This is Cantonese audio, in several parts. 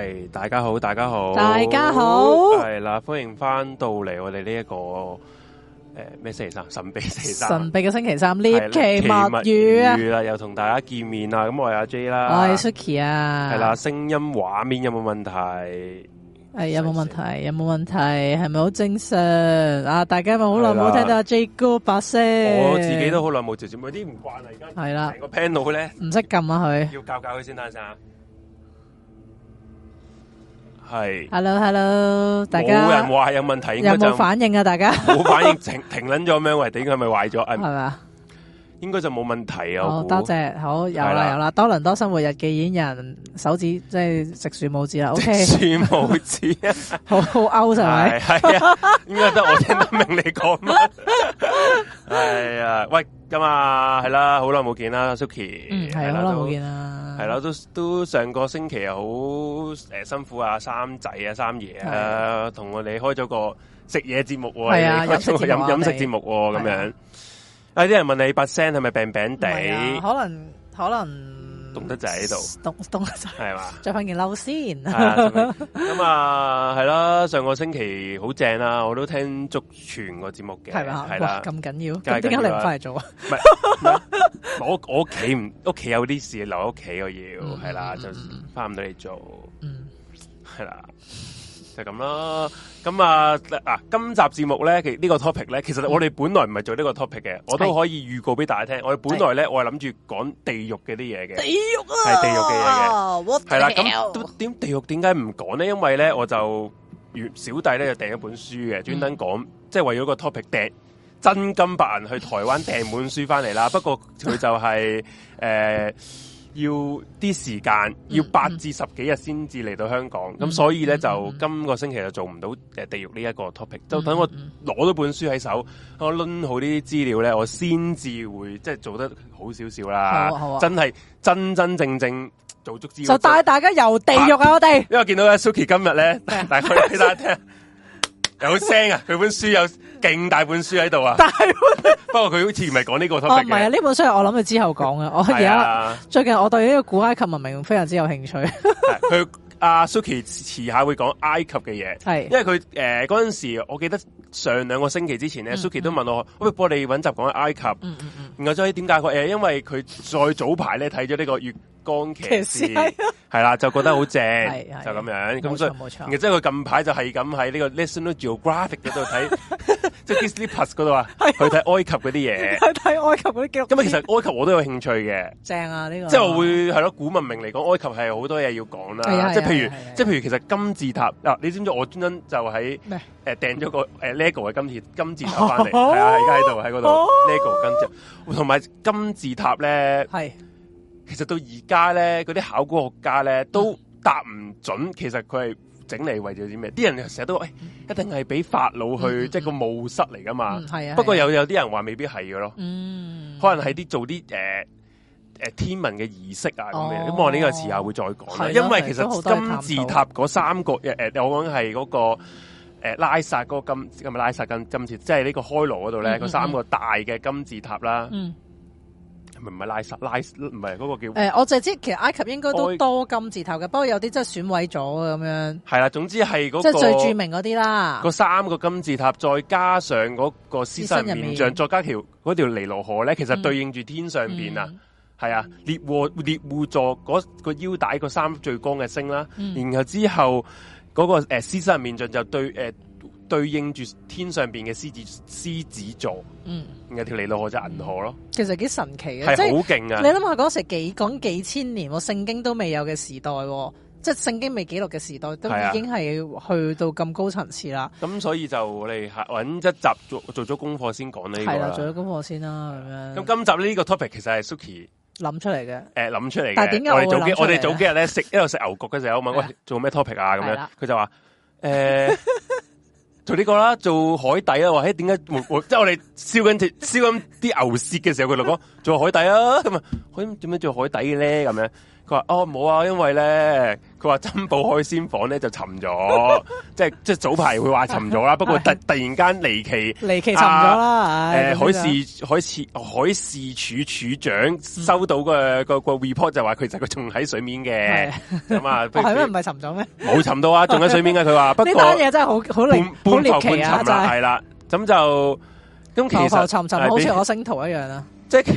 係大家好，大家好，大家好，係啦，歡迎翻到嚟我哋呢一個誒咩星期三？神秘星期三？神秘嘅星期三，獵奇物語啊，又同大家見面啦。咁我係阿 J 啦，我、啊、係 Suki 啊，係啦，聲音畫面有冇問題？係、哎、有冇問題？有冇問題？係咪好正常啊？大家咪好耐冇聽到阿 J，、啊啊、J 哥把聲，我自己都好耐冇直接，有啲唔慣啊。而家係啦，成個 panel 咧唔識撳啊佢，要教教佢先得啊。係，Hello Hello，大家冇人話係有問題，有冇反應啊？大家冇反應停停捻咗咩？喂，點解係咪壞咗？係咪啊？應該就冇問題啊！多謝，好有啦有啦，多倫多生活日記演人手指即係食樹拇指啦，OK 樹拇指啊，好好勾晒係咪？係啊，應該得我聽得明你講。係啊，喂，咁啊係啦，好耐冇見啦，Suki，係啦，好耐冇見啦。係、嗯、啦，都都上個星期好、呃、辛苦啊，三仔啊，三爺啊，同我哋開咗個食嘢節目喎，飲飲飲食節目喎、啊、咁、啊、樣。啊、哎！啲人問你把聲係咪病病地、啊？可能可能。凍得滯喺度，凍凍得滯係嘛，着翻件褸先。咁啊，係啦，上個星期好正啊，我都聽足全個節目嘅，係嘛，係啦，咁緊要，點解你唔翻嚟做啊？我我屋企唔，屋企有啲事留喺屋企，我要係啦，就翻唔到嚟做，嗯，係啦。就咁啦，咁啊，啊今集節目咧，其、這、呢個 topic 咧，其實我哋本來唔係做呢個 topic 嘅，我都可以預告俾大家聽。我哋本來咧，我係諗住講地獄嘅啲嘢嘅，地獄啊，係地獄嘅嘢嘅。係啦，咁點地獄點解唔講咧？因為咧，我就小弟呢，咧，就訂一本書嘅，專登講，即、嗯、係、就是、為咗個 topic 訂真金白銀去台灣訂本書翻嚟啦。 不過佢就係、是、誒。呃要啲時間，要八至十幾日先至嚟到香港，咁、嗯、所以咧、嗯、就今個星期就做唔到誒地獄呢一個 topic，就等我攞咗本書喺手，嗯、我攆好啲資料咧，我先至會即係、就是、做得好少少啦。啊啊、真係真真正正做足資料，就帶大家遊地獄啊，啊！我哋因為我見到阿 Suki 今日咧，啊、 俾大家聽。 有聲啊！佢本書有勁大本書喺度啊！大 不過佢好似唔係講呢個 topic 嘅。哦，唔係啊，呢本書我諗佢之後講嘅。 我而家、啊、最近我對呢個古埃及文明非常之有興趣。佢阿 Suki 遲下會講埃及嘅嘢，係因為佢誒嗰陣時，我記得上兩個星期之前咧、嗯嗯，Suki 都問我喂，幫你揾集講埃及，嗯嗯嗯，然後再點解？誒，因為佢再早排咧睇咗呢個月。當騎士係啦，就覺得好正，就咁樣咁，所以，亦即係佢近排就係咁喺呢個 National Geographic 嗰度睇，即係 Disney Plus 嗰度啊，去睇埃及嗰啲嘢，去睇埃及嗰啲記錄。咁其實埃及我都有興趣嘅，正啊呢個，即係會係咯古文明嚟講，埃及係好多嘢要講啦。即係譬如、哎，即係譬如，其實金字塔嗱，你知唔知我專登就喺誒訂咗個誒 LEGO 嘅金字金字塔翻嚟、哦，係啊、哦，而家喺度喺嗰度 LEGO 金字，同埋金字塔咧係。其實到而家咧，嗰啲考古學家咧都答唔準、嗯。其實佢係整理為咗啲咩？啲人成日都，誒、哎，一定係俾法老去，即、嗯、係、就是、個墓室嚟噶嘛？係、嗯、啊。不過有有啲人話未必係噶咯。可能係啲做啲誒誒天文嘅儀式啊咁嘅。咁、哦、我呢個時候會再講、哦。因為其實金字塔嗰三個誒誒、呃，我講係嗰個誒、呃、拉薩個金，係咪拉薩金金字即係呢個開羅嗰度咧，嗯、嗰三個大嘅金字塔啦。嗯嗯唔係拉實拉，唔係嗰個叫誒、欸，我就知道其實埃及應該都多金字塔嘅、哎，不過有啲真係損毀咗咁樣係啦、啊。總之係嗰即係最著名嗰啲啦。個三個金字塔再加上嗰個獅身人面像，面再加條嗰條尼羅河咧，其實對應住天上邊、嗯嗯、啊，係啊，獵戶獵戶座嗰個腰帶個三最光嘅星啦、嗯，然後之後嗰、那個誒獅身人面像就對誒。呃對應住天上邊嘅獅子獅子座，嗯，有條尼羅河就銀河咯。其實幾神奇嘅，真係好勁嘅。你諗下嗰時幾講幾千年，哦，聖經都未有嘅時代，哦，即係聖經未記錄嘅時代，都已經係去到咁高層次啦，嗯。咁所以就我哋揾一集做做咗功課先講呢個，係啦，做咗功課先啦咁樣。咁今集呢個 topic 其實係 Suki 諗出嚟嘅，誒、呃、諗出嚟嘅。但係點解我哋早我哋早幾日咧食一路食牛角嘅時候，問我問，喂，做咩 topic 啊？咁樣佢就話誒。呃 佢呢、呢個啦、欸，做海底啊！話欸，點解？即係我哋燒緊燒緊啲牛舌嘅時候，佢就講做海底啊！咁啊，可以點樣做海底咧？咁樣。佢話哦冇啊，因為咧，佢話珍寶海鮮舫咧就沉咗， 即係即係早排會話沉咗啦。 不過突突然間離奇離奇沉咗啦、啊。誒、啊哎，海事海事、嗯、海事處處長收到個個個 report 就話，其實佢仲喺水面嘅。咁 樣啊，可能唔係沉咗咩？冇沉到啊，仲喺水面嘅。佢 話不過呢單嘢真係好好半好離奇啊。係啦，咁就咁、是、其沉沉，好似我星圖一樣啦。即係。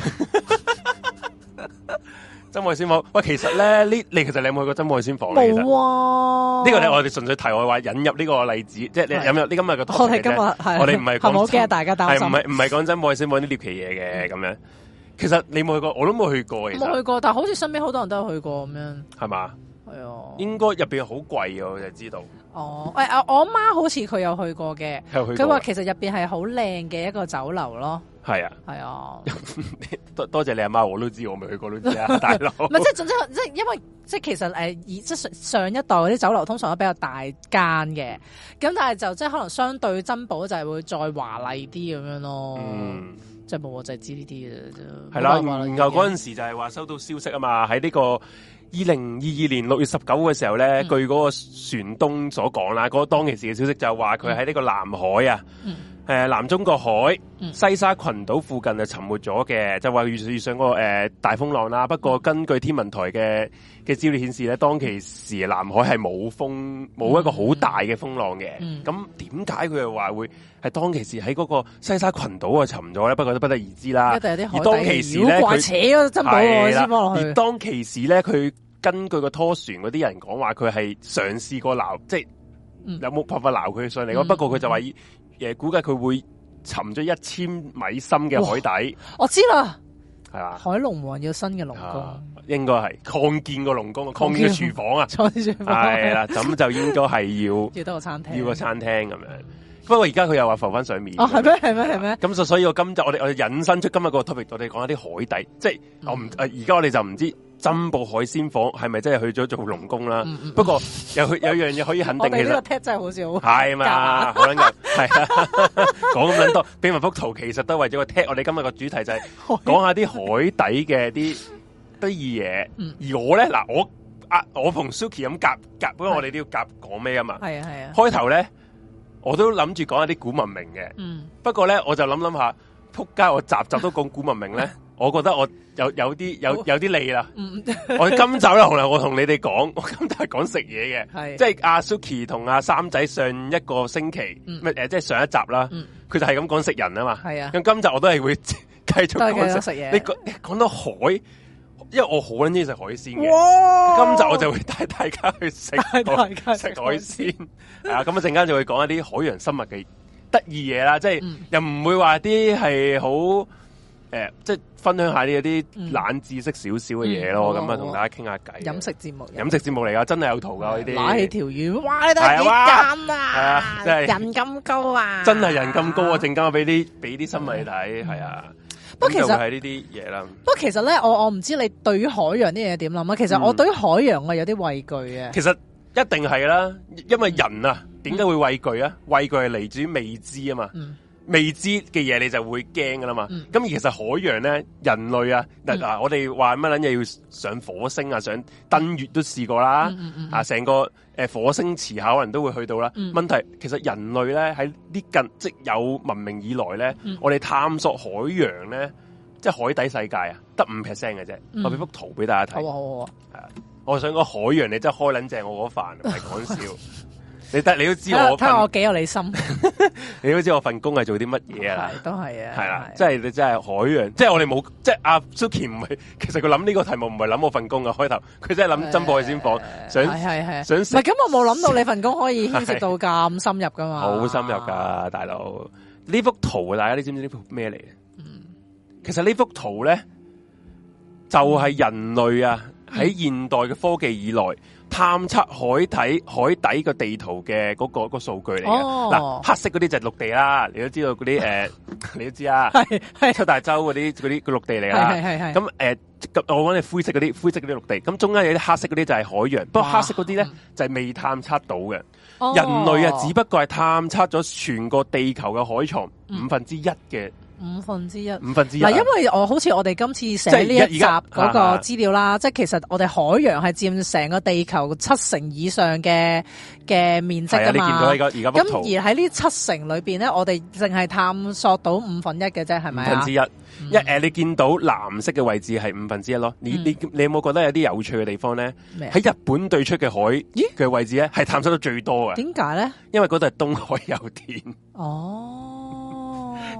珍寶海鮮舫，喂，其實咧，你你其實你有冇去過珍寶海鮮舫咧？冇啊！呢個咧，我哋純粹題外話引入呢個例子，即、就、係、是、引入呢今日嘅話題，我哋今日係，我哋唔係驚大家擔心是是。唔係唔係講珍寶海鮮舫啲獵奇嘢嘅咁樣？其實你冇去過，我都冇去過嘅。冇去過，但係好似身邊好多人都有去過咁樣。係嘛？係啊。應該入邊好貴嘅，我就知道。哦，喂啊！我媽好似佢有去過嘅，佢話其實入面係好靚嘅一個酒樓咯。係啊，係啊，多 多謝你阿媽，媽，我都知我未去過都知啊， 大佬。唔係即係即，即因為即係其實、欸、即上一代嗰啲酒樓通常都比較大間嘅，咁但係就即係可能相對珍寶就係會再華麗啲咁樣咯。嗯，即係冇我就係知呢啲嘅係啦，研究嗰陣時就係話收到消息啊嘛，喺呢、呢個。二零二二年六月十九嘅時候咧、嗯，據嗰個船東所講啦，嗰、嗰個、當其時嘅消息就話佢喺呢個南海啊，誒、嗯呃、南中國海、嗯、西沙群島附近就沉沒咗嘅，就話遇遇上，遇上、嗰個誒、呃、大風浪啦。不過根據天文台嘅嘅資料顯示咧，當其時南海係冇風，冇一個好大嘅風浪嘅。咁點解佢又話會係當其時喺嗰個西沙群島啊沉咗咧？不過都不得而知啦。而當其時咧，而當其時咧，佢根據個拖船嗰啲人講話，佢係嘗試過撈，即係有冇辦法撈佢上嚟？不過佢就話，誒、嗯呃，估計佢會沉咗一千米深嘅海底。我知啦，係啊，海龍王要新嘅龍宮，應該係擴建個龍宮，擴建個廚房啊，廚房係、啊、啦，咁、啊啊、 就應該係要要多個餐廳， 要個餐廳咁樣。 不過而家佢又話浮翻水面，哦、啊，係咩？係咩？係咩？咁所所以，我今日我哋我哋引申出今日個 topic，我哋講一啲海底，嗯、即係我唔而家我哋就唔知。針寶海鮮舫係咪真係去咗做龍宮啦，嗯嗯？不過有有，有樣嘢可以肯定嘅， 我哋呢個貼真係好少，係嘛？好捻勁，係啊，講咁捻多， 俾埋幅圖，其實都為咗個貼。我哋今日個主題就係、是、講下啲海底嘅啲得意嘢。而我咧，嗱，我啊，我同 Suki 咁夾夾，不過我哋都要夾講咩啊嘛。係啊係啊。開頭咧，我，想想想我都諗住講下啲古文明嘅，不過咧，我就諗諗下，仆街，我集集都講古文明咧。我覺得我有有啲有有啲膩啦。我今集咧，我同你哋講，我今集係講食嘢嘅，即係阿 Suki 同阿三仔上一個星期，誒、嗯，即係上一集啦。佢、嗯、就係咁講食人啊嘛。咁、啊、今集我都係會繼續講食嘢。你講到海，因為我好鍾意食海鮮嘅。今集我就會帶大家去食食海鮮。啊，咁一陣間就會講一啲海洋生物嘅得意嘢啦。即係又唔會話啲係好。誒、嗯，即、就、係、是、分享下呢一啲冷知識少少嘅嘢咯，咁啊同大家傾下偈。飲食節目，飲食節目嚟噶，真係有圖噶呢啲。拎、就是、起條魚，哇！你得點金啊？係啊，啊，、就是、啊，啊，真係人咁高啊！真係人咁高啊！陣間我俾啲俾啲新聞你睇，係啊。不過其實係呢啲嘢啦。不過其實咧，我我唔知你對於海洋啲嘢點諗啊？其實我對於海洋我有啲畏懼啊、嗯。其實一定係啦，因為人啊，點、嗯、解會畏懼啊？畏懼係嚟自於未知啊嘛。嗯未知嘅嘢你就會驚噶啦嘛、嗯，咁而其實海洋咧，人類啊，嗱、嗯啊、我哋話乜捻嘢要上火星啊，上登月都試過啦，嗯嗯嗯啊成個誒、呃、火星遲啲可能都會去到啦。嗯、問題其實人類咧喺呢近即有文明以來咧，嗯、我哋探索海洋咧，即係海底世界啊，得五 percent 嘅啫。嗯、我俾幅圖俾大家睇，好啊好啊。係啊，我想講海洋你真係開捻正我嗰飯，唔係講笑。， 你得你都知我睇我幾有你心 你，你都知我份工係做啲乜嘢啊？都係啊，係啦、啊，即係你真係海洋，即係、啊就是、我哋冇，即係阿 Suki 唔係，其實佢諗呢個題目唔係諗我份工嘅開頭，佢真係諗真破佢先講，想係係係，想咁、啊啊、我冇諗到你份工可以牽涉到咁深入噶嘛、啊？好、啊、深入噶，大佬，呢幅圖大家你知唔知呢幅咩嚟？嗯，其實呢幅圖咧就係、是、人類啊喺、嗯、現代嘅科技以來。嗯探測海底、海底個地圖嘅嗰、嗰個、嗰個數據嚟嘅。嗱、oh. 呃，黑色嗰啲就係陸地啦，你都知道嗰啲，誒，你都知啊，七 大洲嗰啲嗰啲個陸地嚟啊。咁誒、呃，我搵你灰色嗰啲灰色嗰啲陸地。咁中間有啲黑色嗰啲就係海洋。不過黑色嗰啲咧就係、是、未探測到嘅。人類啊，oh. 只不過係探測咗全個地球嘅海床五分之一嘅。五分之一，五分之一嗱，因為好像我好似我哋今次寫呢一集嗰個資料啦，即係其實我哋海洋係佔成個地球七成以上嘅嘅面積噶嘛。咁而喺呢七成裏邊咧，我哋淨係探索到五分一嘅啫，係咪？五分之一，一誒，你見到藍色嘅位置係五分之一咯。你你有冇覺得有啲有趣嘅地方咧？喺、嗯、日本對出嘅海，佢嘅位置咧係探索到最多嘅。點解咧？因為嗰度係東海油田。哦。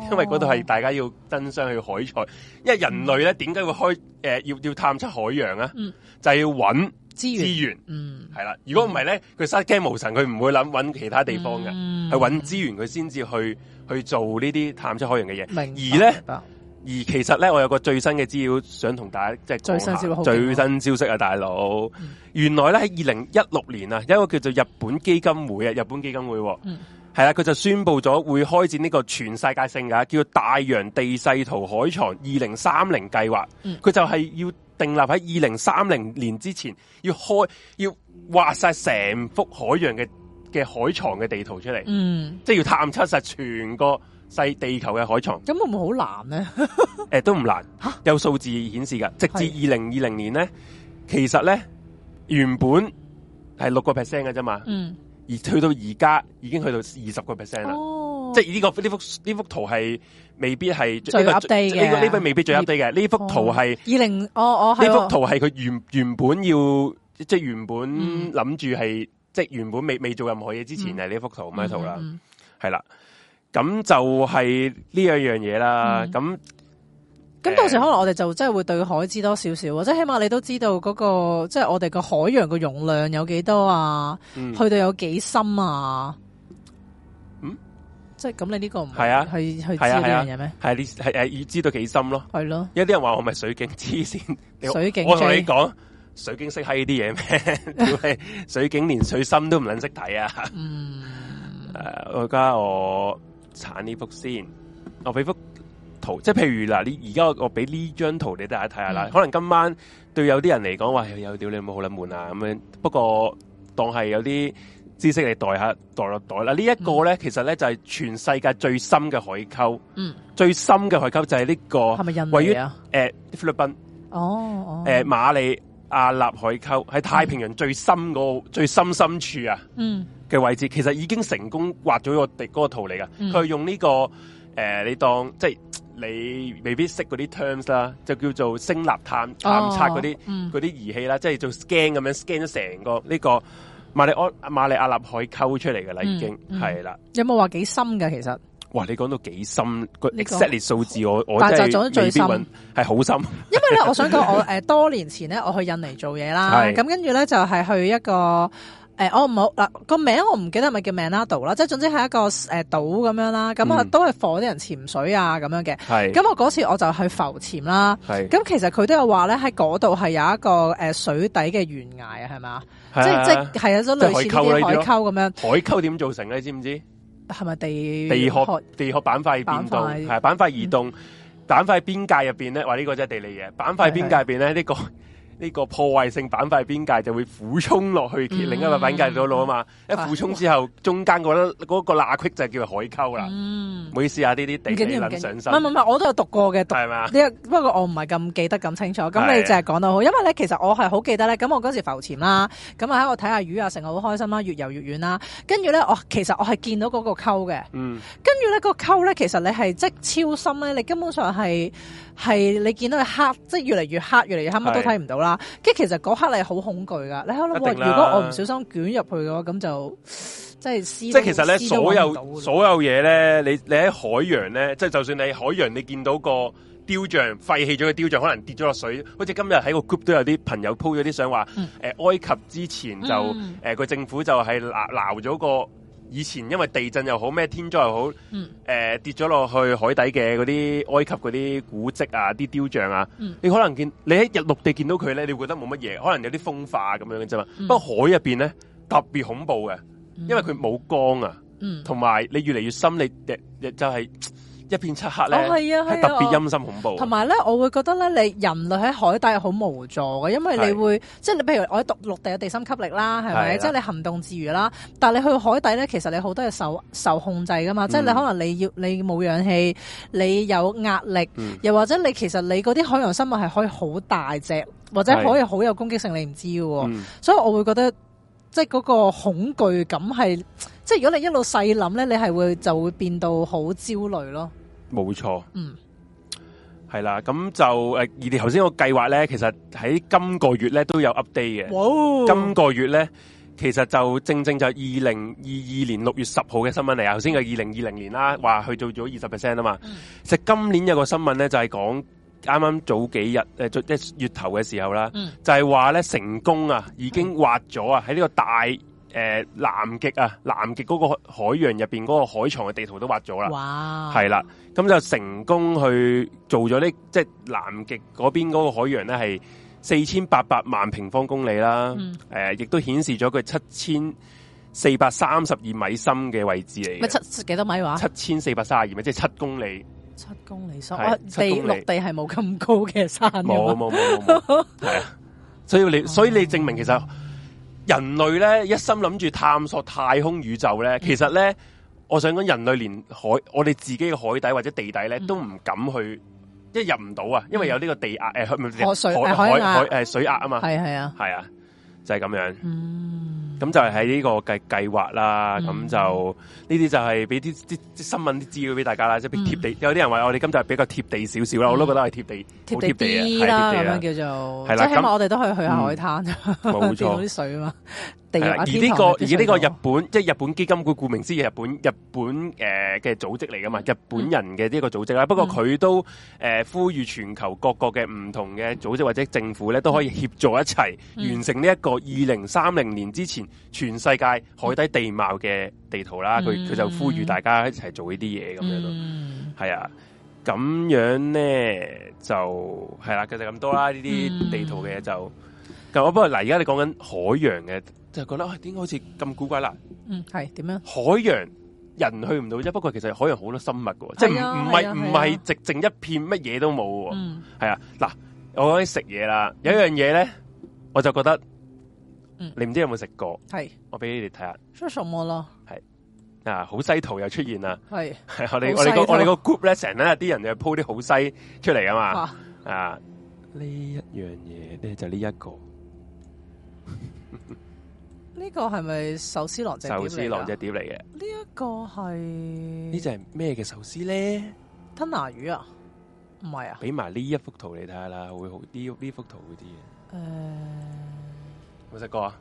因為嗰度係大家要登山去海菜，因為人類咧點解會開誒、呃、要要探測海洋啊，嗯？就係要揾資源、資源，嗯，係啦。如果唔係咧，佢失驚無神，佢唔會諗揾其他地方噶係揾資源佢先至去去做呢啲探測海洋嘅嘢。而咧，而其實咧，我有個最新嘅資料想同大家即係最新消息，最新消息啊，大佬，嗯，原來咧喺二零一六年啊，有一個叫做日本基金會啊，日本基金會。啊。嗯係啦，佢就宣布咗會開展呢個全世界性噶，叫《大洋地勢圖海床二零三零計劃》嗯。佢就係要訂立喺二零三零年之前，要開，要畫晒成幅海洋嘅嘅海床嘅地圖出嚟。嗯，即係要探測晒全個細地球嘅海床。咁會唔會好難呢？ 誒，都唔難，有數字顯示噶，直至二零二零年呢，其實呢，原本係六個 percent 嘅啫嘛。嗯。而去到而家已經去到二十、哦個 percent 啦，即係呢個呢幅呢幅圖係未必係最低嘅，呢個、這個、這未必最低嘅。呢、哦、幅圖係二零，哦哦，呢幅圖係佢原原本要即原本諗住係即原本未未做任何嘢之前係呢、嗯、幅圖咩圖啦，係、嗯、啦，咁就係呢樣樣嘢啦，咁、嗯。咁到時可能我哋就真係會對海知多少少，即、uh, 係起碼你都知道嗰、那個即係、就是、我哋個海洋個容量有幾多啊、嗯，去到有幾深啊？嗯，即係咁你呢個唔係啊？去去知呢樣嘢咩？係你係誒，要知道幾、啊啊啊、深咯？係咯有？有啲人話我咪水警黐線，水警 我同你講， 水警識睇呢啲嘢咩？水警連水深都唔捻識睇啊！誒、嗯，uh, 我而家我鏟呢幅先，我俾幅。即係譬如嗱，你而家我俾呢張圖你大家睇下啦。嗯、可能今晚對有啲人嚟講，哇、哎，有屌你冇好撚悶啊咁樣。不過當係有啲知識嚟代下代落袋啦。呢一個咧，嗯、其實咧就係、是、全世界最深嘅海溝，嗯，最深嘅海溝就係呢、這個是是位於誒、呃、菲律賓哦誒、哦呃、馬里亞納海溝喺太平洋最深個、嗯、最深深處啊，嗯嘅位置，其實已經成功畫咗個地嗰個圖嚟噶。佢、嗯、用呢、這個誒、呃，你當即係。你未必識嗰啲 terms 啦，就叫做聲納探探測嗰啲啲儀器啦，即係做 scan 咁樣 scan 咗成個呢個馬里安馬利亞納海溝出嚟嘅啦，已經係啦、嗯嗯。有冇話幾深嘅其實？哇！你講到幾深、個 exactly 數字我，我我達咗最深係好深。因為咧， 我想講我誒多年前咧，我去印尼做嘢啦，咁跟住咧就係、是、去一個。誒，我唔好嗱個名我唔記得係咪叫 Manado 啦，即係總之係一個誒島咁樣啦，咁啊都係放啲人潛水啊咁樣嘅。係、嗯，咁我嗰次我就去浮潛啦。係，咁其實佢都有話咧，喺嗰度係有一個誒、呃、水底嘅懸崖啊，啊，係咪？即係即係係有咗類似啲海溝咁樣。海溝點造成咧？你知唔知，知？係咪地地殼地殼板塊變動？係板塊、啊、移動、嗯、板塊邊界入邊咧，話呢、這個即係地理嘢。板塊邊界入邊咧呢是是、這個。呢、這個破壞性板塊邊界就會俯衝落去另一個板塊嗰度啊嘛，嗯、一俯衝之後，中間嗰、嗰個罅隙就叫做海溝啦。嗯、唔好意思呀，呢啲地殼唔係唔係，我都有讀過嘅，係嘛？不過我唔係咁記得咁清楚。咁你就係講得好，因為咧，其實我係好記得咧。咁我嗰時浮潛啦，咁啊喺我睇下魚啊，成日好開心啦，越遊越遠啦。跟住咧，我其實我係見到嗰個溝嘅。跟住咧，個溝咧，其實你係即超深咧，你根本上係。係你見到佢黑，即係越嚟越黑，越嚟越黑，乜都睇唔到啦。即係其實嗰刻你係好恐懼噶你諗下，如果我唔小心捲入去嘅話，咁就即係，即係其實咧，所有所有嘢咧，你你喺海洋咧，即係就算你海洋，你見到個雕像廢棄咗嘅雕像，可能跌咗落水。好似今日喺個 group 都有啲朋友鋪咗啲相話，誒、嗯呃，埃及之前就誒個、嗯呃、政府就係撈咗個。以前因為地震又好，咩天災又好，嗯呃、跌咗落去海底嘅嗰啲埃及嗰啲古蹟啊，啲雕像啊、嗯，你可能見你喺日陸地見到佢咧，你會覺得冇乜嘢，可能有啲風化咁樣嘅啫嘛。不、嗯、過海入面咧，特別恐怖嘅、嗯，因為佢冇光啊，同、嗯、埋你越嚟越深，你就係、是。一片漆黑係、哦啊啊啊、特別陰森恐怖。同埋咧，我會覺得咧，你人類喺海底係好無助嘅，因為你會即係你譬如我喺陸地有地心吸力啦，係咪？即係你行動自如啦。但係你去海底咧，其實你好多嘢受受控制㗎嘛。嗯、即係你可能你要你冇氧氣，你有壓力，嗯、又或者你其實你嗰啲海洋生物係可以好大隻，或者可以好有攻擊性，你唔知㗎喎。所以我會覺得即係嗰個恐懼感係即係如果你一路細諗咧，你係會就會變到好焦慮咯。冇錯，嗯，係啦，咁就誒，而你頭先個計劃咧，其實喺今個月咧都有 update 嘅。哇、哦，今個月咧，其實就正正就係二零二二年六月十號嘅新聞嚟啊。頭先係二零二零年啦，話去做咗二十 percent 啊嘛，嗯。其實今年有個新聞咧，就係講啱啱早幾日誒，一、呃、月頭嘅時候啦，嗯、就係話咧成功啊，已經挖咗啊，喺呢個大。誒、呃，南極啊，南極嗰個海洋入邊嗰個海床嘅地圖都畫咗啦，係啦，咁就成功去做咗呢，即、就、係、是、南極嗰邊嗰個海洋咧，係四千八百萬平方公里啦，誒、嗯，亦、呃、都顯示咗佢七千四百三十二米深嘅位置嚟，七幾多米話、啊？七千四百三十二米，即係七公里，七公里深、啊，地陸地係冇咁高嘅山沒，冇冇冇冇，係啊， 所以你所以你證明其實。人類咧一心諗住探索太空宇宙咧，嗯、其實咧，我想講人類連海，我哋自己嘅海底或者地底咧，嗯、都唔敢去，一入唔到啊，因為有呢個地壓誒、呃，海、哎、海壓海水海海誒水壓啊嘛，係係啊係啊。就係、是、咁樣，咁、嗯、就係喺呢個計計劃啦。咁、嗯、就呢啲就係俾啲啲新聞啲資料俾大家啦，即、嗯、係、就是、貼地。有啲人話我哋今日就係比較貼地少少啦，我都覺得係貼地，好貼地啦，咁樣叫做。係啦，咁、就是、起碼我哋都可以去下海灘，冇、嗯、 到啲水啊嘛。 Uh, 而呢、這個而呢個日本即係日本基金會，佢顧名思義日，日本日本誒嘅組織嚟噶嘛，日本人嘅呢個組織啦、嗯。不過佢都誒、呃、呼籲全球各國嘅唔同嘅組織或者政府咧，都可以協助一齊完成呢一個二零三零年之前全世界海底地貌嘅地圖啦。佢、嗯、佢就呼籲大家一齊做呢啲嘢咁樣咯。係、嗯、啊，咁樣咧就係啦、啊，其實咁多啦。呢啲地圖嘅就咁、嗯。不過嗱，而家你講緊海洋嘅。就覺得點解、哎、好似咁古怪啦？嗯，係點樣？海洋人去唔到啫，不過其實海洋好多生物嘅、啊，即係唔唔係唔係寂靜一片乜嘢都冇。嗯，係啊。嗱，我講起食嘢啦，有一樣嘢咧，我就覺得，嗯、你唔知有冇食過？係，我俾你哋睇下。出什麼咯？係啊，好西圖又出現啦。係我哋我哋個我哋個 group 咧成日啲人又 po 啲好西出嚟啊嘛。啊，呢一,啊一樣嘢咧就呢一個。 呢個係咪壽司郎隻碟嚟噶？壽司郎隻碟嚟嘅。呢一個係呢隻係咩嘅壽司咧？吞拿魚啊？唔係啊？俾埋呢一幅圖你睇下啦，會好啲。呢幅圖嗰啲嘢。誒，冇食過啊。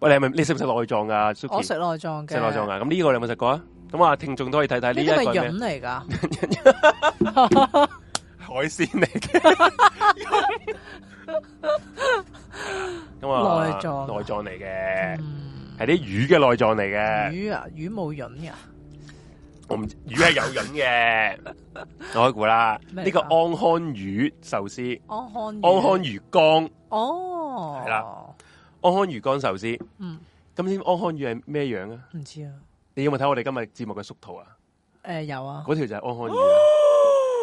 喂，你係咪你食唔食內臟啊？Suki? 我食內臟嘅。食內臟啊，咁呢個你有冇食過啊？咁啊，聽眾都可以睇睇呢。呢啲係咩嚟噶？ 海鮮嚟嘅。內臟內臟嚟嘅，係啲、啊嗯、魚嘅內臟嚟嘅。魚啊，魚冇潤噶？我唔知，魚係有潤嘅。 我開估啦，呢個安康魚壽司，安康安康魚肝。哦，係啦，安康魚肝壽、哦、司。嗯，今天安康魚係咩樣啊？唔知啊？你有冇睇我哋今日節目嘅縮圖啊？誒、呃，有啊。嗰條就係安康魚。哦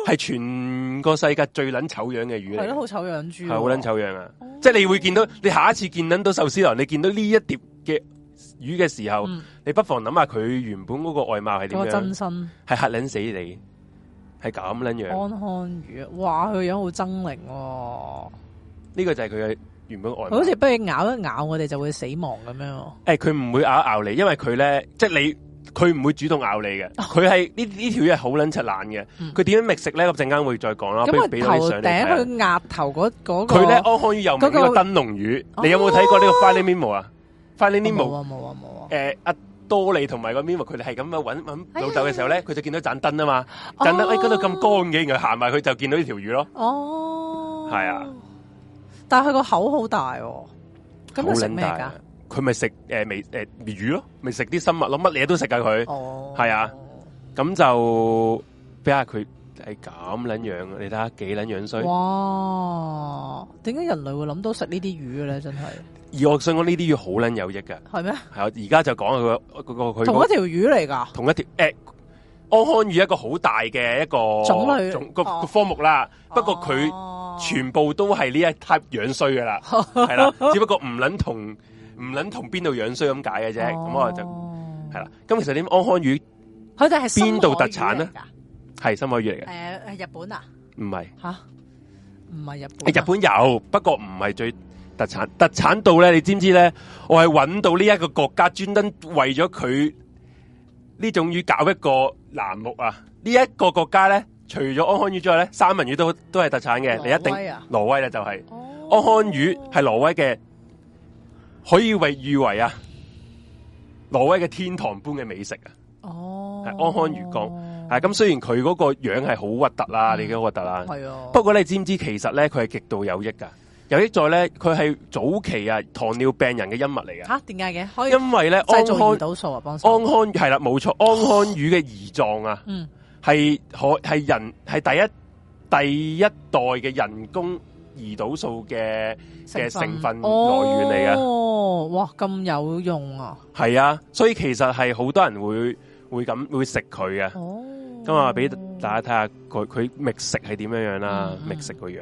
係全個世界最捻醜樣嘅魚嚟，係咯，好醜樣豬，係好捻醜樣啊、哦！即係你會見到，你下一次見捻到壽司郎，你見到呢一碟嘅魚嘅時候、嗯，你不妨諗下佢原本嗰個外貌係點樣，那個、真身係吓捻死你，係咁捻樣。鮟鱇魚，哇，佢樣好猙獰喎，呢、這個就係佢嘅原本的外貌，好似俾佢咬一咬，我哋就會死亡咁樣。誒、欸，佢唔會咬一咬你，因為佢咧，即係你。佢唔會主動咬你嘅，佢係、嗯、呢呢條魚係好撚柒爛嘅。佢點樣覓食咧？咁陣間會再講啦。咁、嗯、啊，頭頂佢額頭嗰、那、嗰個，佢、那、咧、個、安康魚又名呢個燈籠、那個、魚。你有冇睇過呢、這個 Finding Memo 啊？Finding Memo 冇啊冇啊冇啊！誒、啊、阿、啊啊、多莉同埋個 Memo，佢哋係咁啊揾揾老豆嘅時候咧，佢就見到一盞燈啊嘛，盞燈誒嗰度咁乾嘅，然後行埋去就見到呢條魚咯。哦、啊，係啊，但係佢個口好大喎、啊，咁佢食咩㗎？佢咪食誒微誒魚咯，咪食啲生物，諗乜嘢都食噶佢。哦，係、oh. 啊，咁就俾下佢係咁卵樣，你睇下幾卵樣衰。哇，點解人類會諗到食呢啲魚嘅咧？真係。而我想講呢啲魚好卵有益噶。係咩？係啊，而家就講佢個佢同一條魚嚟噶，同一條誒、欸、安康魚一個好大嘅一個種類種個，個科目啦。Uh. 不過佢全部都係呢一 type 樣衰噶啦，係 啦、啊，只不過唔卵同。唔捻同邊度樣衰咁解嘅啫，咁、哦、我就係啦。咁其實啲安康魚，佢哋係邊度特產咧？係深海魚嚟嘅。誒、呃，日本啊？唔係吓，唔係日本、啊。日本有，不過唔係最特產。特產到咧，你知唔知咧？我係搵到呢一個國家專登為咗佢呢種魚搞一個欄目啊！呢、這、一個國家咧，除咗安康魚之外咧，三文魚都都係特產嘅、啊。你一定挪威呢就係、是哦、安康魚係挪威嘅。可以為譽為啊挪威嘅天堂般嘅美食啊！哦，係安康魚肝啊！咁雖然佢嗰個樣係好核突啦，你嘅好核突啦，係、嗯、哦。不過你知唔知其實咧，佢係極度有益噶，有益在咧，佢係早期啊糖尿病人嘅恩物嚟噶。吓、啊，點解嘅？可以因為咧，製造胰島素啊，幫手。安康係啦，冇錯，安康魚嘅胰臟啊，嗯，係可係人係第一第一代嘅人工。胰島素嘅嘅成分來源嚟嘅，哦，哇，咁有用啊！係啊，所以其實係好多人會會咁會食佢啊，咁、哦、啊，俾大家睇下佢佢覓食係點樣嘅、嗯、係咁樣啦，覓食個樣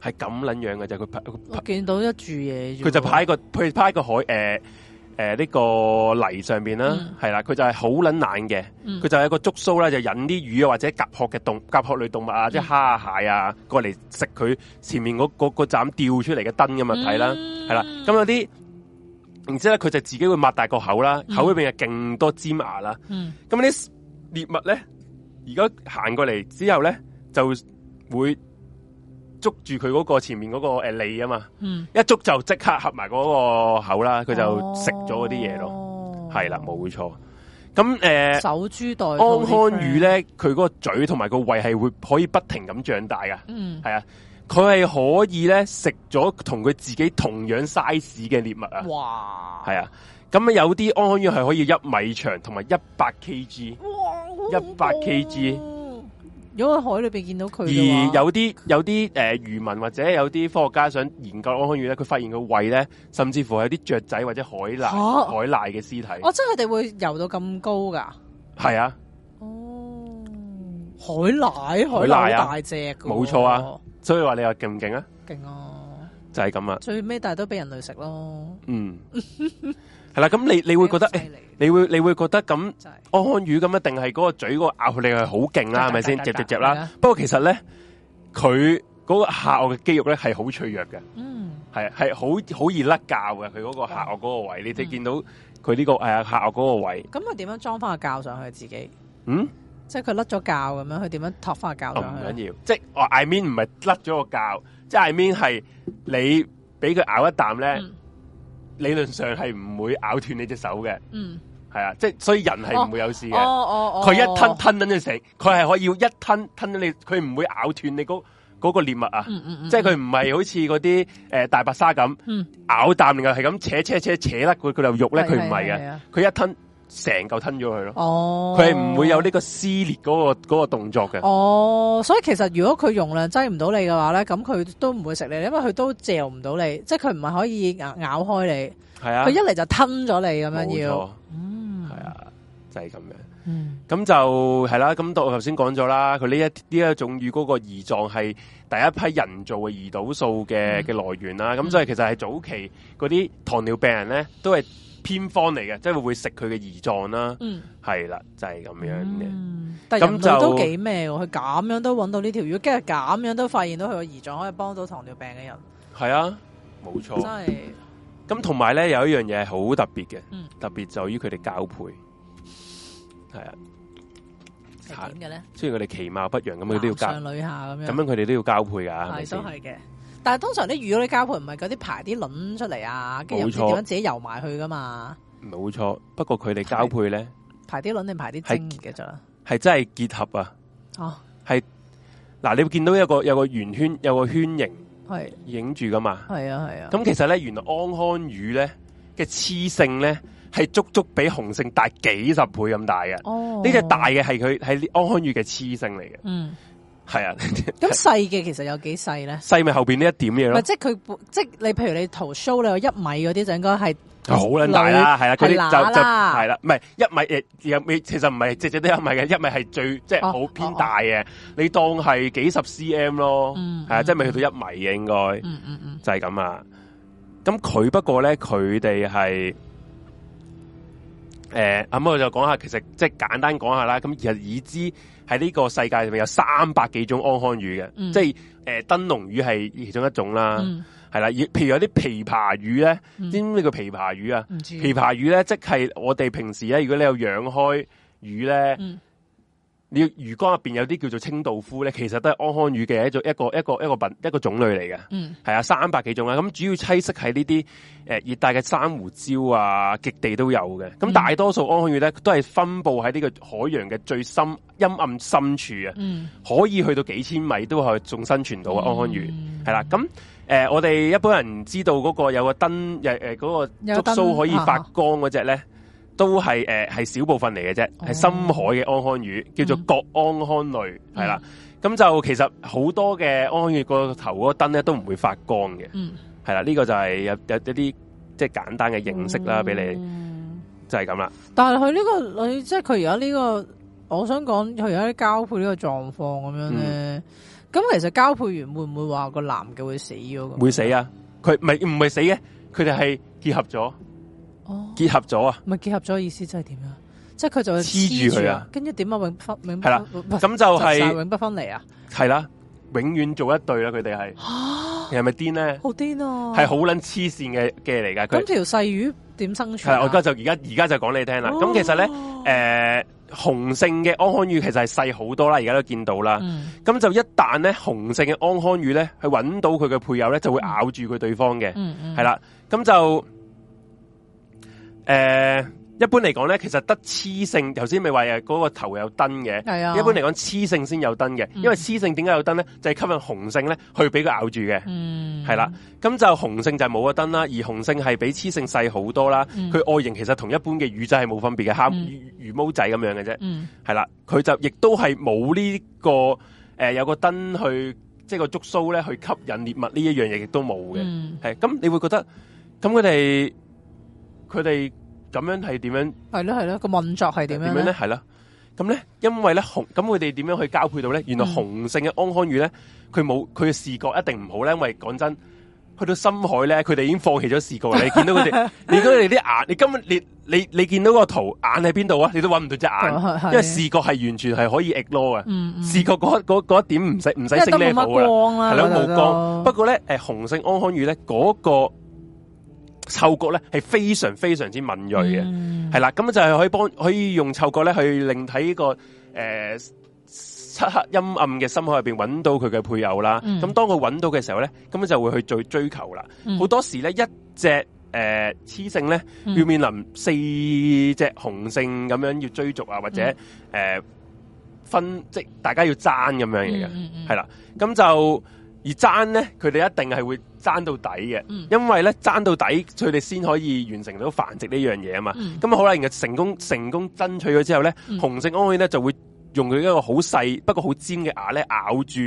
係咁撚樣嘅啫，佢拍我見到一住嘢，佢就拍一個佢拍個海誒。呃誒、呃，呢、這個泥上邊、嗯、啦，係啦，佢、嗯、就係好撚懶嘅，佢就係一個竹梳咧，就引啲魚啊或者甲殼嘅動甲殼類動物蝦蟹啊，即係蝦蟹啊過嚟食佢前面嗰個個盞吊出嚟嘅燈咁啊睇啦，係、嗯、啦，咁有啲，然之後咧佢就自己會擘大個口啦，口裏面有勁多尖牙啦，咁啲獵物咧，而家行過嚟之後咧就會。捉住佢嗰個前面嗰個誒脷啊嘛，一捉就即刻合埋嗰個口啦，佢就食咗嗰啲嘢咯，係啦冇錯。咁、呃、誒，守株待兔。安康魚咧，佢嗰個嘴同埋個胃係會可以不停咁長大噶，係、嗯、啊，佢係可以咧食咗同佢自己同樣 size 嘅獵物啊。哇！係啊，咁有啲安康魚係可以一米長同埋一百 kg，一百 kg。如果喺海裏邊見到佢，而有啲有啲誒漁民或者有啲科學家想研究安康魚咧，佢發現個胃咧，甚至乎係有啲雀仔或者海瀨、啊、海瀨嘅屍體、啊。哦，即係佢哋會游到咁高噶？係啊。哦，海瀨海，大隻海啊，大隻嘅，冇錯啊。所以話你話勁唔勁啊？勁啊！就係、是、咁啊。最尾但係都俾人類食咯。嗯。 咁、嗯，你你會覺得誒，你會你會覺得咁，安康魚咁一定係嗰個嘴嗰個咬力係好勁啦，係咪先？嚼嚼嚼啦。不過其實咧，佢嗰個下顎嘅肌肉咧係好脆弱嘅。嗯，係係好好易甩鉸嘅。佢嗰個下顎嗰個位，嗯、你哋見到佢呢個誒下顎嗰個位、嗯。咁佢點樣裝翻個鉸上去自己？嗯，即係佢甩咗鉸咁樣，佢點樣托翻個鉸上去？唔、喔、緊要，要，即係我 I mean 唔係甩咗個鉸，即係 I mean 係你俾佢咬一啖咧。嗯理論上係唔會咬斷你隻手嘅、嗯，嗯，係啊，即係所以人係唔會有事嘅、哦。哦哦哦，佢、哦、一吞吞緊陣食，佢係可以一吞吞緊你，佢唔會咬斷你嗰嗰、嗰個獵物啊、嗯嗯嗯。即係佢唔係好似嗰啲誒大白鯊咁咬啖，然後係咁扯扯扯扯甩佢佢嚿肉咧。佢唔係嘅，佢、嗯嗯嗯嗯、一吞。成嚿吞咗佢咯，佢係唔會有呢個撕裂嗰個嗰個動作嘅。哦，所以其實如果佢容量擠唔到你嘅話咧，咁佢都唔會食你，因為佢都嚼唔到你，即係佢唔係可以咬咬開你。係啊，佢一嚟就吞咗你咁樣要。嗯，係啊，就係、是、咁樣。咁、嗯嗯、就係啦。咁我頭先講咗啦，佢呢一呢一種魚嗰個胰臟係第一批人造嘅胰島素嘅嘅、嗯、來源啦。咁所以其實係早期嗰啲糖尿病人咧都係。偏方嚟嘅，即係會食佢嘅胰臟啦，係、嗯、啦，就係、是、咁樣嘅、嗯。但咁就都幾咩？佢咁樣都揾到呢條魚，跟係咁樣都發現到佢個胰臟可以幫到糖尿病嘅人。係啊，冇錯。真係。咁同埋咧有一樣嘢係好特別嘅、嗯，特別就於佢哋交配。係啊，點嘅咧？雖然佢哋其貌不揚咁，佢都，都要交配下咁樣。咁樣佢哋都要交配噶？係都係嘅。但係通常啲魚嗰啲交配唔係嗰啲排啲卵出嚟啊，跟住又點樣自己游埋去噶嘛？冇錯，不過佢哋交配咧，排啲卵定排啲精嘅咋？係真係結合啊！哦，係嗱，你會見到有個有個圓圈有個圈形，係影住噶嘛？係啊係啊，咁其實咧，原來安康魚咧嘅雌性咧係足足比雄性大幾十倍咁大嘅。哦，呢隻大嘅係佢係安康魚嘅雌性嚟嘅。嗯。係啊，咁細嘅其實有幾細咧？細咪後邊呢一點嘢咯。即係佢，即係你，譬如你圖 show 你有一米嗰啲就應該係好卵大啦，係、啊啊、啦，佢哋就就係啦，唔係、啊、一米誒未，其實唔係只只都有一米嘅，一米係最即係好偏大嘅、哦哦，你當係幾十 cm 咯，係、嗯、啊，嗯、即係未去到一米嘅應該、嗯嗯，就係、是、咁啊。咁佢不過咧，佢哋係誒，咁、呃、我就講下，其實即係簡單講下啦。咁而已知。以喺呢個世界上面有三百幾種安康魚嘅，嗯、即係、呃、燈籠魚係其中一種啦，係、嗯、啦，譬如有啲琵琶魚咧，知唔知、嗯、呢個琵琶魚啊？琵琶魚咧，即係我哋平時咧，如果你有養開魚咧。嗯你要魚缸入邊有啲叫做清道夫咧，其實都係安康魚嘅一種一個一個一個,一個品一個種類嚟嘅。嗯，係啊，三百幾種啊。咁主要棲息喺呢啲誒熱帶嘅珊瑚礁啊，極地都有嘅。咁大多數安康魚咧，都係分布喺呢個海洋嘅最深陰暗深處啊，嗯、可以去到幾千米都可以仲生存到嘅、嗯、啊。安康魚係啦。咁、呃、誒，我哋一般人知道嗰個有個燈，誒誒嗰個觸鬚可以發光嗰隻咧。都係誒係小部分嚟嘅啫，係深海嘅安康魚，叫做角安康類，係、嗯、啦。咁就其實好多嘅安康魚個頭個燈咧都唔會發光嘅，嗯，係啦。呢、這個就係有有一啲即係簡單嘅認識啦，俾、嗯、你就係、是、咁啦。但係佢呢個，你即係佢而家呢個，我想講佢而家啲交配呢個狀況咁樣咧。咁、嗯、其實交配完會唔會話個男嘅會死咗？會死啊！佢唔係唔係死嘅，佢哋係結合咗。結合咗、哦、啊？咪結合咗意思即係點啊？即係佢就黐住佢啊？跟住點啊？永分係啦。咁就係永不、就是、不分離啊？係啦，永遠做一對啦、啊。佢哋係係咪癲咧？好癲啊！係好捻黐線嘅嘢嚟㗎。咁條細魚點生存？係我而家就而家而家就講你聽啦。咁、哦、其實咧，誒、呃，雄性嘅安康魚其實係細好多啦。而家都見到啦。咁、嗯、就一旦咧雄性嘅安康魚咧去搵到佢嘅配偶咧，就會咬住佢對方嘅。嗯係啦，咁、嗯嗯、就。誒、呃，一般嚟講咧，其實得雌性，頭先咪話誒嗰個頭有燈嘅，係、哎、啊。一般嚟講，雌性先有燈嘅、嗯，因為雌性點解有燈咧，就係、是、吸引雄性咧去俾佢咬住嘅，係、嗯、啦。咁就雄性就冇個燈啦，而雄性係比雌性細好多啦。佢、嗯、外形其實同一般嘅魚仔係冇分別嘅，蝦魚毛、嗯、仔咁樣嘅啫，係、嗯、啦。佢就亦都係冇呢個誒、呃，有個燈去即係個竹須咧去吸引獵物呢一樣嘢，亦都冇嘅。係咁你會覺得咁佢哋佢哋。咁樣係點樣，點樣？係咯係咯，個運作係點樣呢？點樣咧？係啦，咁咧，因為咧紅咁，佢哋點樣去交配到咧？嗯、原來雄性嘅安康魚咧，佢冇佢嘅視覺一定唔好咧。因為講真，去到深海咧，佢哋已經放棄咗視覺 你見到佢哋，你見到佢哋啲眼，你根本你你你，你見到個圖，眼喺邊度啊？你都搵唔到隻眼、哦，因為視覺係完全係可以 ignore 嘅。嗯嗯，視覺嗰一點唔使唔使升咩度啦，係咯冇光，光。不過咧，誒，雄性安康魚咧嗰個。嗅覺咧係非常非常之敏銳嘅，係、嗯、啦，咁就係可以幫可以用嗅覺咧去令喺呢、這個誒漆、呃、黑陰暗嘅深海入邊搵到佢嘅配偶啦。咁、嗯、當佢搵到嘅時候咧，咁就會去追追求啦。好、嗯、多時咧，一隻誒雌性咧要、嗯、面臨四隻雄性咁樣要追逐啊，或者誒、嗯呃、分即大家要爭咁樣嘢嘅，係、嗯嗯嗯、啦，咁就。而爭咧，佢哋一定係會爭到底嘅、嗯，因為咧爭到底，佢哋先可以完成到繁殖呢樣嘢啊嘛。咁好啦，然後成功成功爭取咗之後咧，雄、嗯、性安逸咧就會用佢一個好細不過好尖嘅牙咧咬住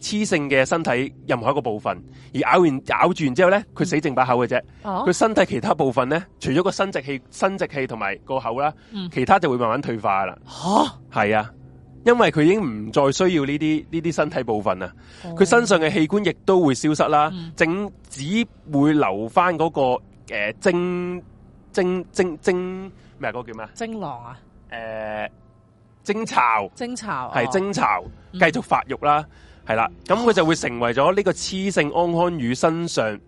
雌性嘅身體任何一個部分，而咬完咬住完之後咧，佢、嗯、死剩把口嘅啫。佢、哦、身體其他部分咧，除咗個生殖器、生殖器同埋個口啦、嗯，其他就會慢慢退化啦。吓、哦？係啊。因為佢已經唔再需要呢啲呢啲身體部分啦，佢、oh. 身上嘅器官亦都會消失啦，淨、嗯、只會留翻嗰、那個誒、呃、精精精精咩啊？嗰、那個叫咩？精囊啊？誒、呃，精巢，精巢係、哦、精巢繼續發育啦，係、嗯、啦，咁佢就會成為咗呢個雌性安康魚身上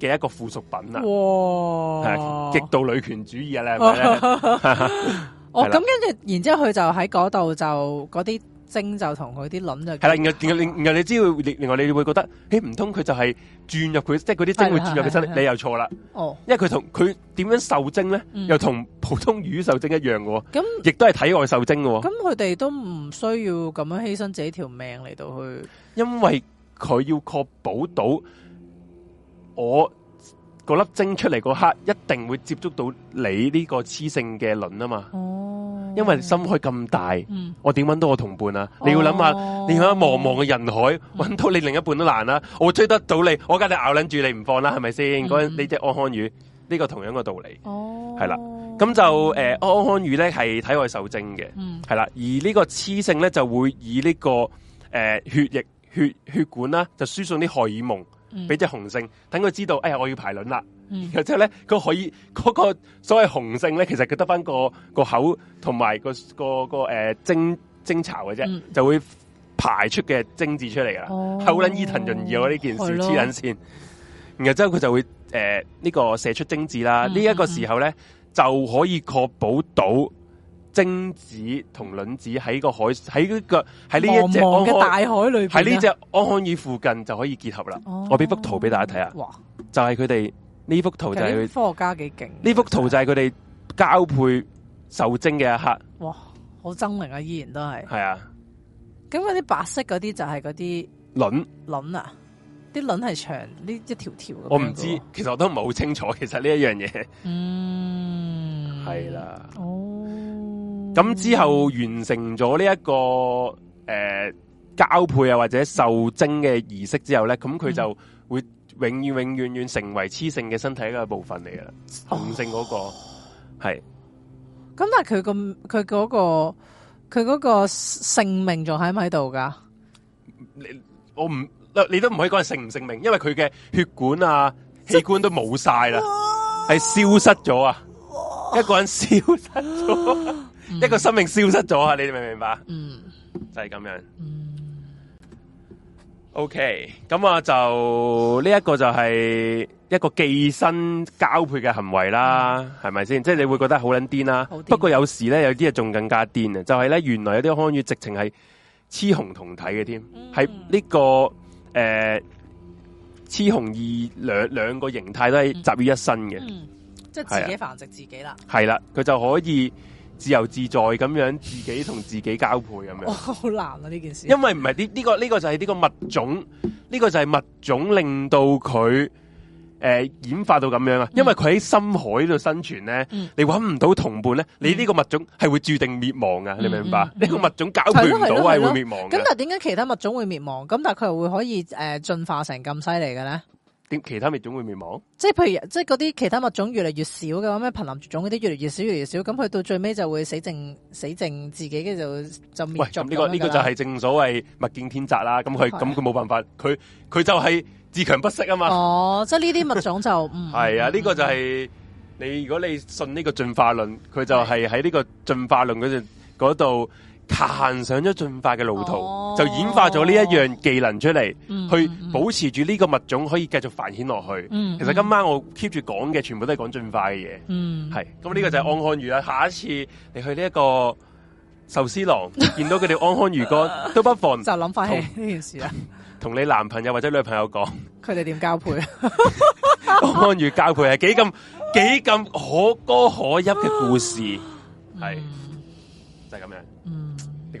嘅一個附屬品啦。哇、啊，極度女權主義啊！你係咪咧？ 哦，咁跟住，哦、然之後佢就喺嗰度就嗰啲精就同佢啲卵就係啦，然後然後你知道，另外你會覺得，誒，唔通佢就係轉入佢，即係嗰啲精會轉入佢身，對對對對你又錯啦。哦，因為佢同佢點樣受精咧？嗯、又同普通魚受精一樣喎，咁亦都係體外受精喎。咁佢哋都唔需要咁樣犧牲自己條命嚟到去，因為佢要確保到我。嗰粒精出嚟嗰刻，一定會接觸到你呢個雌性嘅卵啊嘛！哦、oh,，因為深海咁大，mm. 我點揾到我同伴啊？Oh, 你要諗下，你喺茫茫嘅人海揾、mm. 到你另一半都難啦、啊，我追得到你，我梗係咬捻住你唔放啦，係咪先？嗰呢隻安康魚，呢、這個同樣嘅道理。哦、oh,，係啦，咁就誒，安康魚咧係體外受精嘅，係、mm. 啦，而這個呢個雌性咧就會以呢、這個誒、呃、血液血血管啦，就輸送啲荷爾蒙。俾隻雄性，等佢知道，哎呀，我要排卵啦。然後之後咧，佢可以嗰、那個所謂雄性咧，其實佢得返個個口同埋個個個誒、呃、精精巢嘅啫，嗯、就會排出嘅精子出嚟噶啦。好、哦、捻伊藤潤二嗰呢件事黐撚線，然後之後佢就會誒呢、呃這個射出精子啦。呢、這、一個時候咧，就可以確保到。精子同卵子喺個海喺呢、這個喺呢一隻安海喺呢隻安康爾附近就可以結合啦、哦。我俾幅圖俾大家睇下，哇！就係佢哋呢幅圖就係、是、科學家幾勁，呢幅圖就係佢哋交配受精嘅一刻。哇！好猙獰啊，依然都係係啊！咁嗰啲白色嗰啲就係嗰啲卵卵啊！啲卵係長呢一條條。我唔知道，其實我都唔係好清楚。其實呢一樣嘢，嗯，係啦、啊，哦。咁之後完成咗呢一個誒、呃、交配啊或者受精嘅儀式之後咧，咁佢就會永遠永遠成為雌性嘅身體一個部分嚟啦，雄性嗰、嗰個係。咁但係佢、嗰個佢嗰、嗰個佢嗰個性命仲喺唔喺度噶？你我唔你都唔可以講係性唔性命，因為佢嘅血管啊器官都冇晒啦，係消失咗啊！一個人消失咗。 一個生命消失咗啊！你哋明唔明白嗎？嗯，就係、是、咁樣。嗯。OK，咁我就呢一、這個就係一個寄生交配嘅行為啦，係咪先？即係、就是、你會覺得好撚癲啦、嗯。不過有時咧，有啲嘢仲更加癲啊！就係、是、咧，原來有啲安康魚直情係雌雄同體嘅添，係、嗯、呢、這個誒、呃、雌雄二兩兩個形態都係集於一身嘅、嗯，即係自己繁殖自己啦。係啦，佢就可以。自由自在咁樣自己同自己交配咁樣，好難啊呢件事。因為唔係啲呢個呢個就係呢個物種，呢個就係物種令到佢誒演化到咁樣啊。因為佢喺深海度生存咧，你搵唔到同伴咧，你呢個物種係會注定滅亡噶。你明唔明白？呢個物種交配唔到係會滅亡。咁但係點解其他物種會滅亡？咁但係佢又會可以誒進化成咁犀利嘅咧？點其他物種會滅亡？即係譬如，即係嗰啲其他物種越嚟越少嘅話，咩瀕臨絕種嗰啲越嚟越少越嚟越少，咁佢到最尾就會死剩死剩自己嘅就就滅咗。呢、呢個呢、呢個就係正所謂物競天擇啦。咁佢咁佢冇辦法，佢佢就係自強不息啊嘛。哦，即係呢啲物種就唔係啊？呢、 嗯嗯呢個就係、是、你如果你信呢個進化論，佢就係喺呢個進化論嗰度。踏上咗進化嘅路途、哦，就演化咗呢一樣技能出嚟、嗯，去保持住呢個物種可以繼續繁衍落去、嗯。其實今晚我 keep 住講嘅全部都係講進化嘅嘢，係咁呢個就係安康魚啦、嗯。下一次你去呢一個壽司郎、嗯，見到佢哋安康魚乾， 都不妨就諗翻起呢件事啦、啊。同你男朋友或者女朋友講，佢哋點交配？ 安康魚交配係幾咁幾咁可歌可泣嘅故事，係、嗯、就係、係、咁樣。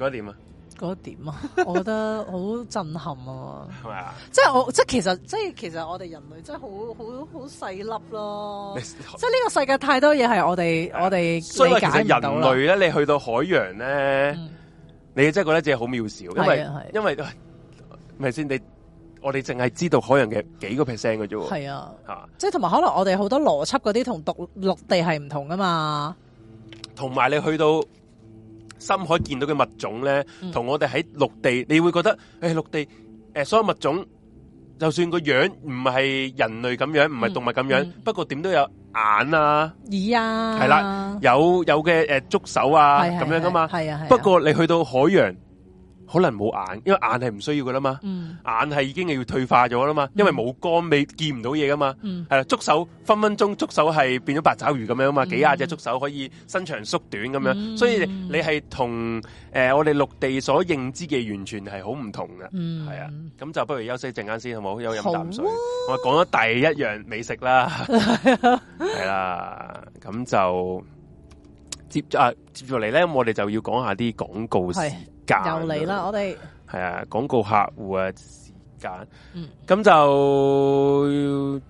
嗰點點啊？嗰點點啊？我覺得好震撼啊！係 啊！即係我即係其實即係其實我哋人類真係好好好細粒咯！即係呢個世界太多嘢係我哋、啊、我哋理解唔到啦。所以其實人類咧，你去到海洋咧、嗯，你真係覺得自己好渺小，因為、啊啊、因為咪先、哎？你我哋淨係知道海洋嘅幾個 percent 嘅啫喎。係啊，吓、啊！即係同埋可能我哋好多邏輯嗰啲同讀陸地係唔同噶嘛。同埋你去到。深海見到嘅物種咧，同我哋喺陸地，你會覺得，誒陸地，誒所有物種，就算個樣唔係人類咁樣，唔係動物咁樣，不過點都有眼啊、耳啊，係啦，有有嘅誒觸手啊咁樣噶嘛，係啊係，不過你去到海洋。可能冇眼，因為眼係唔需要噶啦嘛，嗯、眼係已經係要退化咗啦嘛，因為冇光，未見唔到嘢噶嘛，係、嗯、啦，觸手分分鐘觸手係變咗八爪魚咁樣嘛，嗯、幾廿隻觸手可以伸長縮短咁樣，嗯，所以你係同誒我哋陸地所認知嘅完全係好唔同㗎。係、嗯、啊，咁就不如休息一陣間先好冇？有飲啖水。啊、我講咗第一樣美食啦，係 啦， 咁就接啊接住嚟咧，我哋就要講下啲廣告。又嚟啦、啊！我哋係啊，廣告客戶啊，時間，咁、嗯、就誒呢、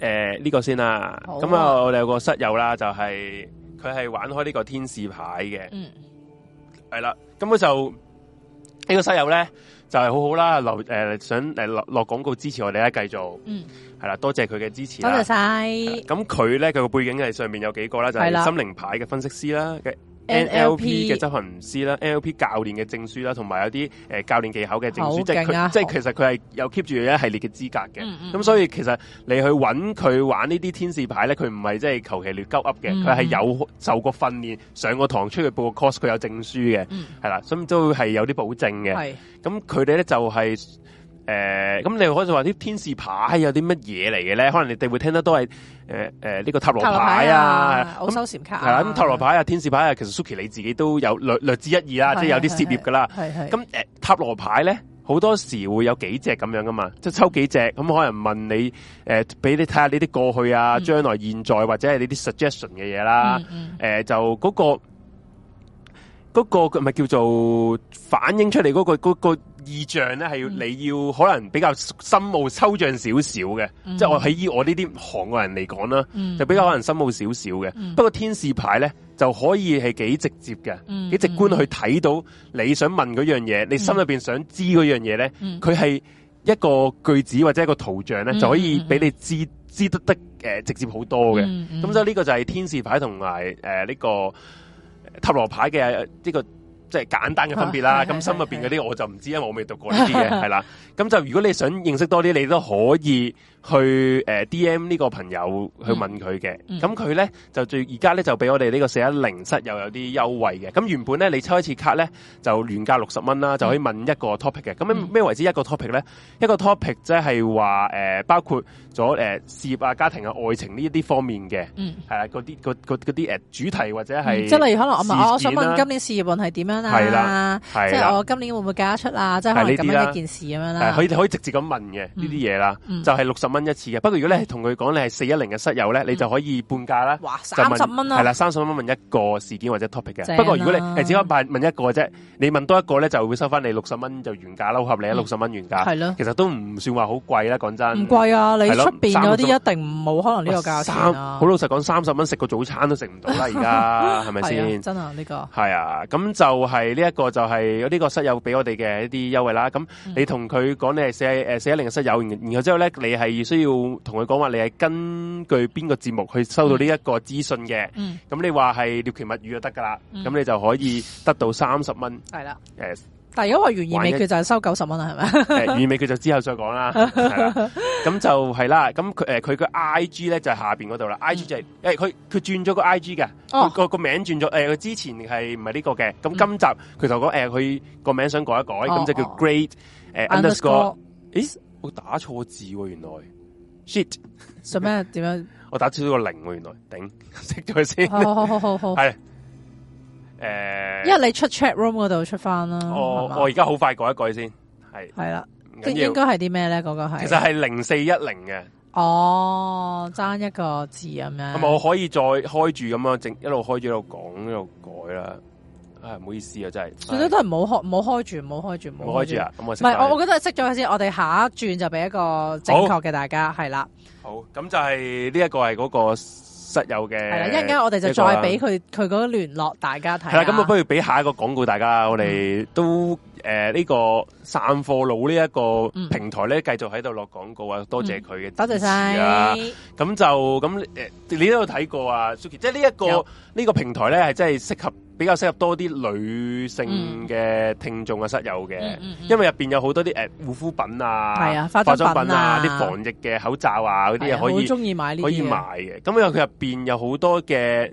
呃，這個先啦。咁啊，我哋有個室友啦，就係佢係玩開呢個天使牌嘅，係、嗯、啦、啊。咁就呢、這個室友咧，就係、是、好好啦。留誒、呃、想誒落落廣告支持我哋咧，繼續。嗯，係啦，多謝佢嘅支持啦謝謝、啊，多謝晒。咁佢咧，佢個背景係上面有幾個啦，就係、是、心靈牌嘅分析師啦嘅。NLP 嘅執行師啦，NLP 教練嘅證書啦，同埋有啲誒教練技巧嘅證書，即係佢，即係其實佢係有 keep 住一系列嘅資格嘅。咁、嗯嗯嗯、所以其實你去揾佢玩呢啲天使牌咧，佢唔係即係求其亂鳩 Up 嘅，佢、嗯、係有受過訓練、嗯、上過堂、出去報個 course，佢有證書嘅，係、嗯、啦，所以都係有啲保證嘅。咁佢哋咧就係、是、誒，咁、呃嗯、你可以話啲天使牌有啲乜嘢嚟嘅咧？可能你哋會聽得多係。誒、呃、誒、呢、這個塔羅牌啊，咁收係啦，塔羅牌啊，天使牌啊，其實 Suki 你自己都有略略知一二啦，即係、就是、有啲涉獵噶啦。咁誒、嗯、塔羅牌咧，好多時會有幾隻咁樣噶嘛，即係抽幾隻，咁、嗯嗯嗯、可能問你誒，俾、呃、你睇下呢啲過去啊，將來現在或者係呢啲 suggestion 嘅嘢啦，誒、嗯嗯呃、就嗰、那個嗰、那個咪、那個、叫做反映出嚟嗰個嗰個。那個意象咧，係要你要、嗯、可能比較深奧抽象少少嘅，即、嗯、係、就是、我喺以我呢啲韓國人嚟講啦，就比較可能深奧少少嘅。不過天使牌咧，就可以係幾直接嘅、嗯，幾直觀去睇到你想問嗰樣嘢，你心裏邊想知嗰樣嘢咧，佢、嗯、係一個句子或者一個圖像咧、嗯，就可以俾你知、嗯、知，知得得誒、呃、直接好多嘅。咁、嗯嗯嗯嗯、所以呢個就係天使牌同埋誒呢個塔羅牌嘅呢個。即係簡單嘅分別啦，咁、啊、心入邊嗰啲我就唔知，因為我未讀過呢啲嘢係啦，咁就 如果你想認識多啲，你都可以。去 D.M 呢個朋友去問佢嘅、嗯，咁佢咧就最而家咧就俾我哋呢個四一零室又有啲優惠嘅。咁原本咧你抽一次卡咧就原價六十蚊啦、嗯，就可以問一個 topic 嘅。咁咩咩為之一個 topic 咧、嗯？一個 topic 即係話誒包括咗誒、呃、事業啊、家庭啊、愛情呢一啲方面嘅，係、嗯、啦，嗰啲嗰啲誒主題或者係、啊嗯、即係例如可能我問我想問今年事業運係點樣啦係啦，即係、就是、我今年會唔會嫁得出啊？即係可能咁樣一件事咁樣啦。佢可以可以直接咁問嘅呢啲嘢啦，嗯、就係六十。蚊一次嘅，不過如果你係同佢講你係四一零嘅室友咧、嗯，你就可以半價啦。哇，三十蚊啦，係啦，三十蚊、啊、問一個事件或者 topic 嘅、啊。不過如果你只可問問一個啫，你問多一個咧就會收翻你六十蚊就原價啦，好合理啊，六十蚊原價、嗯、其實都唔算話好貴啦，講真。唔貴啊，你出邊嗰啲一定冇可能呢個價錢啊、好老實講，三十蚊食個早餐都食唔到啦，而家係咪先？真啊，呢個係啊，咁就係呢一個就係有呢個室友俾我哋嘅一啲優惠啦。咁你同佢講你係四誒四一零嘅室友，然然後之後咧你係。需要同佢講話，你係根據邊個節目去收到呢一個資訊嘅？咁、嗯、你話係獵奇物語就得噶啦。咁、嗯、你就可以得到三十蚊。係啦、呃。但係如果話懸疑未決佢就係收九十蚊啦，係咪、呃？懸疑未決佢就之後再講啦。係 啦。咁就係啦。咁佢誒，佢 I G 咧就係下邊嗰度啦。I G 就係、是、誒，佢佢轉咗個 I G 嘅。哦。他他轉呃、他是是個他、呃、他個名轉咗誒，佢之前係唔係呢個嘅？咁今集佢就講誒，佢個名想改一改，咁、哦、就叫 Great 誒、呃嗯、Underscore、欸。誒，我打錯字喎，原來。shit，做咩點樣？我打少咗個零喎，原來頂。熄咗佢先。好好好好好，係。誒，因為你出 chat room 嗰度出翻啦。哦，我而家好快改一改先，係係啦，係即應該係啲咩咧？嗰、嗰個係，其實係零四一零嘅。哦，爭一個字咁樣。咁我可以再開住咁樣，一路開住一路講一路改啦。誒，唔好意思啊，真係最多都係唔好開住，唔好開住，唔好開住，唔好開住啊！唔係、啊、我，我覺得係熄咗先，我哋下一轉就俾一個正確嘅大家係啦。好，咁就係呢一個係嗰個室友嘅。係啦，一陣間我哋就再俾佢佢嗰個聯、啊、絡大家睇。係啦，咁不如俾下一個廣告大家，我哋都誒呢、呃這個散貨佬呢一個平台咧，繼續喺度落廣告啊、嗯！多謝佢嘅、啊嗯，多謝晒、呃、啊！咁就咁誒，你都有睇過啊 Suki 即係呢一個呢個平台咧，係真係適合。比較適合多啲女性嘅聽眾嘅室友嘅、嗯嗯嗯，因為入邊有好多啲誒護膚品啊，係啊，啊，化妝品啊，啲防疫嘅口罩啊嗰啲啊，啊可以買，可以買嘅。咁因為佢入邊有好多嘅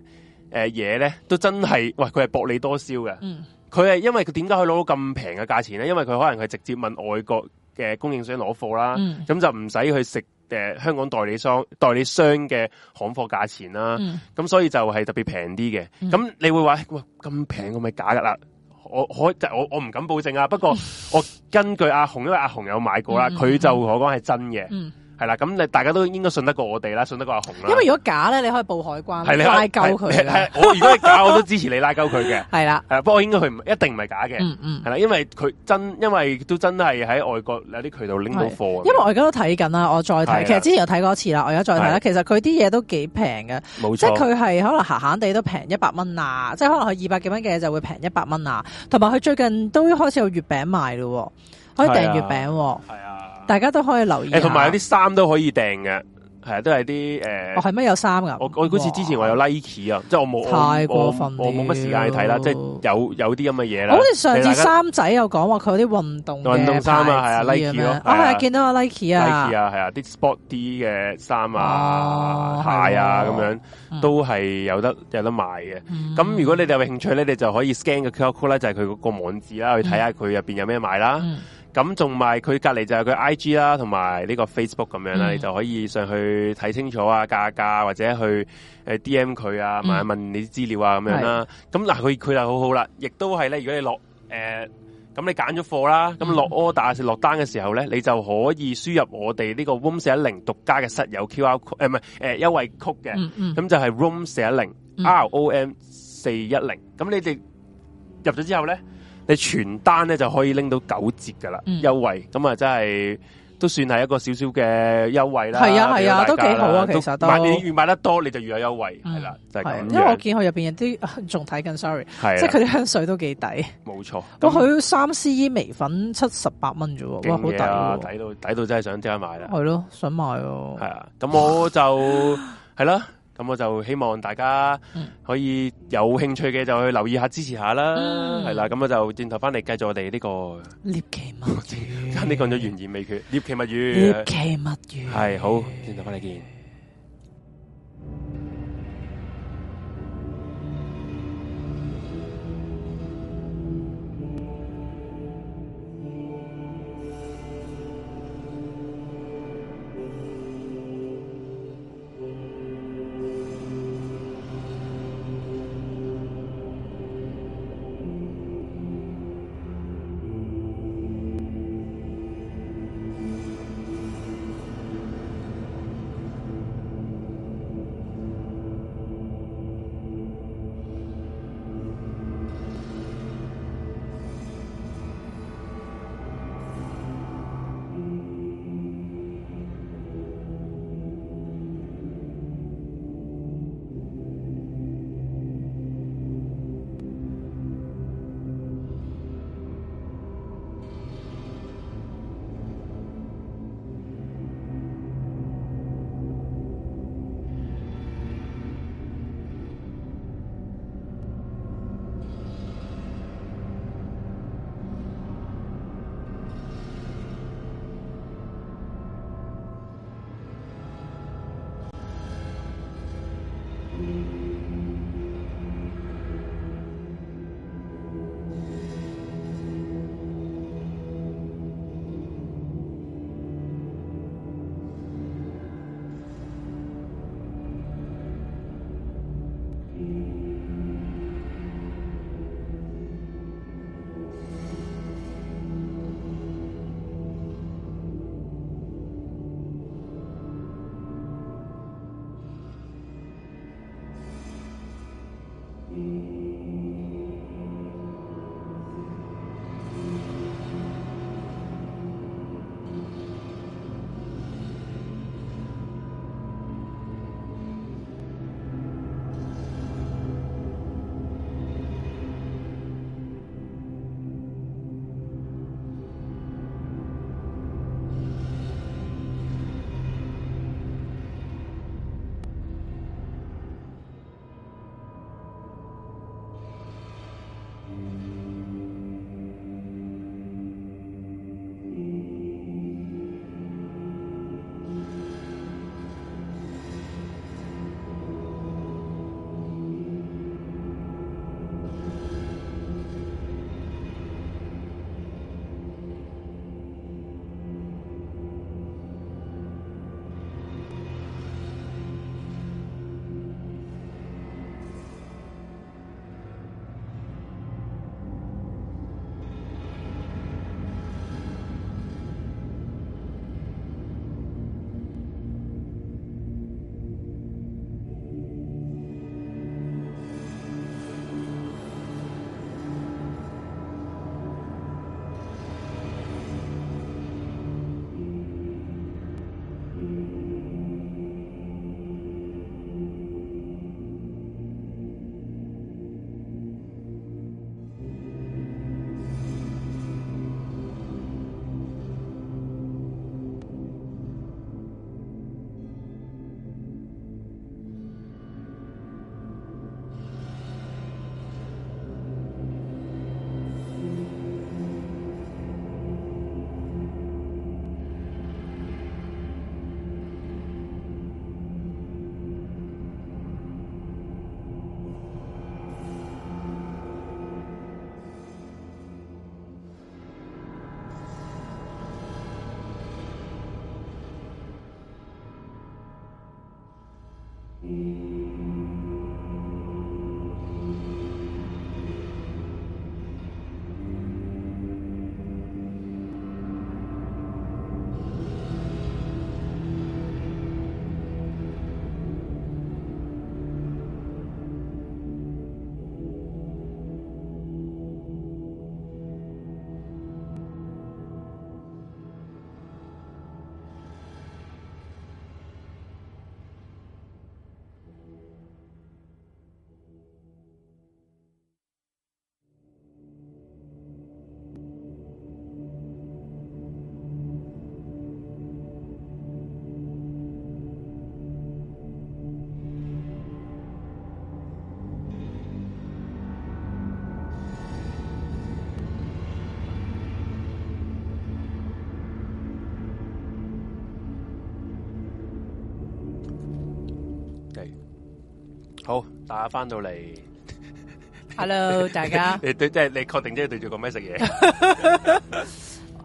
誒嘢咧，都真係，喂，佢係薄利多銷嘅。佢、嗯、係因為佢點解可以攞到咁平嘅價錢咧？因為佢可能佢直接問外國嘅供應商攞貨啦。咁、嗯、就唔使去食。誒、呃、香港代理商，代理商嘅行貨價錢啦，咁、嗯、所以就係特別平啲嘅。咁、嗯、你會話，哇，咁平，我咪假噶㗎啦？我我我我唔敢保證啊、嗯。不過我根據阿紅，因為阿紅有買過啦，佢、嗯、就我講係真嘅。嗯嗯係啦，咁你大家都應該信得過我哋啦，信得過阿紅啦。因為如果假咧，你可以報海關，拉鳩佢。我如果係假， 我都支持你拉鳩佢嘅。係啦，不 過、嗯、應該佢唔一定唔係假嘅。嗯嗯，係啦，因為佢真，因為都真係喺外國有啲渠道拎到貨。因為我而家都睇緊啦，我再睇。其實之前有睇過一次啦，我而家再睇啦。其實佢啲嘢都幾平嘅，即係佢係可能閒閒地都平一百蚊啊，即係可能佢二百幾蚊嘅嘢就會平一百蚊啊。同埋佢最近都開始有月餅賣啦，可以訂月餅。係啊。大家都可以留意，欸。同埋有啲衫都可以訂嘅，係啊，都係啲誒係、呃、咩、哦、有衫噶？我好似之前話有 Nike 啊，即係我冇太過分，我冇乜時間去睇啦，即係有有啲咁嘅嘢啦。好似上次三仔有講話佢有啲運動運動衫啊，係啊 Nike 咯，我係見到個 Nike 啊，Nike 啊，係、哦 like、啊，啲 sport 啲嘅衫啊、鞋啊咁樣、啊啊嗯、都係有得有得賣嘅。咁、嗯、如果你哋有興趣咧，你就可以 scan 個 QR code 啦，就係佢嗰個網址啦、嗯，去睇下佢入邊有咩賣啦。嗯嗯咁仲埋佢隔籬就係佢 I G 啦，同埋呢個 Facebook 咁樣啦、啊嗯，你就可以上去睇清楚啊，價格或者去誒 D M 佢啊，一、嗯、問你啲資料啊咁樣啦、啊。咁嗱，佢佢又好好啦，亦都係咧。如果你落誒，咁、呃、你揀咗貨啦，咁落 order、嗯、落單嘅時候咧，你就可以輸入我哋呢個 room 四一零獨家嘅室友 Q R 誒唔係誒優惠 code 嘅，咁、嗯嗯、就係 room 四、嗯、一零 R O M 四一零。咁你哋入咗之後咧？你全單咧就可以拎到九折噶啦、嗯、優惠，咁啊真係都算係一個少少嘅優惠啦。係啊係啊，啊都幾好啊其實都，都。但你越買得多你就越有優惠，係、嗯、啦，就係、是、咁、啊、因為我見佢入邊有啲仲睇緊，sorry，、啊、即係佢香水都幾抵，冇錯。咁佢 3CE 眉粉七十八蚊啫喎，哇，好抵喎，抵到抵到真係想即刻買啦。係咯，想買哦。係啊，咁、啊、我就係啦。咁我就希望大家可以有興趣嘅就去留意下支持下啦、嗯，係啦，咁我就轉頭翻嚟繼續我哋呢個獵奇物語，啱啱講咗懸疑未決，獵奇物語，獵奇物語，係，好，轉頭翻嚟見。大家翻到嚟，Hello， 大家。你對即係你確定即係對住個咩食嘢？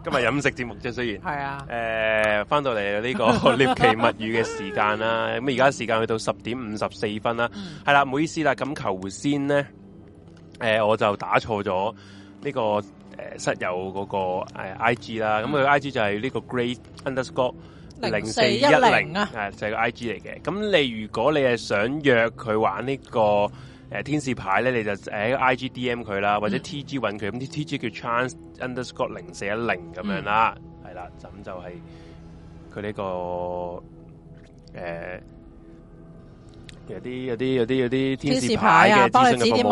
今日飲食節目啫，雖然係啊。誒、呃，翻到嚟呢個獵奇物語嘅時間啦。咁而家時間去到十點五十四分啦。係、嗯、啦，唔好意思啦。咁頭先咧，誒、呃，我就打錯咗呢、這個誒、呃、室友嗰個誒 I G 啦。咁佢 I G 就係呢個 Great Underscore。零四一零啊，係就係、是、個 I G 嚟嘅。咁你如果你係想約佢玩呢、這個誒、呃、天使牌咧，你就喺 I G D M 佢啦、嗯，或者 T G 揾佢。咁啲 T G 叫 Chance Underscore 零四一零咁樣啦，係、嗯、啦，咁就係佢呢個誒、呃，有啲有啲有啲有啲天使牌嘅，幫你指點迷津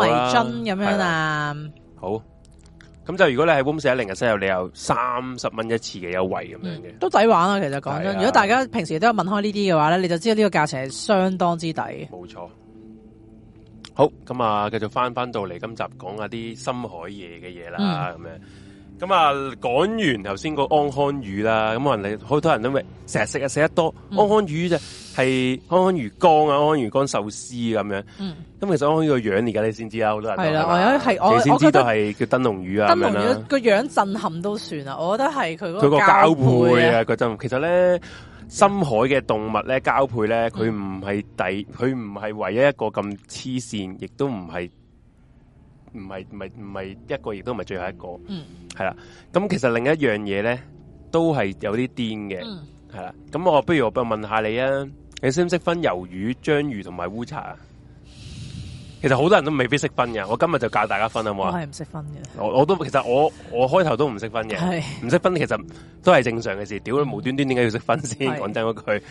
咁樣啊。好。咁就如果你係 room 四一零嘅室友，你有三十蚊一次嘅優惠咁樣嘅，都抵玩啊！其實講真，如果大家平時都有問開呢啲嘅話咧，你就知道呢個價錢係相當之抵。冇錯，好咁啊！繼續翻翻到嚟今集講下啲深海嘢嘅嘢啦，咁樣。咁、嗯、啊，講完頭先個安康魚啦，咁可能你好多人都咪成日食啊，食得多安康魚就係安康魚乾啊，安康魚乾壽司咁樣。嗯，咁、嗯、其實安康魚個樣而家你先知啦，好多人都係啦，我而家係我，我係叫燈籠魚啊。燈籠魚個樣震撼都算啦，我覺得係佢佢個交配啊，嗰陣、啊、其實咧深海嘅動物咧交配咧，佢唔係第佢唔係唯一一個咁黐線，亦都唔係。唔係唔係唔係一個亦都唔係最後一個，係、嗯、啦。咁其實另一樣嘢咧，都係有啲癲嘅，係、嗯、啦。咁我不如我問問下你啊，你識唔識分魷魚、章魚同埋烏賊啊？其實好多人都未必識分嘅。我今日就教大家分啦，好冇？我係唔識分嘅。我我都其實我我開頭都唔識分嘅，唔識分其實都係正常嘅事。屌、嗯、你無端端點解要識分先？講真嗰句，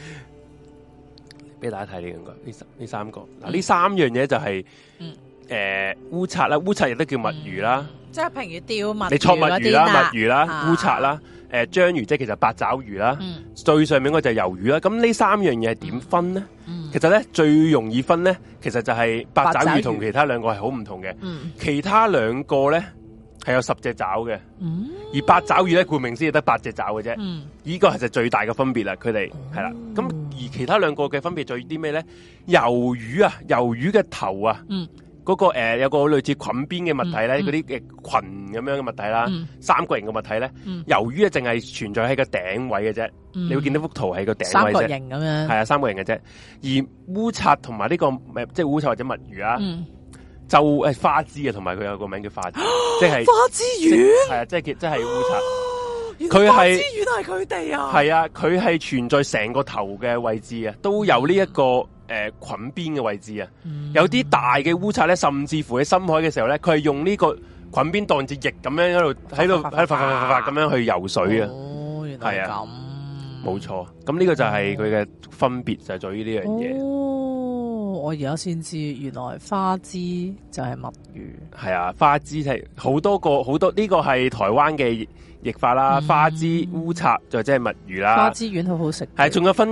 俾大家睇呢個呢三呢三個嗱，呢、嗯、三樣嘢就係、是。嗯誒烏賊啦，烏賊亦都叫墨魚啦，嗯、即係譬如釣墨魚嗰啲啦，墨魚啦，烏賊啦，誒、啊啊呃、章魚即係其實是八爪魚啦，嗯、最上面嗰就係魷魚啦。咁呢三樣嘢係點分呢？其實咧最容易分咧，其實就係八爪魚同其他兩個係好唔同嘅、嗯。其他兩個咧係有十隻爪嘅、嗯，而八爪魚咧顧名思義得八隻爪嘅啫。呢、嗯這個係就是最大嘅分別、嗯、啦，佢哋係啦。咁而其他兩個嘅分別在啲咩咧？魷魚啊，魷魚嘅頭啊。嗯嗰、那個誒、呃、有個類似菌邊嘅物體呢嗰啲嘅羣咁樣嘅物體啦、嗯，三角形嘅物體呢、嗯，由於淨係存在喺個頂位嘅啫、嗯，你會見到幅圖喺個頂位啫。三角形咁樣。係啊，三角形嘅啫。而烏賊同埋呢個，即係烏賊或者墨魚啊，嗯、就誒、欸、花枝啊，同埋佢有個名叫花枝，即係花枝魚。係啊，即係即係烏賊。啊。佢係花枝魚都係佢哋啊！係啊，佢係存在成個頭嘅位置啊，都有呢、這、一個誒、嗯呃、裙邊嘅位置啊、嗯。有啲大嘅烏賊咧，甚至乎喺深海嘅時候咧，佢係用呢個裙邊當住翼咁樣喺度喺度喺度發發發咁發發發發發發發樣去游水啊！哦，原來係啊，冇錯，咁呢個就係佢嘅分別、哦、就係在於呢樣嘢。哦，我而家先知道，原來花枝就係墨魚。係啊，花枝係好多個，好多呢、這個係台灣嘅。液化啦，花枝烏賊、嗯、就即係墨魚啦，花枝丸很好好食。係仲有分，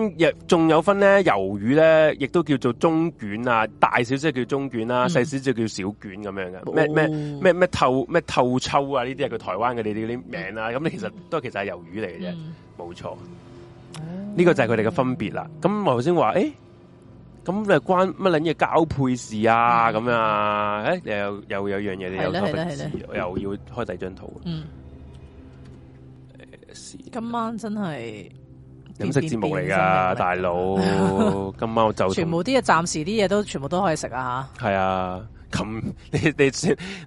仲有分咧，魷魚咧，亦都叫做中卷啊，大小即叫中卷啦，細、嗯、小就叫小卷咁樣嘅。咩咩咩咩透咩透抽啊？呢啲係佢台灣嘅哋啲名啊。咁、嗯、其，其實都係其實係魷魚嚟嘅啫，冇、嗯、錯。呢、啊這個就係佢哋嘅分別啦。咁我頭先話誒，咁你係關乜撚嘢交配事啊？咁、嗯、樣啊？誒、欸，又又有樣嘢你又又要開第二張圖。嗯今晚真係飲食節目嚟噶，大佬！ 今晚我就全部啲嘢，暫時啲嘢都全部都可以食啊！吓，係啊。琴你你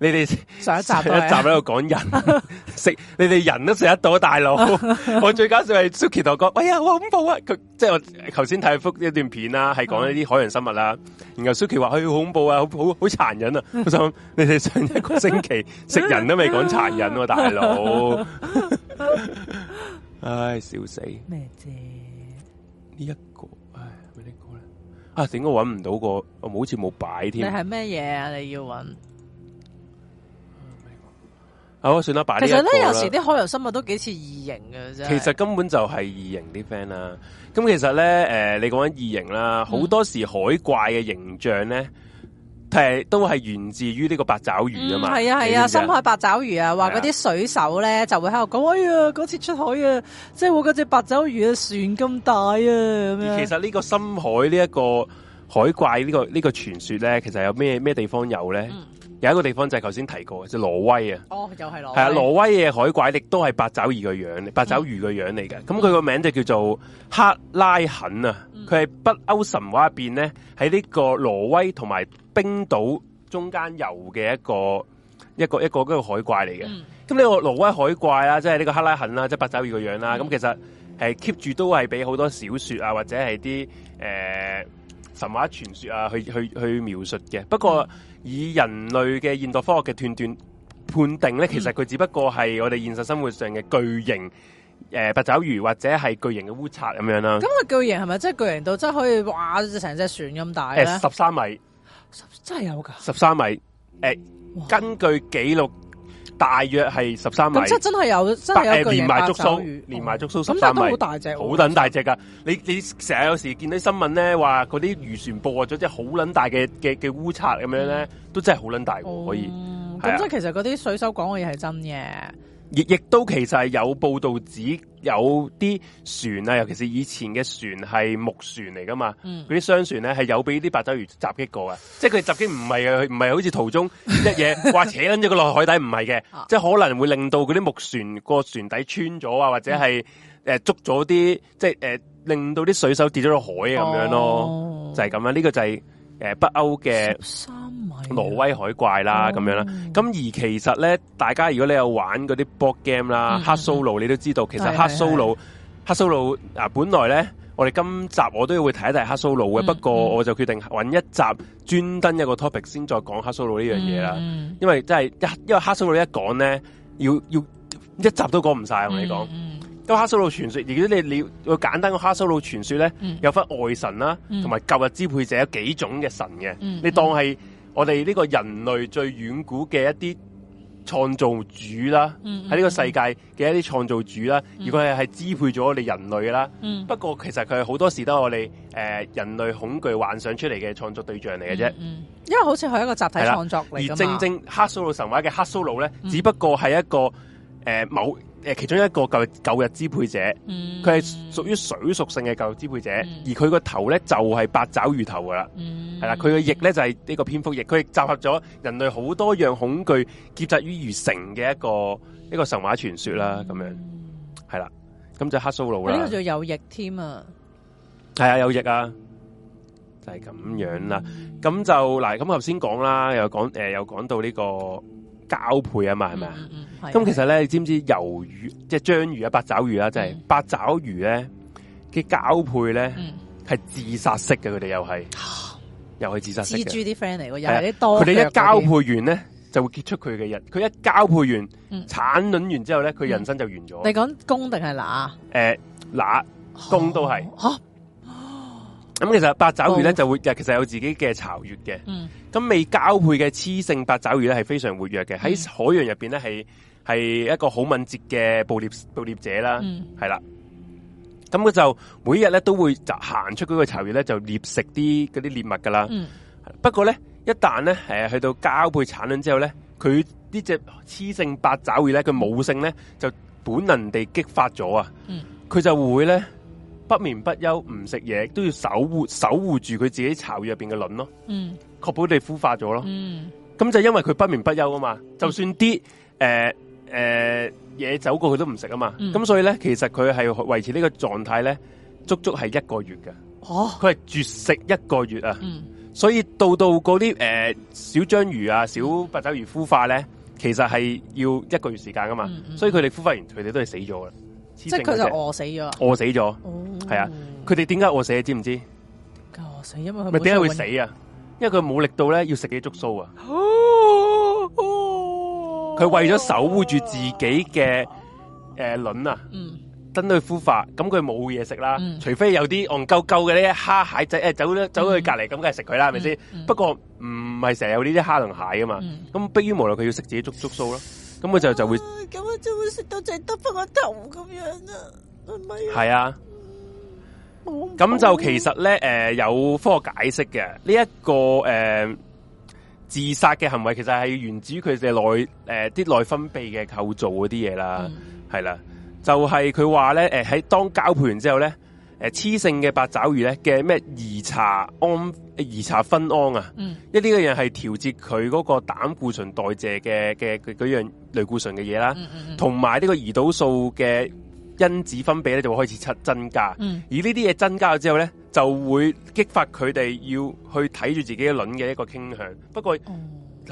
你哋上一集上一集喺度講人食， 你哋人都食得到，大佬。 我最搞笑係 Suki 同我講，哎呀好恐怖啊！佢即係我頭先睇幅一段片啦，係講一啲海洋生物啦。然後 Suki 話佢、哎、好恐怖啊，好好好殘忍啊。 我想你哋上一個星期食 人都未講殘忍喎、啊，大佬。 唉，笑死！咩啫？呢、這、一個。啊！點解搵唔到、個？我好似冇擺添。你係咩嘢啊？你要搵？好，算啦，擺呢一個啦。其實咧，有時啲海洋生物都幾似異形嘅，真係。其實根本就係異形啲 friend 啦。咁其實咧，誒、呃，你講緊異形啦，好多時海怪嘅形象咧。嗯係都係源自於呢個八爪魚啊嘛，係、嗯、啊係啊，深海八爪魚啊，話嗰啲水手咧、啊、就會喺度講，哎呀嗰次出海啊，即係我覺得隻八爪魚啊船咁大啊咁樣。其實呢個深海呢一個海怪呢、呢個呢、呢個傳說咧，其實有咩咩地方有咧？嗯有一個地方就係頭先提過嘅，就是、挪威啊。哦，oh，又係羅。係啊，挪威嘅海怪亦都係八爪魚個樣子，八爪魚個樣嚟嘅。咁佢個名字就叫做克拉肯啊。佢、mm. 係北歐神話入邊咧，喺呢個挪威同埋冰島中間游嘅一個一個一個一個，一個海怪嚟嘅。咁、mm. 呢個挪威海怪啦、啊，即係呢個克拉肯啦、啊，即、就、係、是、八爪魚個樣啦、啊。咁、mm. 其實誒 keep 住都係俾好多小說啊，或者係啲誒神話傳說啊去去去描述嘅。不過。Mm. 以人類嘅現代科學嘅斷斷判定咧，其實佢只不過係我哋現實生活上嘅巨型誒八、呃、爪魚，或者係巨型嘅烏賊咁樣啦。咁、嗯那個巨型係咪真係巨型到真係可以話成隻船咁大咧、呃？十三米，真係有㗎！十三米誒，根據記錄。大約係十三米，咁即係真係有真係有連埋觸鬚，連埋觸鬚十三米，好、哦、大隻，好撚大隻噶、哦！你你成日有時見啲新聞咧，話嗰啲漁船捕獲咗隻好撚大嘅嘅嘅烏賊咁樣咧、嗯，都真係好撚大喎！可以，咁、嗯啊嗯、即係其實嗰啲水手講嘅嘢係真嘅。亦亦都其實係有報道指有啲船啊，尤其是以前嘅船係木船嚟噶嘛，嗰啲商船咧係有俾啲八爪魚襲擊過嘅。即係佢襲擊唔係唔係好似途中一嘢話 扯撚咗個落海底唔係嘅，啊、即係可能會令到嗰啲木船、個船底穿咗啊，或者係誒、嗯、捉咗啲即係、呃、令到啲水手跌咗落海咁、哦、樣咯，就係咁啦，呢、呢個就係、是。誒，北歐嘅挪威海怪啦，咁、啊 oh. 樣啦。咁而其實咧，大家如果你有玩嗰啲 board game 啦，克蘇魯你都知道，其實克蘇魯克蘇魯啊，本來咧，我哋今集我都要會睇一睇克蘇魯嘅。Mm -hmm. 不過我就決定搵一集專登一個 topic 先，再講克蘇魯呢樣嘢啦。因為真係一，因為克蘇魯一講咧，要要一集都講唔晒我同你講。咁哈蘇魯傳説，如果你了個簡單個哈蘇魯傳說咧、嗯，有分外神啦，同埋舊日支配者有幾種嘅神嘅、嗯嗯。你當係我哋呢個人類最遠古嘅一啲創造主啦，喺、嗯、呢、嗯、個世界嘅一啲創造主啦，如果係支配咗我哋人類啦、嗯。不過其實佢好多時都係我哋、呃、人類恐懼幻想出嚟嘅創作對象嚟嘅啫。因為好似係一個集體創作嚟，而正正哈蘇魯神話嘅哈蘇魯咧，只不過係一個、呃、某。誒，其中一個舊舊日支配者，佢係屬於水屬性嘅舊日支配者，而佢個頭咧就係八爪魚頭噶啦，係、嗯、啦，佢嘅翼咧就係呢個蝙蝠翼，佢亦集合咗人類好多樣恐懼結集於而成嘅一個一個神話傳說啦，咁、嗯、樣係啦，咁就克蘇魯啦。呢、這個就有翼添啊，係啊，有翼啊，就係、是、咁樣啦。咁就嗱，咁頭先講啦，又講誒、呃，又講到呢、這個。交配啊嘛，係咪啊？咁、嗯嗯、其實咧，你知唔知魷魚、即係章魚啊、八爪魚啊，即、嗯、係八爪魚咧嘅交配咧，係、嗯、自殺式嘅，佢哋又係、啊、又係自殺式。蜘蛛啲 friend 嚟，又係啲多。佢哋一交配完咧，就會結束佢嘅人。佢一交配完、嗯、產卵完之後咧，佢人生就完咗。嗯、你講公定係乸？誒、呃，乸公都係。哦啊。咁、嗯、其實八爪魚咧就會其實有自己嘅巢穴嘅。咁、嗯、未交配嘅雌性八爪魚咧係非常活躍嘅，喺、嗯、海洋入邊咧係係一個好敏捷嘅捕獵捕獵者啦。係、嗯、啦，咁佢就每日咧都會行出嗰個巢穴咧就獵食啲嗰啲獵物噶啦、嗯。不過咧一旦咧誒去到交配產卵之後咧，佢呢隻雌性八爪魚咧佢母性咧就本能地激發咗啊。佢、嗯、就會咧。不眠不休，唔食嘢都要守護守護住佢自己巢入邊嘅卵咯，確、嗯、保佢哋孵化咗咯。咁、嗯、就因為佢不眠不休啊嘛、嗯，就算啲誒誒嘢走過佢都唔食啊嘛。咁、嗯、所以咧，其實佢係維持個狀態呢個狀態咧，足足係一個月嘅。哦，佢係絕食一個月啊。嗯，所以到到嗰啲誒小章魚啊、小八爪魚孵化咧，其實係要一個月時間噶嘛、嗯嗯。所以佢哋孵化完，佢哋都係死咗嘅。即係佢就餓死咗，餓死咗，係、oh、啊！佢哋點解餓死？知唔知？餓死因為佢唔係點解會死啊？因為佢冇力到咧，要食啲竹鬚啊！佢 為咗守護住自己嘅誒卵啊、oh 嗯，嗯，等佢孵化。咁佢冇嘢食啦，除非有啲戇鳩鳩嘅啲蝦蟹仔誒，走咗走去隔籬咁，梗係食佢啦，係咪先？不過唔係成日有呢啲蝦同蟹啊嘛，咁、嗯、逼於無奈，佢要食自己竹竹鬚咯。咁我就就會，咁、啊、我就會食到淨得翻個頭咁樣啊，係係。係啊，咁、啊嗯啊、就其實咧，誒、呃、有科學解釋嘅呢一個誒、呃、自殺嘅行為，其實係源自於佢哋內誒啲內分泌嘅構造嗰啲嘢啦，係、嗯、啦、啊，就係佢話咧，誒、呃、喺當交配完之後咧。雌、呃、性嘅八爪魚咧嘅咩？兒茶安兒茶酚胺啊，因為呢樣嘢係調節佢嗰個膽固醇代謝嘅嘅樣類固醇嘅嘢啦，同埋呢個胰島素嘅因子分泌咧就會開始增加、嗯、增加，而呢啲嘢增加咗之後咧，就會激發佢哋要去睇住自己嘅卵嘅一個傾向。不過係、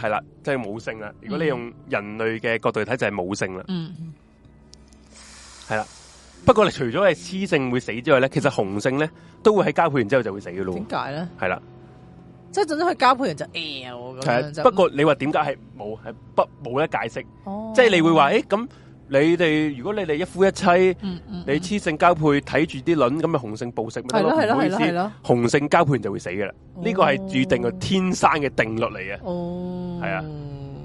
嗯、啦，即係母性啦。如果你用人類嘅角度睇，就係、是、母性啦。嗯，係、嗯嗯、啦。不過，除咗係雌性會死之外咧，其實雄性咧都會喺交配完之後就會死嘅咯。點解咧？係啦，即係陣間佢交配完就誒、呃、啊！係啊，不過你話點解係冇係不冇得解釋？哦、即係你會話誒咁，你哋如果你哋一夫一妻，嗯嗯嗯、你雌性交配睇住啲卵咁啊，雄性暴食，係咯係咯係咯係咯，雄性交配完就會死嘅啦。呢個係注定嘅天生嘅定律嚟嘅。哦，係、這、啊、個哦，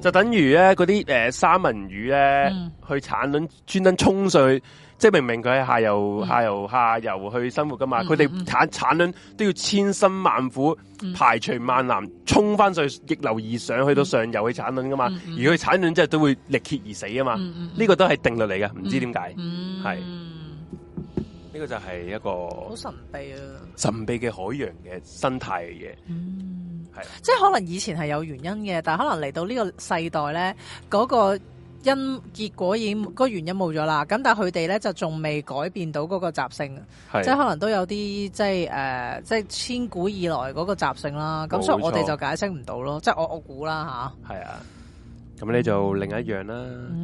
就等於咧嗰啲誒三文魚咧、嗯、去產卵，專登衝碎。即係明明佢喺下游、下游、嗯、下游去生活噶嘛，佢、嗯、哋、嗯、產產卵都要千辛萬苦排除萬難，嗯嗯衝翻上逆流而上去到上游去產卵噶嘛，嗯嗯而佢產卵之後都會力竭而死啊嘛，呢、嗯嗯、個都係定律嚟嘅。唔知點解，係、嗯、呢、嗯呢個就係一個好神秘啊神秘嘅海洋嘅生態嘅嘢，係、嗯嗯、即係可能以前係有原因嘅，但係可能嚟到呢個世代咧嗰、嗰個。因結果已經個原因冇咗啦，咁但係佢哋咧就仲未改變到嗰個習性，即係可能都有啲即係誒，即係、呃、千古以來嗰個習性啦。咁所以我哋就解釋唔到咯，即係我我估啦吓，係啊，咁、啊、你就另一樣啦，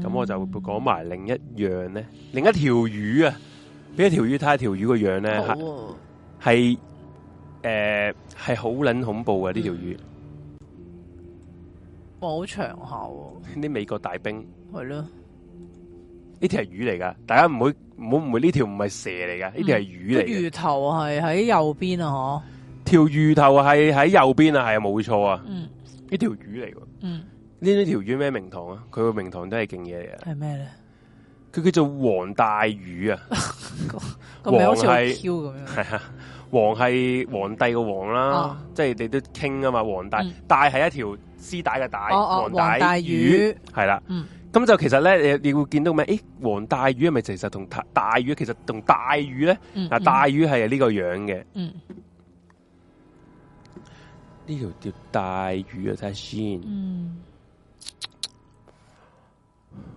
咁、嗯、我就講埋另一樣咧、嗯，另一條魚啊，邊一條魚睇一條魚個樣咧、啊，係誒係好撚、啊啊呃、恐怖嘅呢、嗯、條魚，冇長效喎、啊，啲美國大兵。.係咯，呢條係魚嚟噶，大家唔會唔會唔會呢條唔係蛇嚟噶？呢條係魚嚟，嗯、呢魚頭係喺右邊啊，嗬？條魚頭係喺右邊啊，係啊、冇錯啊，嗯，呢條係魚嚟，嗯，呢條魚咩名堂啊？佢個名堂都係勁嘢嚟啊，係咩咧？佢叫做皇帶魚啊，黃 好似係 Q 咁樣，係 啊，皇係皇帝個皇啦，即係你都傾啊嘛，皇帶帶係、嗯、一條絲帶嘅帶，皇、哦哦、帶魚係啦，嗯，嗯。咁就其實咧，你你會見到咩？誒、欸，黃大魚係咪其實同大魚？其實同大魚咧，嗱、嗯嗯，大魚係呢個樣嘅、嗯嗯。嗯呢條條大魚啊，睇下先。搵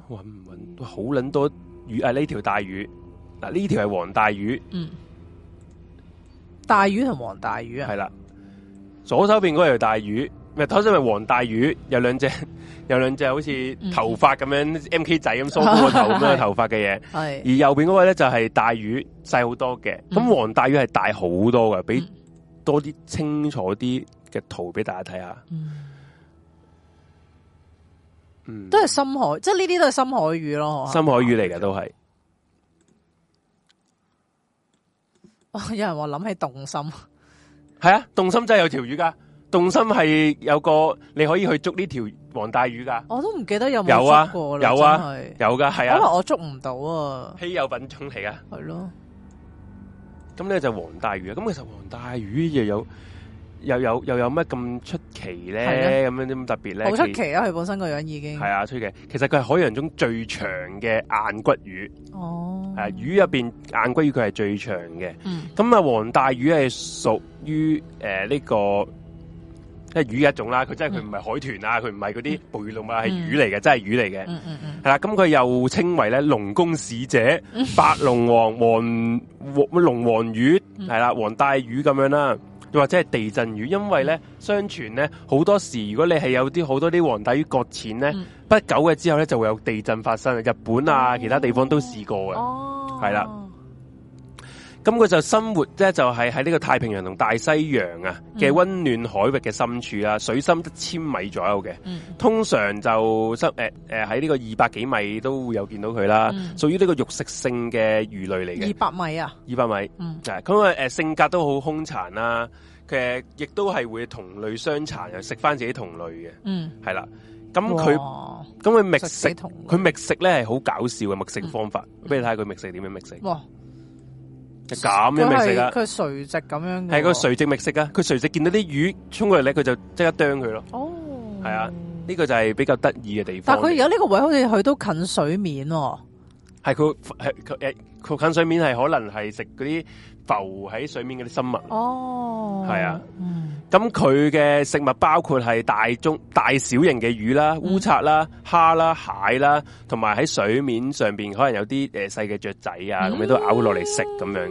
唔搵？好捻多魚啊！呢條大魚，嗱、啊，呢條係黃大魚，嗯。嗯大魚同黃大魚啊？係啦，左手邊嗰條大魚，咪頭先，咪黃大魚，有兩隻。有兩隻好似頭髮咁樣、嗯嗯、M K 仔咁梳過頭咁嘅頭髮嘅嘢。 而右邊嗰位咧就係大魚，細好多嘅。咁、嗯嗯、黃大魚係大好多嘅，俾多啲清楚啲嘅圖俾大家睇下、嗯。都係深海，即係呢啲都係深海魚咯。深海魚嚟嘅都係、哦。有人話諗起動心，係啊，動心真係有條魚噶。動心係有個你可以去捉呢條皇帶魚噶，我都唔記得有冇捉有過有啊，有噶係啊，啊啊因為我捉唔到啊。稀有品種嚟啊，係咯。咁咧就是皇帶魚啊。咁其實皇帶魚又有又有又有乜咁出奇咧？咁樣啲咁特別咧？好出奇啊！佢本身個樣已經係啊，出奇。其實佢係海洋中最長嘅硬骨魚哦魚裡面。係魚入邊硬骨魚佢係最長嘅。嗯，咁啊，皇帶魚係屬於誒呢個。即係魚一種啦、啊，佢真係佢唔係海豚啊，佢唔係嗰啲哺乳動物、啊，係魚嚟嘅，真係魚嚟嘅。係、嗯、啦，咁、嗯、佢、嗯、又稱為咧龍宮使者、嗯、白龍王、黃龍王魚，係、嗯、啦，黃帶魚咁樣啦、啊，又或者係地震魚，因為咧、嗯、相傳咧好多時候，如果你係有啲好多啲黃帶魚擱淺咧，不久嘅之後咧就會有地震發生，日本啊、哦、其他地方都試過嘅，係、哦、啦。咁佢就生活咧，就係喺呢個太平洋同大西洋啊嘅温暖海域嘅深處啊、嗯，水深得千米左右嘅、嗯。通常就，誒誒喺呢個二百幾米都會有見到佢啦。屬於呢個肉食性嘅魚類嚟嘅。二百米啊？二百米。係、嗯。咁、嗯、啊，誒性格都好凶殘啦。佢亦都係會同類相殘，又食翻自己同類嘅。嗯。係啦。咁佢，咁佢覓食，佢覓食咧係好搞笑嘅覓食方法。俾、嗯、你睇下佢覓食點樣覓食。就咁樣覓食噶，佢垂直咁樣，係個垂直覓食啊！佢垂直見到啲魚衝過嚟咧，佢就即刻啄佢咯。哦，係啊，呢個就係比較得意嘅地方。但係佢而家呢個位好似去到近水面，哦，係佢係佢誒，佢近水面係可能係食嗰啲。浮喺水面嗰啲生物，哦，係啊，咁佢嘅食物包括係大中大小型嘅魚啦、烏賊啦、蝦啦、蟹啦，同埋喺水面上邊可能有啲誒細嘅雀仔啊，咁、嗯、佢都咬落嚟食咁樣。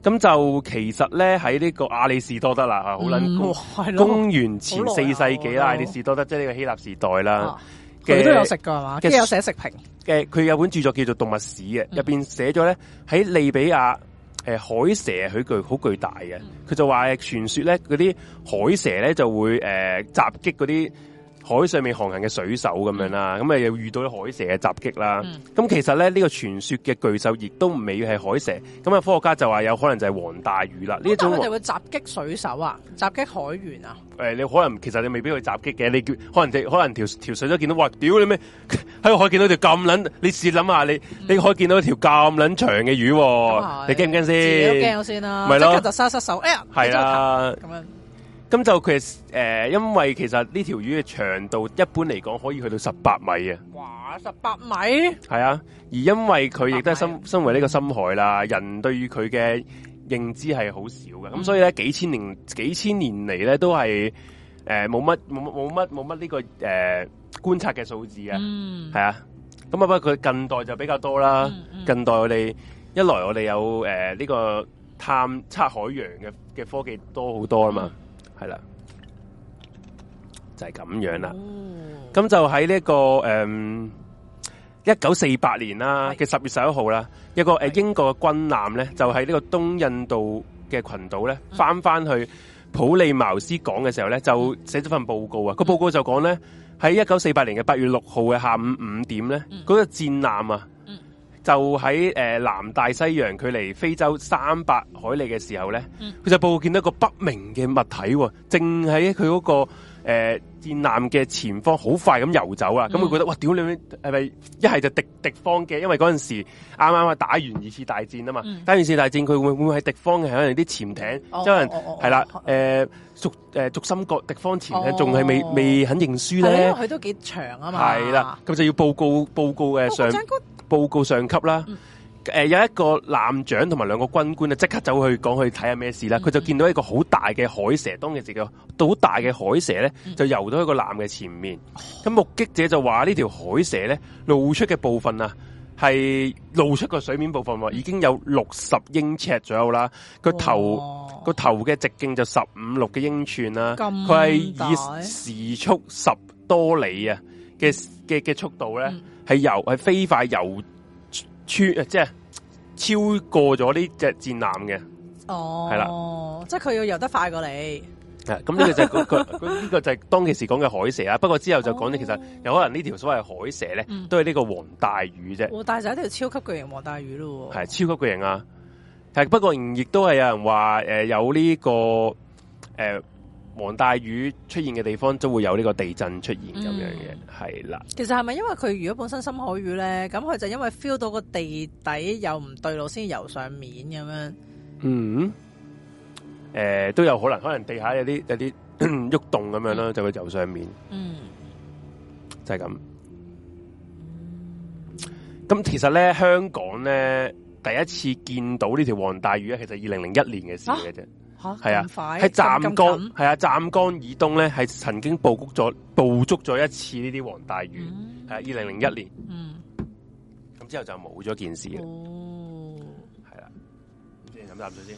咁就其實咧喺呢個亞里士多德啦，啊，好卵、嗯、公元前四世紀啦，亞里士多德、啊、即係呢個希臘時代啦，佢都有食過㗎係嘛，有寫食評嘅。佢有本著作叫做《動物史》嘅，入邊寫咗咧喺利比亞。誒，海蛇佢巨好巨大嘅，佢就話傳說咧，嗰啲海蛇咧就會誒襲擊嗰啲。海上面航行嘅水手咁樣啦，咁啊又遇到啲海蛇嘅襲擊啦。咁、嗯、其實咧呢、這個傳說嘅巨獸亦都未係海蛇。咁啊科學家就話有可能就係黃大魚啦。呢種，佢哋會襲擊水手啊，襲擊海員啊。誒、欸，你可能其實你未必會襲擊嘅。你叫可能你可能條條水手見到，哇！屌你咩喺、哎、海見到條咁撚？你試諗下你、嗯、你可以見到條咁撚長嘅魚，嗯、你驚唔驚先、啊？驚我先啦。咪咯，就殺殺手。哎呀，係啦。咁、啊、樣。咁就佢誒、呃，因為其實呢條魚嘅長度一般嚟講可以去到十八米啊！哇，十八米係啊，而因為佢亦都係生身為呢個深海啦，人對於佢嘅認知係好少嘅。咁、嗯、所以咧，幾千年幾千年嚟咧都係誒冇乜冇冇冇乜冇乜呢個誒、呃、觀察嘅數字啊。嗯，係啊。咁啊，不過佢近代就比較多啦。嗯嗯近代我哋一來我哋有誒呢、呃這個探測海洋嘅嘅科技多好多啊嘛。嗯係啦，就係咁樣啦。咁就喺呢個誒一九四八年啦嘅十月十一號啦，一個誒英國嘅軍艦咧，就喺呢個東印度嘅群島咧，翻翻去普利茅斯港嘅時候咧，就寫咗份報告啊。個報告就講咧，喺一九四八年嘅八月六號嘅下午五點咧，嗰個戰艦啊。就喺、呃、南大西洋，距離非洲三百海里嘅時候咧，佢、嗯、就報告見到一個不明嘅物體、哦，正喺佢嗰個戰、呃、戰艦嘅前方，好快咁遊走啊！咁、嗯、佢覺得哇，屌你！係咪一係就敵敵方嘅？因為嗰陣時啱啱啊打完二次大戰啊嘛、嗯，打完二次大戰，佢會會唔會係敵方嘅？可能啲潛艇，可能係啦，誒軸誒軸心國敵方潛艇仲係未未肯認輸咧。佢都幾長啊嘛。係啦，咁就要報告報告,、呃、報告上。上報告上級啦！嗯呃、有一個艦長同埋兩個軍官啊，即刻走去講去睇下咩事啦。佢、嗯、就見到一個好大嘅海蛇，嗯、當其時叫到好大嘅海蛇咧，嗯、就游到一個艦嘅前面。咁、哦、目擊者就話：呢條海蛇咧，露出嘅部分啊，係露出個水面部分喎、啊，已經有六十英尺左右啦。個頭個頭嘅直徑就十五六嘅英寸啦、啊。佢係以時速十多里啊嘅嘅嘅速度咧。嗯係游係飛快游穿、啊，即係超過咗呢隻戰艦嘅。哦，係啦，即係佢要游得快過你。係咁呢個就佢佢呢個就係當其時講嘅海蛇啦。Oh. 不過之後就講咗其實有可能呢條所謂海蛇咧，mm. 都係呢個黃大魚啫。哦，但係就係一條超級巨型黃大魚咯。係超級巨型啊！係不過亦都係有人話誒、呃、有呢、這個誒。呃黃帶魚出現嘅地方，都會有呢個地震出現咁樣嘅，係、嗯、啦。其實係咪因為佢如果本身深海魚咧，咁佢就因為 feel 到個地底有唔對路，先游上面咁樣。嗯，誒、呃，都有可能，可能地下有啲有啲喐動咁樣啦、嗯，就會游上面。嗯，就係、是、咁。咁其實咧，香港咧第一次見到呢條黃帶魚咧，其實二零零一年嘅事嘅啫。啊係啊，喺湛、啊、江，係啊，湛江以東咧，係曾經捕捉咗、捕捉咗一次呢啲黃大魚，係二零零一年。嗯，咁之後就冇咗件事啦。哦，係啦，先飲啖水先。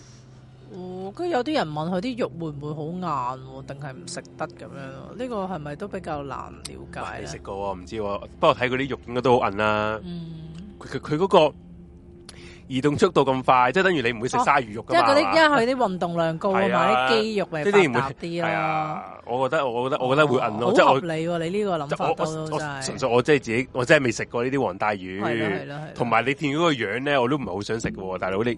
哦，跟住有啲人問佢啲肉會唔會好硬、啊，定係唔食得咁樣？呢、這個係咪都比較難了解？我未食過、哦，唔知喎、哦。不過睇佢啲肉應該都好韌啦、啊。嗯、mm -hmm.，佢佢嗰個。移動速度咁快，即係等於你唔會食鯊魚肉㗎、哦、嘛。因為佢啲運動量高啊嘛，啲肌肉嚟發達啲會、啊、我覺得我覺得我覺得會韌咯。即係我，好合理喎、啊，你呢個諗法我都真係。純粹我真係自己，我真係未食過呢啲黃帶魚。同埋你見到個樣呢，我都唔係好想食喎，大佬你。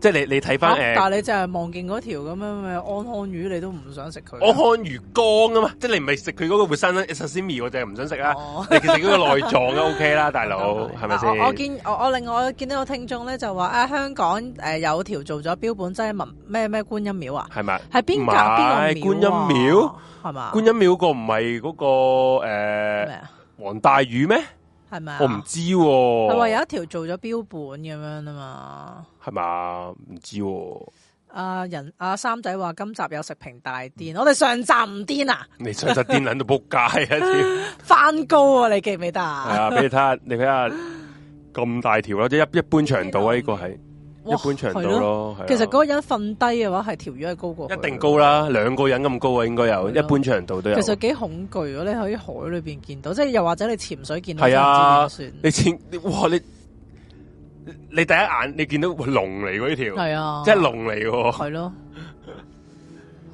即係你你睇翻誒，但係你就係望見嗰條咁樣嘅安康魚，你都唔想食佢。安康魚乾啊嘛，即係你唔係食佢嗰個活生生 sashimi，哦、我就係唔想食啦、啊哦、你食嗰個內臟都 OK 啦， 大佬係咪先？我見我我另外我見到個聽眾咧就話啊，香港誒、呃、有條做咗標本真文咩咩觀音廟啊？係咪？係邊間邊個廟、啊？觀音廟係嘛？觀音廟個唔係嗰個誒黃、呃、大魚咩？係咪啊,啊？我唔知，係話有一條做咗標本咁樣啊嘛？係嘛？唔知？喎。人阿、啊、三仔話今集有食評大癲，我哋上集唔癲啊！你上集癲捻到仆街啊！條翻高啊！你記唔記得啊？俾、啊、你睇下，你睇下咁大條啦，即一一般長度啊！呢、這個係。一般長度咯，其實嗰個人瞓低嘅話，係條魚係高過，一定高啦，兩個人咁高啊，應該有，一般長度都有。其實幾恐懼，啊，你喺海裏邊見到，即係又或者你潛水見到，係啊，你潛，哇，你你第一眼你見到龍嚟，嗰條係啊，即係龍嚟，係咯，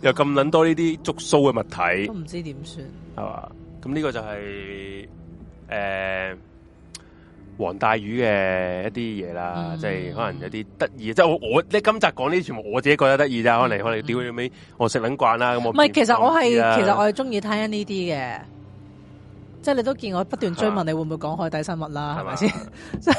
又咁捻多呢啲竹鬚嘅物體，都唔知點算，係嘛？咁呢個就係、是、誒。呃黃帶魚嘅一啲嘢啦，即、嗯、係、就是、可能些有啲得意，即、就、係、是、我你今集講呢啲全部我自己覺得得意咋，可能可能屌你屘，我食撚慣啦咁。唔、嗯、係、嗯，其實我係其實我係中意睇呢啲嘅，即係你都見我不斷追問你會唔會講海底生物啦，係咪先？即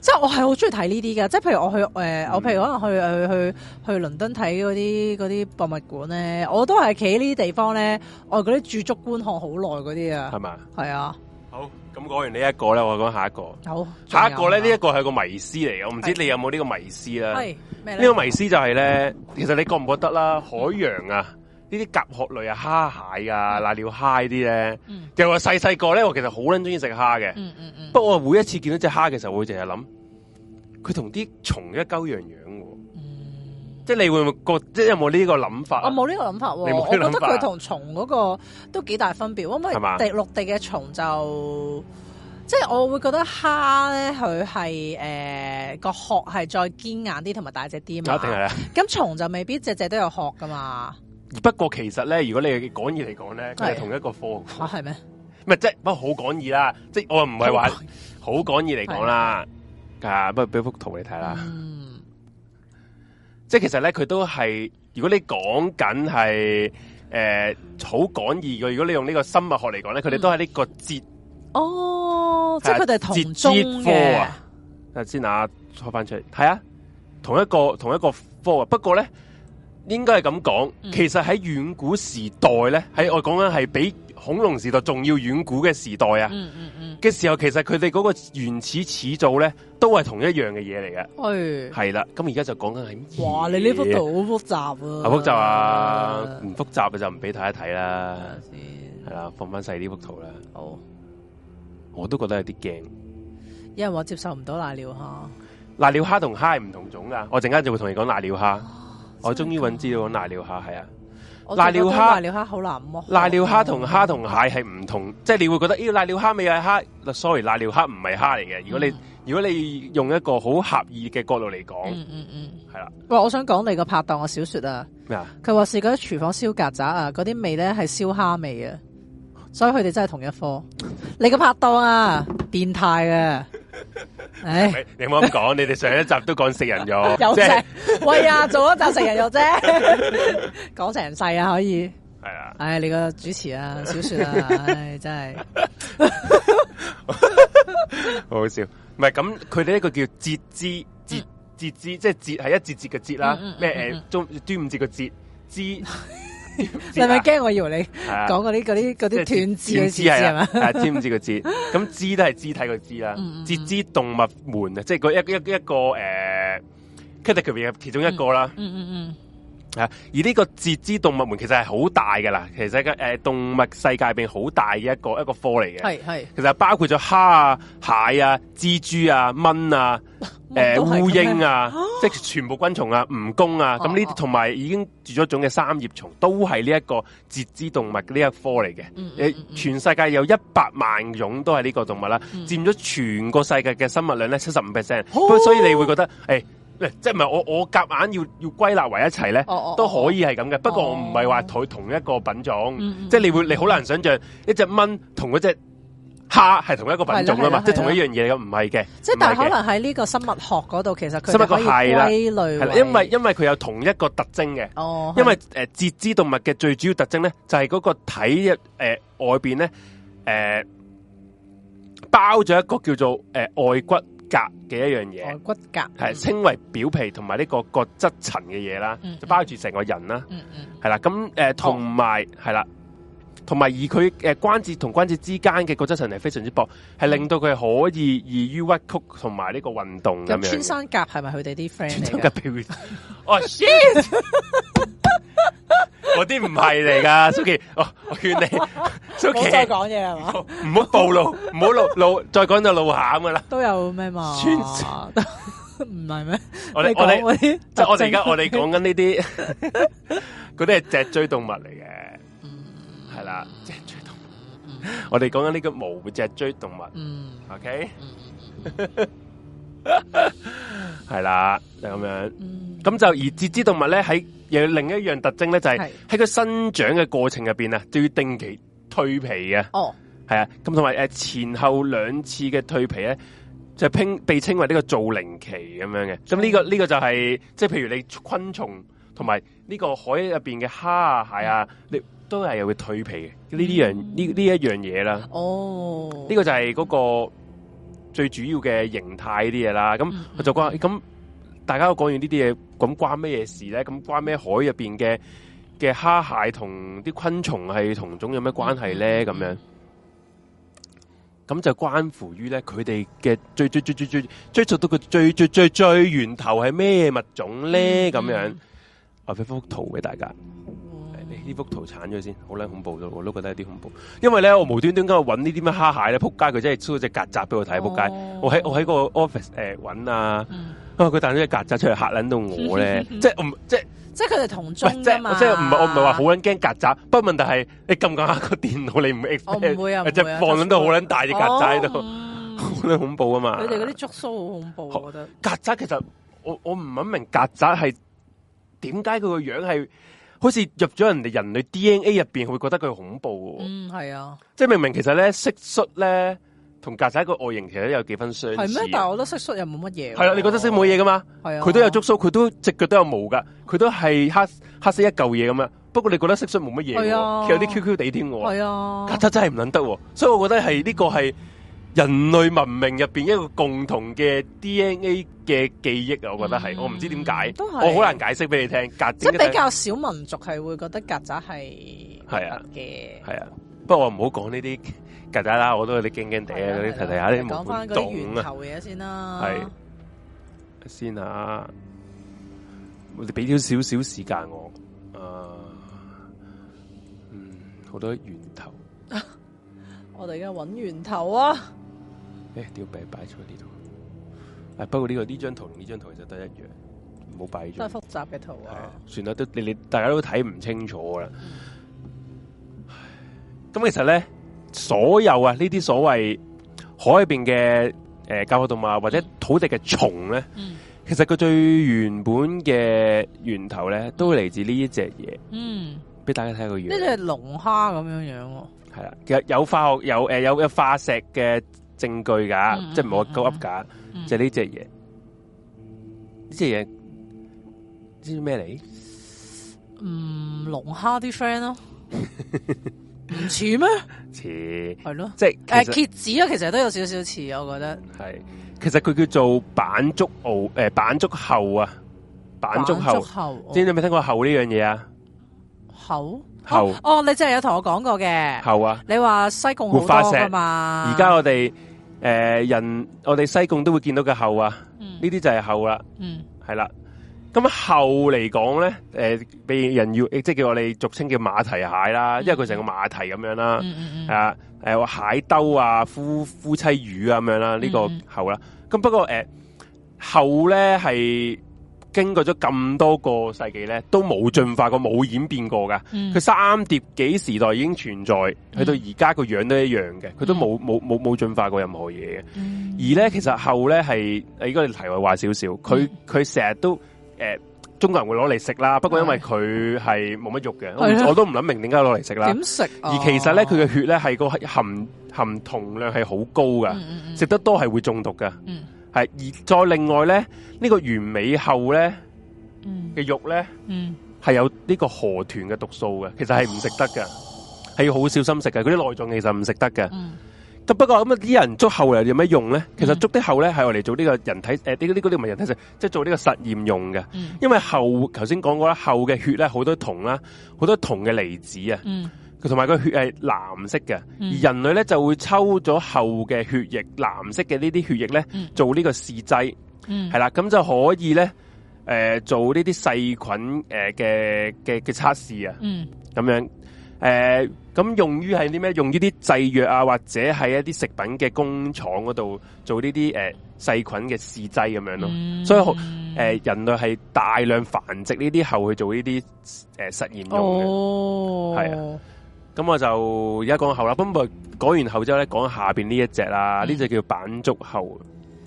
即係我係好中意睇呢啲噶，即係譬如我去誒、呃嗯，我譬如可能去去去去倫敦睇嗰啲嗰啲博物館咧，我都係企喺呢啲地方咧，我嗰啲駐足觀看好耐嗰啲啊，係咪？係啊，好。咁講完呢、這、一個咧，我講下一個。好，下一個咧，呢、這個、一個係個迷思嚟，嘅，我唔知你有冇呢個迷思啦。係咩呢個迷思就係咧、嗯，其實你覺唔覺得啦、嗯？海洋啊，呢啲甲殼類啊，蝦蟹啊，瀨、嗯、尿蝦啲咧，又話細細個咧，我其實好捻中意食蝦嘅。嗯嗯嗯。不過我每一次見到隻蝦嘅時候，會淨係諗，佢同啲蟲一鳩一樣。即係你會唔會覺，即係有冇呢個諗法？我冇呢個諗法、啊、法，我覺得佢同蟲嗰個都幾大分別，因為地陸地嘅蟲就是即係我會覺得蝦咧，佢係誒個殼係再堅硬啲同埋大隻啲嘛。咁蟲就未必隻只都有殼噶嘛。 不過其實咧，如果你講義嚟講咧，佢係同一個科吓係咩？唔係即係不過好講義啦，即係我唔係話好講義嚟講啦。啊，不如俾幅圖你睇啦、嗯。即係其實咧，佢都係如果你講緊係誒好廣義嘅，如果你用呢個生物學嚟講咧，佢哋都係呢個節、嗯、哦，啊、即係佢哋同中嘅。阿先啊，出翻出嚟，係啊，同一個同一個科啊。不過咧，應該係咁講、嗯、其實喺遠古時代咧，喺我講緊係俾。恐龍時代仲要遠古嘅時代啊，嘅、嗯嗯嗯、時候其實佢哋嗰個原始始祖咧都係同一樣嘅嘢嚟嘅，係、哎、啦。咁而家就講緊係。哇，你呢幅圖好複雜啊！好、啊、複雜啊，唔複雜嘅就唔俾睇一睇啦。係啦，放翻細呢幅圖啦。哦，我都覺得有啲驚，因為我接受唔到瀨尿蝦。瀨尿蝦同蝦係唔同種噶，我陣間就會同你講瀨尿蝦、啊。我終於搵資料講瀨尿蝦係啊。瀨尿蝦好難，瀨尿蝦同蝦同蟹係唔同，同 即係你會覺得，咦瀨尿蝦味係蝦，嗱 sorry 瀨尿蝦唔係蝦嚟嘅。如果你、嗯、如果你用一個好狹義嘅角度嚟講，嗯嗯嗯，係、嗯、啦。喂，我想講你個拍檔嘅小說啊，咩啊？佢話試過喺廚房燒曱甴啊，嗰啲味咧係燒蝦味啊，所以佢哋真係同一科。你個拍檔啊，變態啊。 唉，你唔好咁講， 你哋上一集都講食人肉，有係、就是、喂呀、啊，做一集食人肉啫，講 成世啊可以，係啊，唉、哎，你個主持啊，小說啊，唉、 哎，真係，好 好, 笑，唔係咁，佢哋呢個叫節支節節支，即係節係一節節嘅節啦，咩、嗯、誒、嗯嗯嗯嗯嗯，中端午節嘅節支。 係咪驚我以為你講嗰啲嗰啲啲斷肢嘅肢係嘛？知唔知道個字？咁肢都係肢體個知啦。節、嗯、肢、嗯、動物門啊，即係一一一個誒、呃、category 其中一個啦。嗯嗯嗯。而呢個節肢動物門其實係好大噶啦。其實個誒、呃、動物世界入邊好大嘅一個一個科嚟嘅。係係。其實包括咗蝦啊、蟹啊、蜘蛛啊、蛛啊蚊。啊。 誒、呃，烏蠅啊，即係全部昆蟲啊，蜈蚣啊，咁呢啲同埋已經絕咗種嘅三葉蟲，都係呢一個節肢動物呢一科嚟嘅。誒、嗯嗯嗯，全世界有一百萬種都係呢個動物啦，佔、嗯、咗全個世界嘅生物量咧七十五 percent。所以你會覺得誒、欸，即係唔係我我夾硬要要歸納為一齊咧、啊啊，都可以係咁嘅。不過我唔係話同同一個品種，即、嗯、係、嗯就是、你會你好難想象一隻蚊同一隻。蝦係同一個品種啊嘛，即係同一樣嘢咁，唔係嘅。即係但係可能喺呢個生物學嗰度，其實佢係歸類生物係啦係啦，因為因為佢有同一個特徵嘅。哦。因為誒節肢動物嘅最主要特徵咧，就係、是、嗰個體誒、呃、外邊咧，誒、呃、包咗一個叫做誒外骨骼嘅一樣嘢。外骨骼係稱為表皮同埋呢個角質層嘅嘢啦，就包住成個人啦。係、嗯、啦、嗯，咁誒同埋係啦。同埋而佢誒關節同關節之間嘅角質層係非常之薄，係令到佢可以易於屈曲同埋呢個運動咁樣。穿山甲係咪佢哋啲 friend？甲哦、oh, shit， 我啲唔係嚟噶，Suki，哦，我勸你，Su ki 再講嘢係嘛，唔好暴露，唔好露露，再講就露餡噶啦。都有咩嘛？穿唔係咩？我哋我哋嗰即就我哋而家我哋講緊呢啲，嗰啲係脊椎動物嚟嘅。脊、 嗯、 椎動物，我哋講緊呢個無脊椎動物，OK，係啦，就咁、是、樣。咁就而節肢動物咧，喺又另一樣特徵咧，就係喺佢生長嘅過程入邊啊，就要定期蛻皮嘅。哦，係啊，咁同埋誒前後兩次嘅蛻皮咧，就拼被稱為呢個造齡期咁樣嘅。咁呢、這個呢、嗯這個就係、是、即係，譬如你昆蟲同埋呢個海入邊嘅蝦蟹啊，嗯、你。都係又會蛻皮嘅呢啲樣呢呢一樣嘢啦。哦，呢、mm. oh. 個就係嗰個最主要嘅形態啲嘢啦。咁就關咁、mm -hmm.，大家都講完這些東西呢啲嘢，咁關咩嘢事咧？咁關咩海入邊嘅嘅蝦蟹同啲昆蟲係同種有咩關係咧？咁、mm -hmm. 樣咁就關乎於咧佢哋嘅最最最最最追溯到個最最最最最源頭係咩物種咧？咁、mm -hmm. 樣我俾幅圖俾大家。呢幅圖鏟咗先，好撚恐怖，我都覺得有啲恐怖，因為咧我無端端咁去搵呢啲咩蝦蟹咧，仆街，佢真係 show 咗隻曱甴俾我睇，仆街！我喺我喺個 office 誒、欸、搵啊，佢帶咗隻曱甴出嚟嚇撚到我咧， 即係即係即係佢哋同鐘即係唔係我唔係話好撚驚曱甴，不過問題係你咁唔下開個電腦，你唔會唔、啊、會啊？即係放撚到好撚大隻曱甴喺度，好、哦、撚、嗯、恐怖啊嘛！佢哋嗰啲觸鬚好恐怖，我覺得曱甴其實我我唔明明曱甴係點解佢個樣係。好似入咗人哋人類 DNA 入邊，會覺得佢恐怖。嗯，係啊，即係明明其實咧，蟋蟀咧同曱甴個外形其實都有幾分相似。係咩？但係我覺得蟋蟀又冇乜嘢。係啊，你覺得色冇嘢噶嘛？係啊，佢都有觸鬚，佢都隻腳都有毛㗎，佢都係黑黑色一嚿嘢咁樣。不過你覺得蟋蟀冇乜嘢？係啊，佢有，有啲 QQ 地添。係啊，曱甴真係唔撚得，所以我覺得係呢個係。人類文明入邊一個共同嘅 DNA 嘅記憶啊，我覺得係、嗯，我唔知點解，都係我好難解釋俾你聽。曱甴，即係比較少民族係會覺得曱甴係係嘅，係啊，啊。不過我唔好講呢啲曱甴啦，我都有啲驚驚哋，啊，你睇，睇下啲講翻啲源頭嘢先啦。係先啊，我哋俾少少少時間我啊，嗯，好多源頭。 我哋而家搵源頭啊！吊、哎、屌，擺錯呢度。誒、啊，這個，不過呢個呢張圖同呢張圖就得一樣，唔好擺咗。都係複雜嘅圖啊。係，算啦，都你你大家都睇唔清楚啦。咁其實咧，所有啊呢啲所謂海邊嘅誒，教學動物或者土地嘅蟲咧，其實佢最原本嘅源頭咧，都嚟自呢一隻嘢。嗯，俾大家睇個樣。呢隻龍蝦咁樣樣。係其實有化學有誒有有化石嘅。證據噶，即係冇鳩噏噶，就係呢隻嘢，呢隻嘢知咩嚟？嗯，龍蝦啲 friend 咯，唔似咩？似係咯，即係誒蠍子咯、啊，其實都有少少似，我覺得係。其實佢叫做板足鰲誒、呃、板足鱟啊，板足鱟，足鱟知你有冇聽過鱟呢樣嘢啊？鱟鱟哦，哦，哦，你真係有同我講過嘅鱟啊！你話西貢活化石啊嘛？而家我哋。誒、呃，人我哋西貢都會見到嘅后啊，呢、嗯、啲就係后啦，嗯係啦。咁后嚟講咧，誒，被、呃、人要即係叫我哋俗稱叫馬蹄蟹啦，嗯、因為佢成個馬蹄咁樣啦、啊嗯嗯嗯，啊，誒、呃，蟹兜啊，夫夫妻魚啊咁樣啦、啊，呢、這個后啦。咁、嗯嗯、不過誒，后咧係。經過咗咁多個世紀咧，都冇進化過，冇演變過噶佢、嗯、三疊紀時代已經存在，去、嗯、到而家個樣都一樣嘅，佢都冇冇冇冇進化過任何嘢嘅。嗯、而咧，其實后咧係，誒，應該題外話少少，佢佢成日都誒、呃，中國人會攞嚟食啦。不過因為佢係冇乜肉嘅，我都唔諗明點解攞嚟食啦。點食、啊？而其實咧，佢嘅血咧係個含含銅量係好高噶，嗯嗯嗯食得多係會中毒噶嗯係，而再另外咧，呢、這個完美后咧嘅、嗯、肉咧，係、嗯、有呢個河豚嘅毒素嘅，其實係唔食得㗎，係、嗯、要好小心食嘅。嗰啲內臟其實唔食得嘅。咁、嗯、不過咁啊，啲、嗯、人捉后嚟，有咩用咧？其實捉啲后咧係用嚟做呢個人體誒，啲啲啲唔係人體食，即係做呢個實驗用嘅、嗯。因為后頭先講過啦，后嘅血咧好多銅啦，好多銅嘅離子啊。嗯佢同埋個血係藍色嘅、嗯，而人類咧就會抽咗後嘅血液，藍色嘅呢啲血液咧、嗯、做呢個試劑，係、嗯、啦，咁就可以咧、呃、做呢啲細菌誒嘅嘅嘅測試啊，咁、嗯、樣誒咁、呃、用於係啲咩？用於啲製藥啊，或者係一啲食品嘅工廠嗰度做呢啲、呃、細菌嘅試劑咁樣咯、嗯。所以、呃、人類係大量繁殖呢啲後去做呢啲、呃、實驗用嘅，係、哦、啊。咁、嗯、我就而家講鱟啦，咁我講完鱟之後咧，講下邊呢一隻啦，呢、嗯、隻叫板足鱟。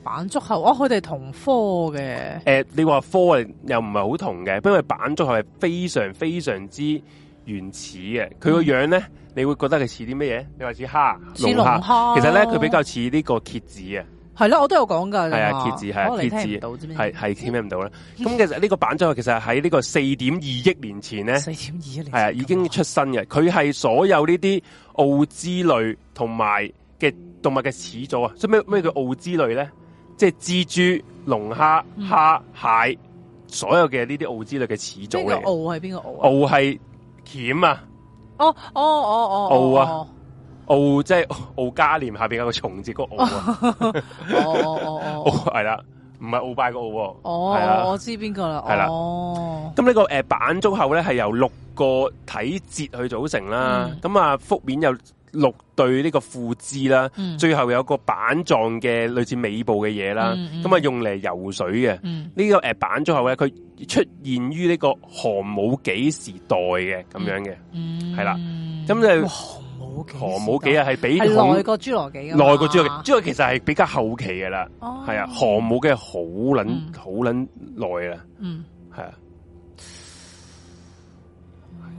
板足鱟，哦，佢哋同科嘅。誒、欸，你話科又唔係好同嘅，不過板足鱟係非常非常之原始嘅。佢、嗯、個樣咧，你會覺得佢似啲乜嘢？你話似蝦？似龍蝦？其實咧，佢比較似呢個蠍子啊。係啦 我都有講噶，嚟、啊、蠍子。我嚟、啊、聽，到，蠍子，係係咩唔到啦。咁其實呢個板足，其實喺呢個四點二億年前咧，四點二億年前係啊，已經出生嘅。佢係所有呢啲螯肢類同埋嘅動物嘅始祖啊。所以咩咩叫螯肢類咧？即、就、係、是、蜘蛛、龍蝦、蝦、蟹、嗯，所有嘅呢啲螯肢類嘅始祖嚟嘅。螯係邊個螯？螯係鉗啊！哦哦哦哦！螯啊！奧即係，奧加廉下邊有個重節骨奧，哦哦、啊、 哦，係啦，唔係奧拜個奧，哦，啊、哦我知邊、哦個啦，係、呃、啦，咁呢個誒板足鱟咧係由六個體節去組成啦，咁、嗯、啊腹面有六對呢個附肢啦、嗯，最後有個板狀嘅類似尾部嘅嘢啦，咁、嗯、啊用嚟游水嘅，嗯這個呃、呢個誒板足鱟咧佢出現於呢個寒武紀時代嘅咁樣嘅，係、嗯、啦，咁、嗯、就。寒武紀啊係比係耐過侏羅紀，耐過侏羅紀，侏羅其實係比較後期嘅啦，係、oh. 啊，寒武紀嘅好捻好捻耐啊，嗯，係 啊，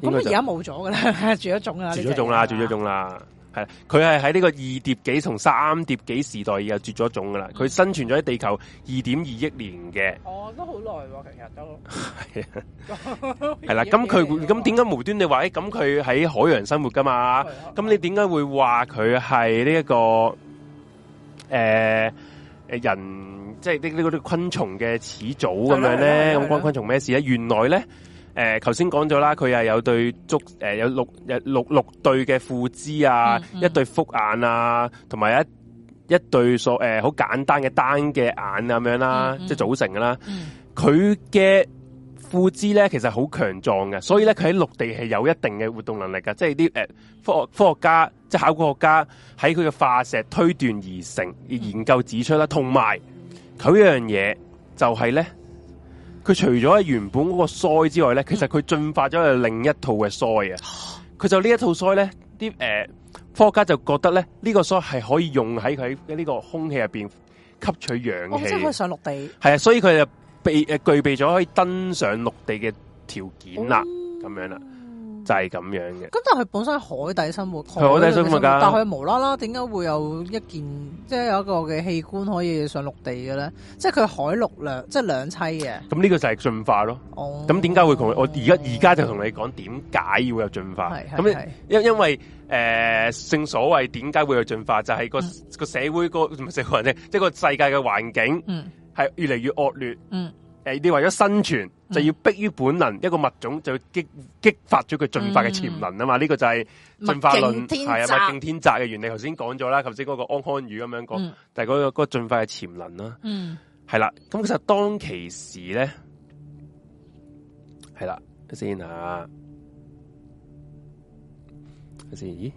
咁而家冇咗噶啦，絕咗種啦，絕咗種啦，絕咗種啦。係，佢係喺呢個二疊紀同三疊紀時代又絕咗種噶啦，佢生存咗喺地球二點二億年嘅。哦，都好耐喎，其實都係啊，係啦 是的。咁佢咁點解無端你話誒？咁佢喺海洋生活噶嘛？咁你點解會話佢係呢一個誒誒、呃、人？即係呢呢啲昆蟲嘅始祖咁樣咧？咁關昆蟲咩事呢？原來咧。誒、呃，頭先講咗啦，佢係有對足，誒、呃、有六、六、六對嘅附肢啊，嗯嗯一對複眼啊，同埋一一對所誒好簡單嘅單嘅眼咁樣、啊、嗯嗯啦，即係組成㗎啦。佢嘅附肢咧，其實好強壯嘅，所以咧佢喺陸地係有一定嘅活動能力噶，即係啲誒科學科學家即係考古學家喺佢嘅化石推斷而成而研究指出啦。同埋佢一樣嘢就係咧。佢除咗原本嗰個腮之外咧，其實佢進化咗另一套嘅腮啊！佢就呢一套腮咧，啲、呃、誒科學家就覺得咧，呢、這個腮係可以用喺佢呢個空氣入邊吸取氧氣，哦，即係可以上陸地。係啊，所以佢就備誒、呃、具備咗可以登上陸地嘅條件啦，咁、嗯、樣啦。就係、是、咁樣嘅。咁但係佢本身係海底生活，海底生活噶。但係佢無啦啦，點解會有一件，即係有一個嘅器官可以上陸地嘅咧？即係佢海陸兩，即係兩棲嘅。咁呢個就係進化咯。哦。咁點解會同我而家而家就同你講點解會有進化？咁、嗯、因因為誒、呃，正所謂點解會有進化？就係、是那個個、嗯、社會個唔係社會咧，即、就、係、是、個世界嘅環境，嗯，係越嚟越惡劣，嗯。誒，你為咗生存，就要迫於本能，一個物種就要激激發咗佢進化嘅潛能啊嘛！呢、嗯呢個就係進化論，係啊，敬天擇嘅原理頭先講咗啦，頭先嗰個安康魚咁樣講，但係嗰個進、嗰個嗰個進化嘅潛能啦，嗯，係啦。咁其實當其時咧，係啦，先啊，先，咦？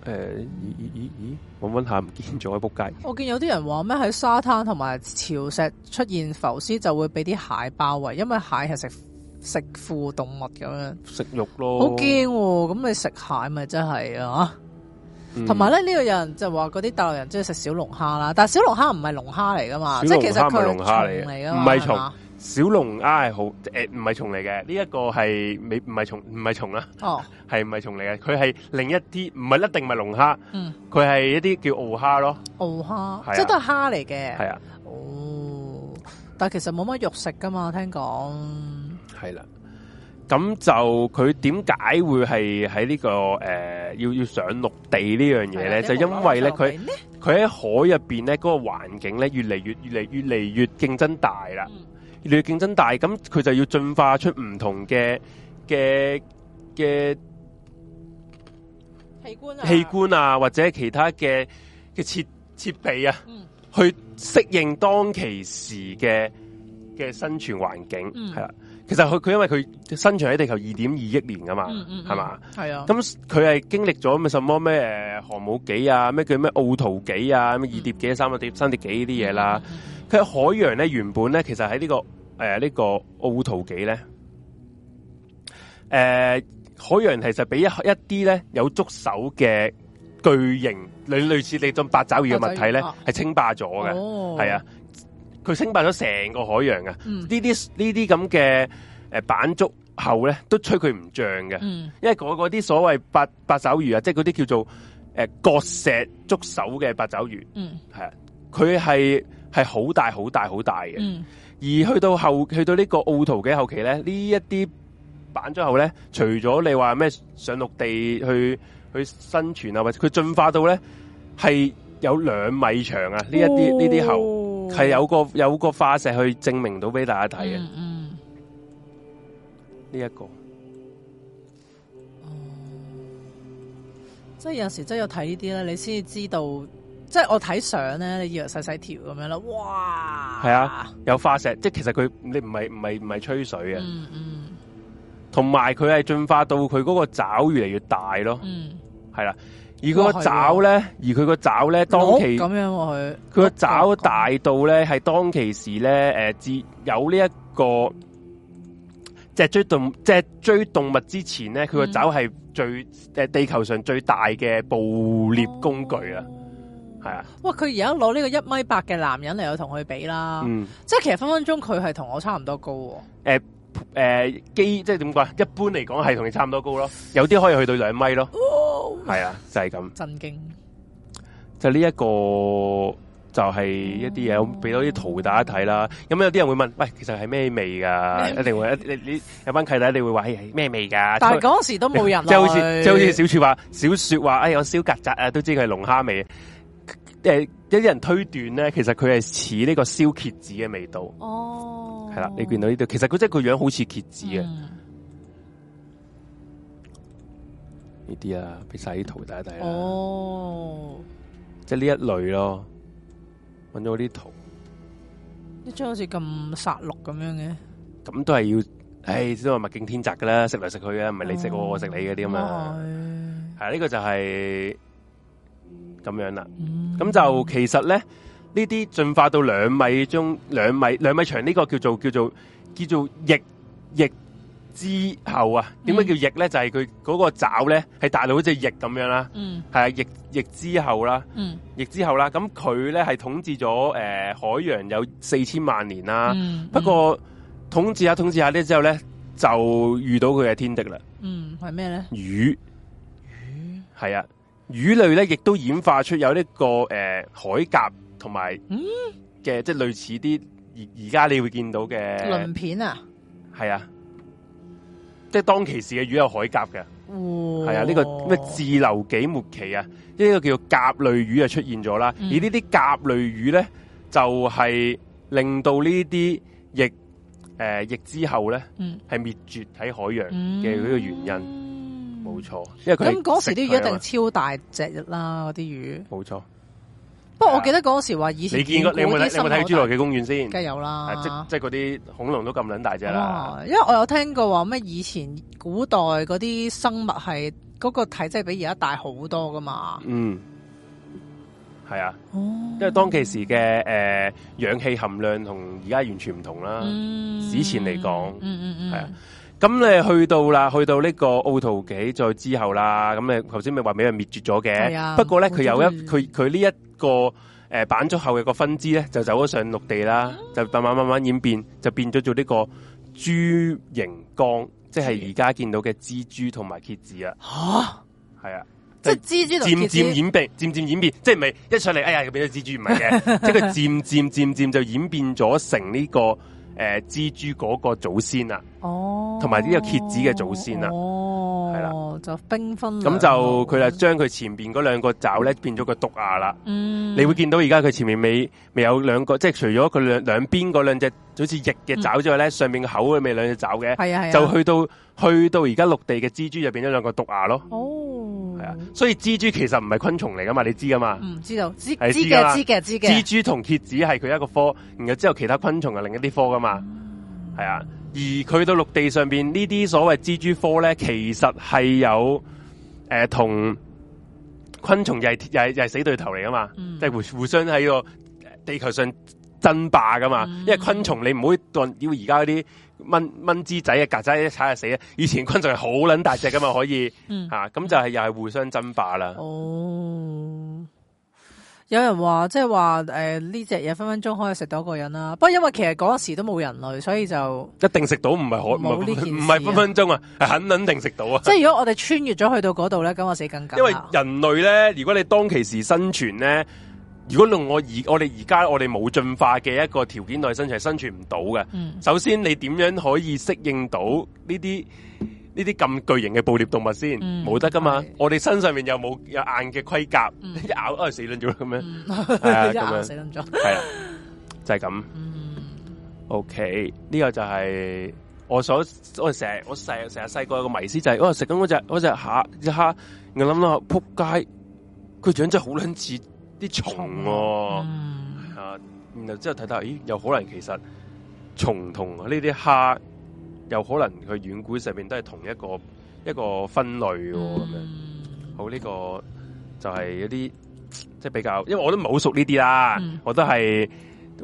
嗯、誒，咦咦咦咦，我搵下唔見咗，仆街！我見有啲人話咩喺沙灘同埋潮石出現浮屍，就會俾啲蟹包圍，因為蟹係食食腐動物咁樣，食肉咯。好驚喎！咁你食蟹咪真係啊？同埋咧，呢個人就話嗰啲大陸人中意食小龍蝦啦，但小龍蝦唔係龍蝦嚟噶嘛？即係其實佢唔係蟲。小龍蝦係好誒，唔係蟲嚟嘅。呢一個係未唔係蟲，唔係蟲啦。哦，係唔係蟲嚟嘅？佢係另一啲，唔係一定唔係龍蝦。嗯，佢係一啲叫螯蝦咯。螯蝦，係啊，即係都係蝦嚟嘅。係啊。哦，但係其實冇乜肉食噶嘛，聽講。係啦。咁就佢點解會係喺呢個誒要要上陸地呢樣嘢咧？就因為咧，佢佢喺海入邊咧，嗰個環境咧越嚟越越嚟越嚟越競爭大啦、嗯。你競爭大，咁佢就要進化出唔同嘅嘅嘅器官啊，器官啊，或者其他嘅嘅設設備啊，嗯、去適應當其時嘅嘅生存環境，係、嗯、啦。其實佢佢因為佢生存喺地球二點二億年噶嘛，係、嗯、嘛、嗯嗯，係啊，啊。咁佢係經歷咗咩什麼咩誒寒武紀啊，咩叫咩奧陶紀啊，咩二疊紀、三個疊、三疊紀啲嘢啦。佢海洋咧，原本咧，其實喺、這個呃這個、呢個誒呢個奧陶紀咧，誒、呃、海洋其實比一一啲咧有觸手嘅巨型類類似你種八爪魚嘅物體咧，係稱霸咗嘅。係啊，佢、啊、稱、哦啊、霸咗成個海洋啊。呢啲呢啲咁嘅誒板足后咧，都吹佢唔脹嘅，嗯。因為嗰啲所謂八八爪魚啊，即係嗰啲叫做誒角、呃、石觸手嘅八爪魚，嗯，係啊，佢係。係好大、好大、好大嘅、嗯，而去到後去到呢個奧陶嘅後期呢，呢一啲板足鱟呢，除咗你話咩上陸地去去生存啊，或者佢進化到呢，係有兩米長啊，呢一啲呢啲鱟係有個有個化石去證明到俾大家睇嘅，呢一個、嗯，即係有時真係要睇呢啲咧，你先知道。即係我睇相咧，你以為細細條咁樣咯，哇！係啊，有化石，即係其實佢你唔係唔係唔係吹水啊。嗯嗯。同埋佢係進化到佢嗰個爪越嚟越大咯。嗯。係啦、啊，而嗰個爪咧、哦，而佢個爪咧，當其咁、哦、樣佢、啊。佢個爪大到咧，係、啊、當其時咧，誒、呃，有呢、這、一個脊椎動物脊椎動物之前咧，佢個爪係最誒、嗯呃、地球上最大嘅捕獵工具啊、哦！係啊，哇！佢而家攞呢個一米八嘅男人嚟去同佢比啦、嗯，即係其實分分鐘佢係同我差唔多高。誒、呃、誒，基、呃、即係點講？一般嚟講係同你差唔多高咯，有啲可以去到兩米咯。係啊，就係、是、咁震驚就就。就呢一個就係一啲嘢，俾多啲圖大家睇啦。咁有啲人會問：喂，其實係咩味噶？一定會你有班契弟你會話係咩味噶？但係嗰時都冇人，即係好似即係好似小雪話，小雪話：，哎、hey,，我燒曱甴啊，都知佢係龍蝦味。誒，一啲人推斷咧，其實佢係似呢個燒蠍子嘅味道。哦，係啦，你見到呢度，其實佢即係個樣好似蠍子嘅呢啲啊，俾晒啲圖大家睇哦，即係呢一類咯，搵咗啲圖一張一。一張好似咁殺戮咁樣嘅，咁都係要，唉、哎，都話物競天擇噶啦，食嚟食去嘅，唔係你食我，哦、我食你嗰啲咁啊。係呢、這個就係咁樣啦、嗯。咁、嗯、就其實咧，呢啲進化到兩米中兩米兩米長呢個叫做叫做叫做翼翼之后啊，點解叫翼咧？就係佢嗰個爪咧，係大到好似翼咁樣啦。嗯，係、就是嗯、啊，翼翼之后啦，嗯，翼之后啦，咁佢咧係統治咗誒、呃、海洋有四千萬年啦。嗯嗯、不過統治下統治下呢之後咧，就遇到佢嘅天敵啦。嗯，係咩咧？魚魚係啊。魚類咧，亦都演化出有呢、這個誒、呃、海甲同埋嘅，即係類似啲而而家你會見到嘅鱗片啊，係啊，即係當其時嘅魚有海甲嘅，係、哦、啊、呢、這個咩志留紀末期啊，呢、這個叫甲類魚啊出現咗啦、嗯。而呢啲甲類魚咧，就係、是、令到呢啲翼誒翼之後咧，係、嗯、滅絕喺海洋嘅呢個原因。冇錯，因為咁嗰時都一定超大隻啦，嗰啲魚。冇錯，不過我記得嗰時話以前你見過猜猜的你有冇你有冇睇侏羅紀公園先？梗有啦，即即嗰啲恐龍都咁撚大隻啦。因為我有聽過話咩以前古代嗰啲生物係嗰個體質比而家大好多噶嘛。嗯，係啊、哦，因為當其時嘅誒、呃、氧氣含量同而家完全唔同啦。嗯、史前嚟講，嗯嗯嗯，係、嗯、啊。咁你去到啦，去到呢個奧陶紀再之後啦，咁、嗯、你頭先咪話俾人滅絕咗嘅，啊，不過咧佢有一佢佢呢一個誒、呃、板足后嘅個分支咧，就走咗上陸地啦，就慢慢慢慢演變，就變咗做呢個蛛形綱，即係而家見到嘅蜘蛛同埋蠍子啊。吓、就是，係啊，即係蜘蛛，漸漸演變，漸漸演變，即係唔係一上嚟，哎呀，變咗蜘蛛唔係嘅， 即係漸漸漸漸就演變咗成呢、這個。誒、呃、蜘蛛嗰個祖先啦、啊，哦，同埋呢個蠍子嘅祖先啦、啊，係、哦、啦、啊，就冰分咁，就佢就將佢前面嗰兩個爪咧，變咗個毒牙啦。嗯，你會見到而家佢前面未未有兩個，即係除咗佢兩兩邊嗰兩隻好似翼嘅爪之外咧，嗯、上面口個口佢未有兩隻爪嘅，係啊係、啊、就去到。去到而家陸地嘅蜘蛛就變咗兩個毒牙咯。哦，係啊，所以蜘蛛其實唔係昆蟲嚟噶嘛，你知噶嘛、嗯？唔知道，知嘅，知嘅，知嘅。蜘蛛同蠍子係佢一個科，然後之後其他昆蟲係另一啲科噶嘛、嗯。係啊，而佢到陸地上面呢啲所謂蜘蛛科咧，其實係有誒同、呃、昆蟲又係又係又係死對頭嚟噶嘛、嗯，即係互互相喺個地球上爭霸噶嘛、嗯。因為昆蟲你唔會當要而家嗰啲。蚊蚊子仔啊，曱甴一踩就死啊！以前昆蟲係好撚大隻噶嘛，可以吓咁、 嗯啊、就係又係互相爭霸啦。哦，有人話即係話誒呢隻嘢分分鐘可以食到一個人啦、啊。不過因為其實嗰時都冇人類，所以就、啊、一定食到唔係可唔係分分鐘啊，係、啊、肯定食到啊。即係如果我哋穿越咗去到嗰度咧，咁我死更緊。因為人類咧，如果你當其時生存咧。如果用我而我哋而家我哋冇進化嘅一個條件內，生存係生存唔到嘅。首先，你點樣可以適應到呢啲呢啲咁巨型嘅捕獵動物先？冇得噶嘛？我哋身上面又冇有，有硬嘅盔甲，嗯、一咬都、哎、死卵咗咁樣，嗯啊、 樣一死卵咗，係啦、啊，就係、是、咁。O K，呢個就係我所我成日我成成日細個有個迷思就係我食緊嗰隻嗰隻蝦一蝦，我諗諗扑街，佢長真係好卵似。啲蟲啊、嗯嗯、啊，然後之後睇到，咦，有可能其實蟲同呢啲蝦，有可能佢遠古上面都係同一個一個分類喎。咁、嗯、樣。好呢、個就係一啲即係比較，因為我都唔係好熟呢啲啦、嗯，我都係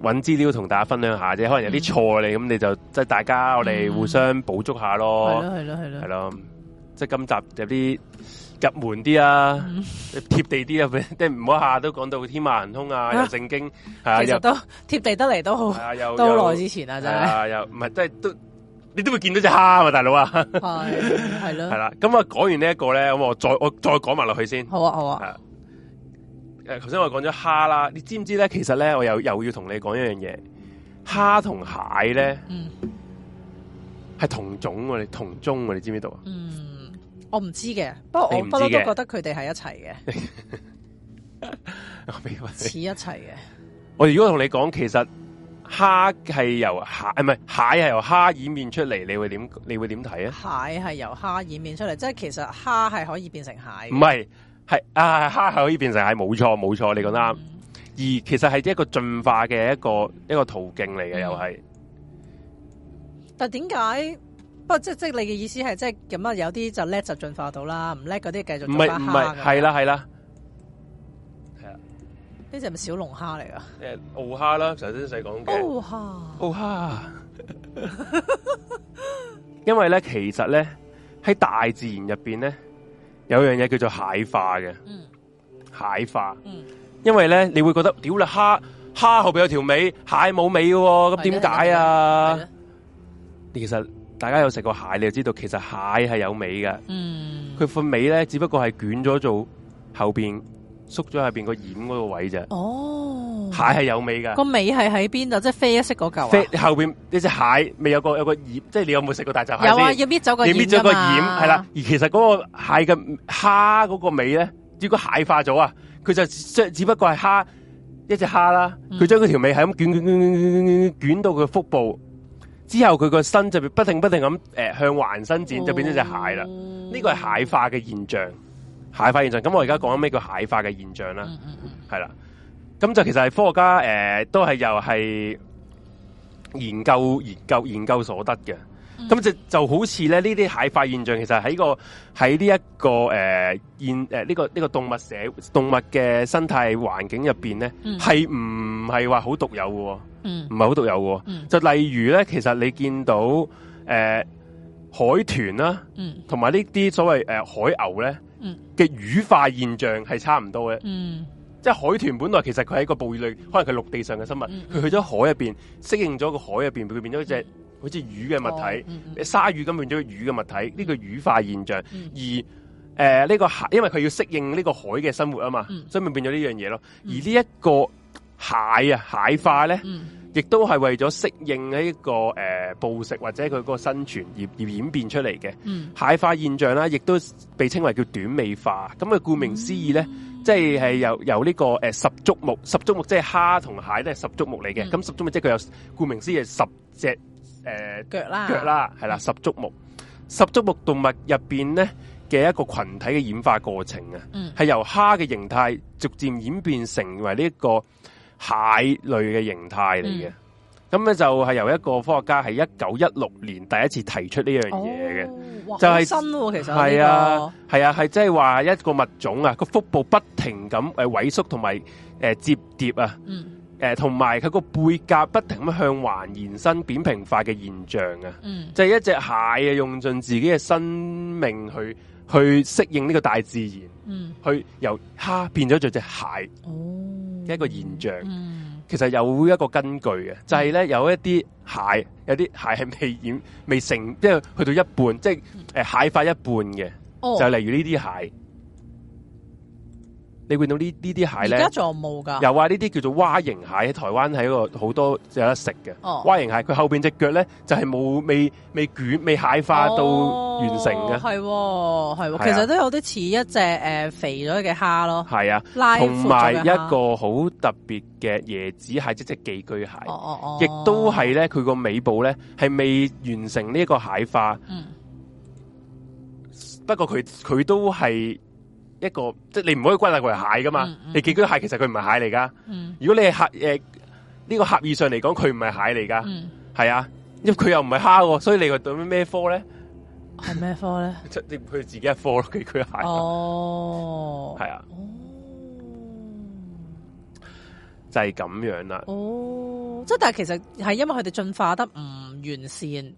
搵資料同大家分享下啫，可能有啲錯嚟，咁、嗯、你就即係、就是、大家我哋互相補足下咯。係咯係咯係咯，係、嗯、咯。即係、就是、今集有啲。入門啲啊，貼地啲啊，即係唔好一下都講到天馬行空啊，啊，又正經，係啊，又都貼地得嚟都好，又都好耐之前啊，真係、啊，又唔係即係都，你都會見到隻蝦啊，大佬啊，係係咯，係啦，咁 啊，講、嗯嗯、完呢、這、一個咧，咁我再我再講埋落去先，好啊好啊，誒，頭先我講咗蝦啦，你知唔知咧？其實咧，我又又要同你講一樣嘢，蝦同蟹咧，係、嗯、同種我哋同宗，你知唔知道啊？嗯。我唔知嘅，不過我不嬲都覺得佢哋係一齊嘅，不知道的 似一齊嘅。我如果同你講，其實蝦係由蟹，唔係蟹係由蝦演變出嚟，你會點？你會點睇啊？蟹係由蝦演變出嚟，即係其實蝦係可以變成蟹。唔係，係啊，蝦係可以變成蟹，冇錯冇錯，你講得啱、嗯。而其實係一個進化嘅一個一個途徑嚟嘅，又係。但點解？不過即係即係你嘅意思係即係咁啊？有啲就叻就進化到啦，唔叻嗰啲繼續做蝦唔係啦係啦，係啊！呢隻係咪小龍蝦嚟噶？誒，鰲蝦啦，頭先細講嘅。鰲蝦，鰲蝦。呃、oh, ha. Oh, ha. 因為咧，其實咧喺大自然入邊咧，有樣嘢叫做蟹化嘅。嗯、mm.，蟹化。Mm. 因為咧你會覺得，屌啦，蝦蝦後邊有條尾，蟹冇尾嘅，咁點解啊？其實。大家有食過蟹，你就知道其實蟹係有味嘅有尾嘅。嗯，佢塊尾咧，只不過係捲咗做後邊縮咗，後邊個掩嗰個位啫。哦，蟹係有尾噶，個尾係喺邊度？即係啡色嗰嚿。啡後邊，一隻蟹未有個有個掩？即係你有冇食過大閘蟹？有啊，要搣走個，你搣咗個掩係啦。而其實嗰個蟹嘅蝦嗰個尾咧，如果蟹化咗啊，佢就只只不過係蝦一隻蝦啦。佢將佢條尾係咁捲卷卷卷卷卷捲到佢腹部。之後佢個身就不停不停咁誒、呃、向環伸展，就變咗隻蟹啦。呢個係蟹化嘅現象，蟹化嘅現象。咁我而家講緊咩叫蟹化嘅現象啦？係 啦，咁就其實係科學家誒、呃、都係又係研究研究研究所得嘅。咁、嗯、就就好似咧，呢啲蟹化現象其實喺、這個喺呢一個誒呢、呃呃這個呢、這個動物社動物嘅生態環境入邊，咧，係唔係話好獨有嘅？嗯，唔係好獨有嘅、嗯嗯。就例如咧，其實你見到、呃、海豚啦、啊，同埋呢啲所謂、呃、海牛咧嘅魚化現象係差唔多嘅。嗯，即、就、係、是、海豚本來其實佢係個哺乳類，可能佢陸地上嘅生物，佢、嗯、去咗海入邊，適應咗個海入邊，佢變咗一隻。嗯好似魚嘅物體，哦嗯、鯊魚咁變咗魚嘅物體，呢、嗯這個魚化現象。嗯、而誒呢、呃這個蟹因為佢要適應呢個海嘅生活啊嘛、嗯，所以咪變咗呢樣嘢咯。嗯、而呢一個蟹啊，蟹化咧，亦都係為咗適應呢、這、一個誒捕、呃、食或者佢個生存而而演變出嚟嘅、嗯、蟹化現象啦、啊，亦都被稱為叫短尾化。咁、那、啊、個就是這個呃嗯，顧名思義咧，即係係由由呢個十足目十足目，即係蝦同蟹都係十足目嚟嘅。咁十足目即係佢有顧名思義十隻。誒、呃，腳啦，啦，腳啦，係啦，十足目，嗯、十足目動物入邊咧嘅一個群體嘅演化過程啊，係、嗯、由蝦嘅形態逐漸演變成為呢一個蟹類嘅形態嚟嘅。咁、嗯、咧就係由一個科學家喺一九一六年第一次提出呢樣嘢嘅，就係、是、喎，其實係、就是、啊，係啊，係即係話一個物種啊個腹部不停咁誒萎縮同埋誒折疊啊。嗯誒、呃，同埋佢個背甲不停咁向環延伸，扁平化嘅現象啊，即、嗯、係、就是、一隻蟹啊，用盡自己嘅生命去去適應呢個大自然，嗯、去由蝦、啊、變咗做隻蟹嘅一個現象、哦嗯。其實有一個根據嘅，就係、是、咧、嗯、有一啲蟹，有啲蟹係未演未成，即係去到一半，嗯、即係誒蟹化一半嘅、哦，就例如呢啲蟹。你見到呢呢啲蟹咧，而家仲冇噶？又話呢啲叫做蛙形蟹，喺台灣喺個好多有得食嘅。哦、蛙形蟹佢後邊隻腳咧，就係冇未未卷未蟹化到完成嘅。係、哦，係、哦哦啊，其實都有啲似一隻誒、呃、肥咗嘅蝦咯。係啊，拉闊嘅。同埋一個好特別嘅椰子蟹，即係寄居蟹，亦都係咧，佢個尾部咧係未完成呢一個蟹化。嗯、不過佢佢都係。一個即係你唔可以歸納佢為蟹噶嘛？嗯嗯、你寄居蟹其實佢唔係蟹嚟噶、嗯。如果你係客，誒、呃、呢、這個狹義上嚟講，佢唔係蟹嚟噶，係、嗯、啊。因為佢又唔係蝦，所以你話對咩科咧？係咩科咧？即係佢自己一科咯，寄居蟹。哦，係啊。哦，就係、是、咁樣啦、啊。哦，即係但係其實係因為佢哋進化得唔、嗯、完善。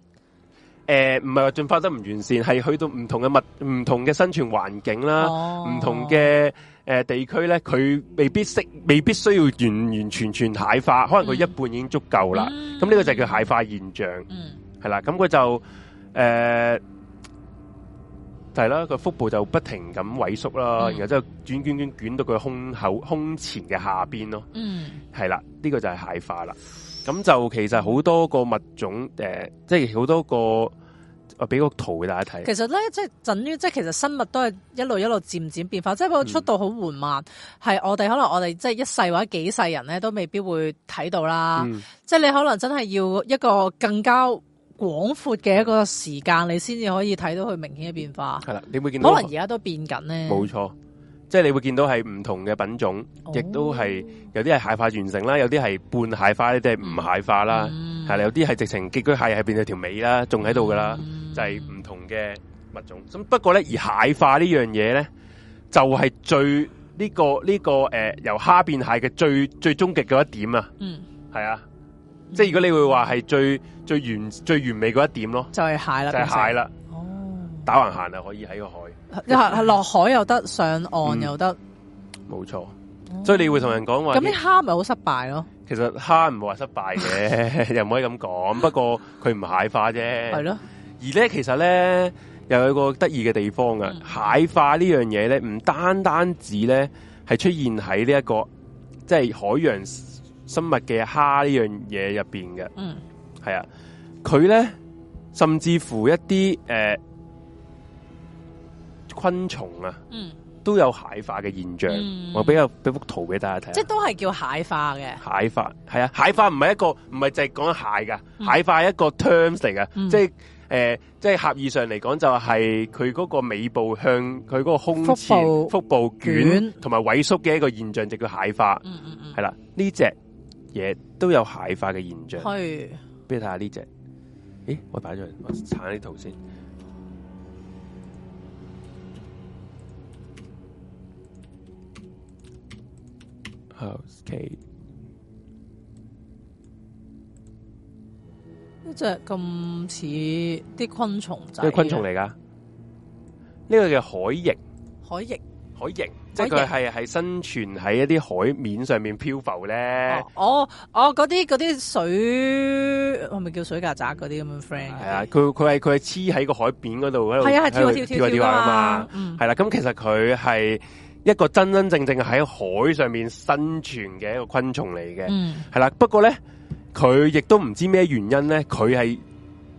誒、呃，唔係話進化得唔完善，係去到唔同嘅物，唔同嘅生存環境啦，唔、哦、同嘅誒、呃、地區咧，佢未必識，未必需要完完全全蟹化，可能佢一半已經足夠啦。咁、嗯、呢個就叫蟹化現象，係、嗯、啦。咁佢就誒，係、呃、啦，個腹部就不停咁萎縮啦、嗯，然後之後捲卷卷捲到佢胸口胸前嘅下邊咯。嗯，係啦，呢、這個就係蟹化啦。咁就其實好多個物種，誒、呃，即係好多個，我俾個圖大家睇。其實咧，即係等於即係，其實生物都係一路一路漸漸變化，即係個速度好緩慢，係、嗯、我哋可能我哋即係一世或者幾世人咧，都未必會睇到啦。嗯、即係你可能真係要一個更加廣闊嘅一個時間，你先至可以睇到佢明顯嘅變化。係、嗯、啦，你會見到，可能而家都變緊咧。冇錯。即係你會見到係唔同嘅品種，亦都係有啲係蟹化完成啦，有啲係半蟹化，即係唔蟹化啦，係、嗯、啦，有啲係直情寄居蟹係變咗條尾啦，仲喺度噶啦，就係、是、唔同嘅物種。咁不過咧，而蟹化呢樣嘢咧，就係、是、最呢、這個呢、這個誒、呃、由蝦變蟹嘅最最終極嘅一點啊。嗯，係啊，嗯、即係如果你會話係最最完最完美一點咯，就係、是、蟹啦，就係、是、蟹啦，哦、就是嗯，打橫行啊，可以喺個海。係係落海又得，上岸又得，冇、嗯、錯。所以你會同人講話，咁啲蝦咪好失敗咯？其實蝦唔會話失敗嘅， 又唔可以咁講。不過佢唔蟹化啫，係咯。而咧，其實咧又有一個得意嘅地方噶、嗯，蟹化呢樣嘢咧，唔單單止咧係出現喺呢一個即係、就是、海洋生物嘅蝦呢樣嘢入邊嘅。嗯，係啊，佢咧甚至乎一啲誒。呃昆蟲啊、嗯，都有蟹化嘅現象、嗯，我比較俾幅圖俾大家睇，即係都係叫蟹化嘅。蟹化係啊，蟹化唔係一個唔係淨係講蟹噶、嗯，蟹化係一個 terms 嚟噶、嗯，即係誒、呃，即係狹義上嚟講就係佢嗰個尾部向佢嗰個胸前腹部捲同埋萎縮嘅一個現象，就叫蟹化。嗯嗯，係啦，呢隻嘢都有蟹化嘅現象。去，俾你睇下呢隻？咦，我擺咗去，我鏟啲圖先。哦、oh, okay，呢一隻咁似啲昆蟲仔，即係昆蟲嚟㗎？呢、呢個叫海螢，海螢，海螢，即係佢係係生存喺一啲海面上面漂浮咧。哦哦，嗰啲啲水係咪叫水曱甴嗰啲咁樣？friend 係啊，佢佢係佢係黐喺個海邊嗰度喺度，係啊係跳跳跳啊嘛，係、嗯、啦。咁其實佢係。嗯一個真真正正喺海上面生存嘅一個昆蟲嚟嘅，係啦。不過咧，佢亦都唔知咩原因咧，佢係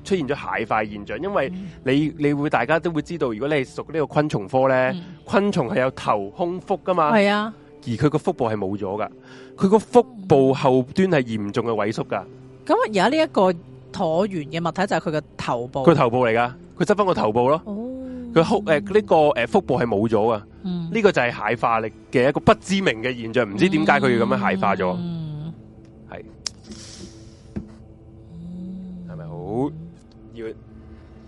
出現咗蟹化現象。因為你你會大家都會知道，如果你係熟呢個昆蟲科咧，昆蟲係有頭胸腹噶嘛，係啊。而佢個腹部係冇咗噶，佢個腹部後端係嚴重嘅萎縮噶。咁而家呢一個橢圓嘅物體就係佢嘅頭部，佢頭部嚟噶，佢執翻個頭部咯。哦佢腹誒呢個誒腹部係冇咗噶，呢、呃嗯呢個就係蟹化力嘅一個不知名嘅現象，唔知點解佢要咁樣蟹化咗，係係咪好要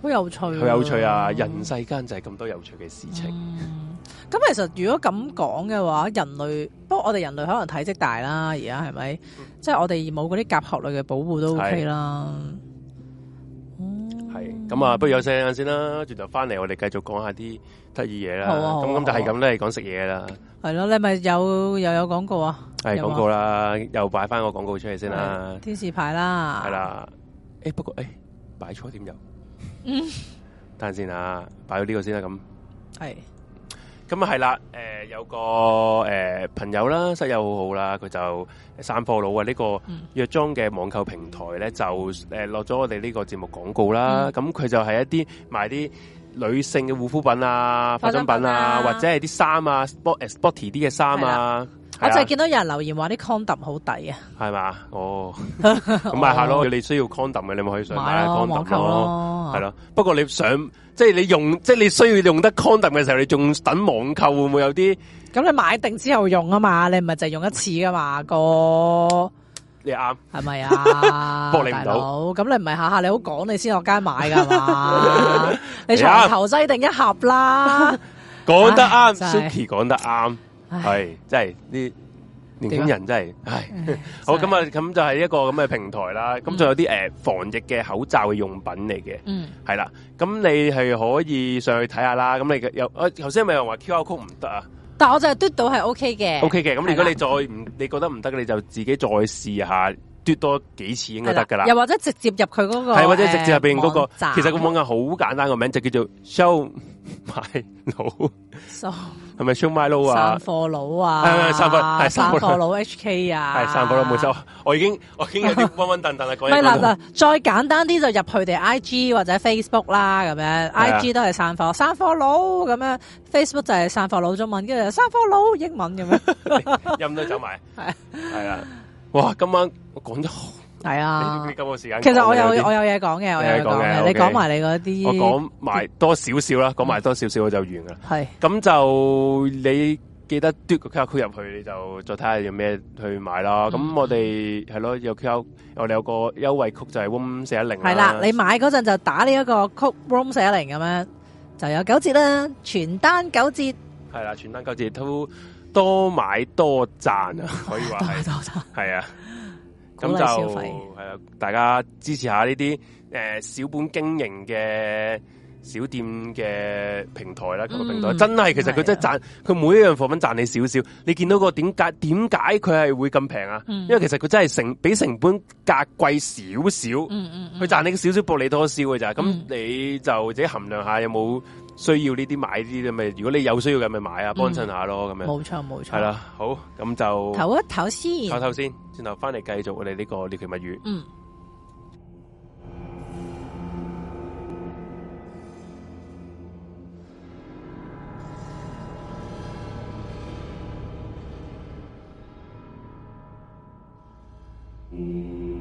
好有趣？好有趣啊，嗯！人世間就係咁多有趣嘅事情。咁、嗯 嗯、其實如果咁講嘅話，人類不過我哋人類可能體積大啦，而家係咪？即係我哋冇嗰啲甲殼類嘅保護都 OK 啦。嗯嗯咁、嗯、啊，啊，不如休息一陣先啦，轉頭翻嚟我哋繼續講下啲得意嘢啦。咁咁就係咁啦，係講食嘢啦。係咯，你係咪有又有廣告啊？係廣告啦，又擺翻個廣告出嚟先啦。天使牌啦。係啦，誒、欸，不過誒，擺錯點又？嗯，等陣先啊，擺到呢個先啦，咁係。咁、嗯、啊，係啦，誒、呃、有個誒、呃、朋友啦，室友好好啦，佢就散貨佬啊，呢、這個藥妝嘅網購平台咧就、呃、落咗我哋呢個節目廣告啦。咁、嗯、佢、嗯、就係一啲賣啲女性嘅護膚品啊、化妝品、啊、品啊，或者係啲衫啊，sport sporty 啲嘅衫啊。啊、我就係見到有人留言話啲 condom 好抵啊，係、oh. 嘛、 就是？哦，咁咪下咯。你需要 condom 嘅，你咪可以上買、 啊、condom 咯，係咯、 啊。不過你上即係你用，即、就、係、是、你需要用得 condom 嘅時候，你仲等網購會唔會有啲？咁你買定之後用啊嘛，你唔係就用一次噶嘛，個 yeah. 是是啊、 哥。你啱係咪啊？搏你唔到，咁你唔係下下你好講你先落街買噶嘛？你重 頭西定一盒啦、yeah. 得對。講、 哎、得啱，Suki 講得啱。係，即係啲年輕人真係，唉，嗯、 好咁啊，咁就係一個咁嘅平台啦。咁、嗯、仲有啲誒、呃、防疫嘅口罩嘅用品嚟嘅，嗯，係啦。咁你係可以上去睇下啦。咁你又，我頭先咪有話 Q R code 唔得啊？但係我就係嘟到係 O K 嘅，O K 嘅。咁、okay、如果你再唔你覺得唔得嘅，你就自己再試下嘟多幾次應該得噶啦。又或者直接入佢嗰、那個，係或者直接入邊嗰、那個、呃，其實個網站好簡單，個名就叫做 Show My n 係咪 Super 炒米佬啊，啊，啊，啊，啊？散貨佬啊，啊！散貨佬 H K 啊！係散貨佬冇錯，啊啊啊啊，我已經我已經有啲溫溫頓頓啦。係 啦啦，再簡單啲就入佢哋 I G 或者 Facebook 啦，咁樣 I G 都係散貨佬，散貨佬，咁樣 Facebook 就係散貨佬中文，跟住就散貨佬英文咁樣， 音都走埋。係 係啊！哇，今晚我講咗好係啊時，其實我有我有嘢講嘅，我有嘢講嘅，你講埋你嗰啲，okay，我講埋多少少啦，講埋多少少我就完噶啦。係，咁就你記得嘟個 QR code 入去，你就再睇下有咩去買啦。咁、嗯、我哋係咯，有有我哋有個優惠曲就係 room 四一零啦。係啦，你買嗰陣就打呢一個曲 room 四一零咁樣，就有九折啦，全單九折。係啦，全單九折都多買多賺啊，可以話係。 多買多賺。係啊。咁就係大家支持下呢啲誒小本經營嘅小店嘅平台啦，個、嗯、平台、嗯、真係、嗯、其實佢真係賺佢、嗯、每一樣貨品賺你少少，你見到個點解點解佢係會咁平啊？因為其實佢真係成比成本價貴少少，嗯嗯，佢賺你少少薄利多銷嘅咋，咁、嗯嗯、你就自己衡量下有冇。需要呢啲買啲咁咪，如果你有需要嘅咪買啊，幫襯下咯，咁、嗯、樣錯。冇錯冇錯。係啦，好，咁就。唞一唞先。唞唞先，轉頭翻嚟繼續我哋呢個獵奇物語嗯。嗯。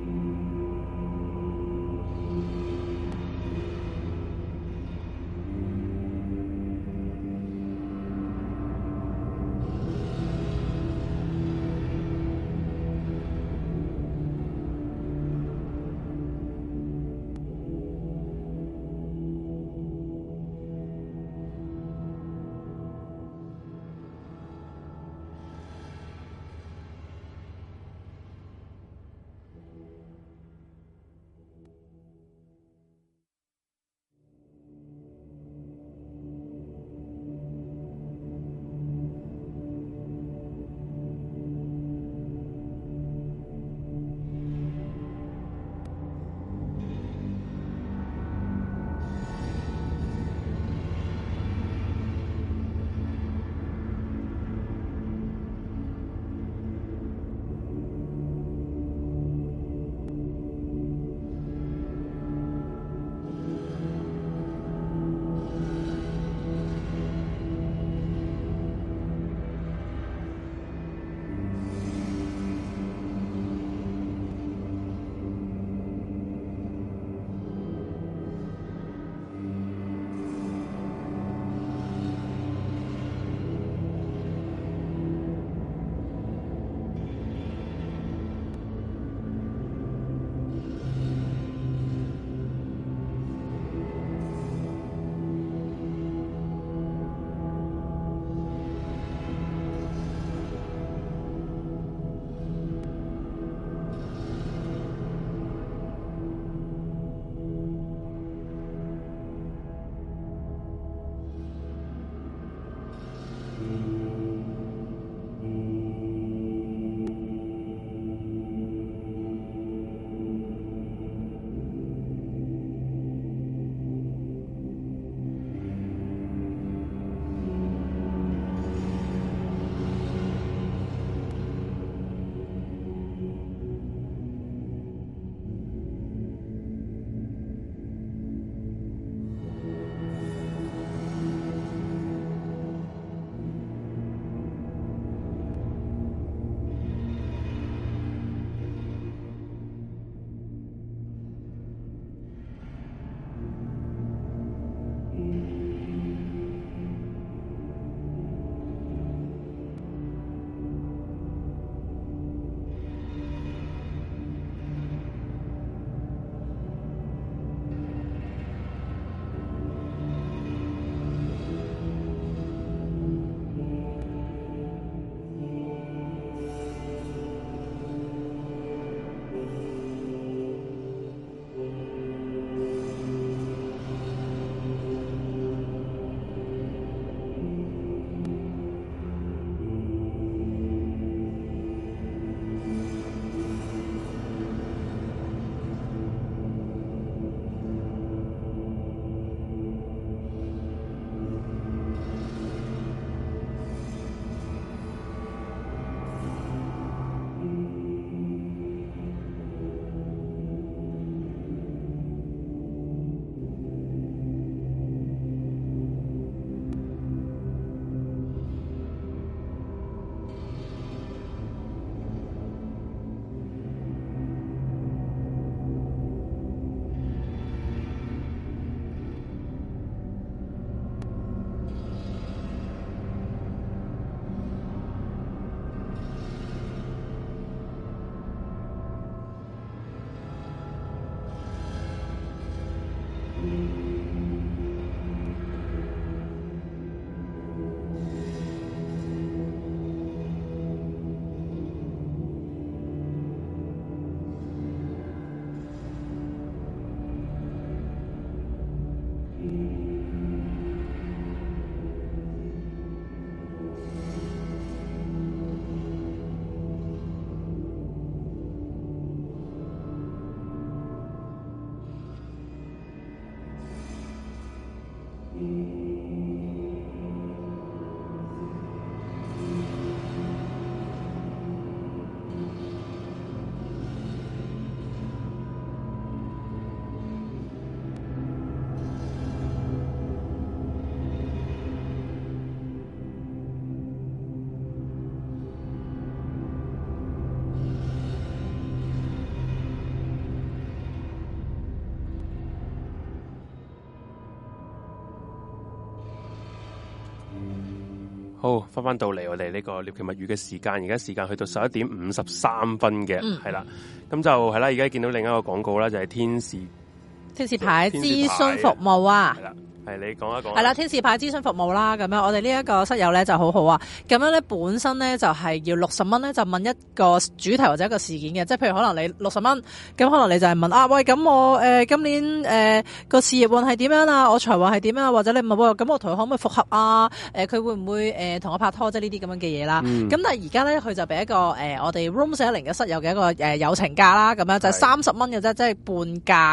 好，翻翻到嚟我哋呢個獵奇物語嘅時間，而家時間去到十一點五十三分嘅，係、嗯、啦，咁就係啦。而家見到另一個廣告啦，就係、是、天使》。《天使牌諮詢服務啊。係啦。係你講一個，係啦，天使派諮詢服務啦，咁樣我哋呢一個室友咧就好好啊，咁樣咧本身咧就係要六十蚊咧就問一個主題或者一個事件嘅，即係譬如可能你六十蚊，咁可能你就係問啊喂，咁我誒、呃、今年誒、呃、個事業運係點樣啊，我財運係點樣啊，或者你問咁我同佢可唔可以復合啊？誒、呃，佢會唔會誒同、呃、我拍拖即係呢啲咁樣嘅嘢啦？咁、嗯、但係而家咧佢就俾一個誒、呃、我哋 room 四一零嘅室友嘅一個誒友、呃、情價啦，咁樣就係三十蚊嘅啫，即係半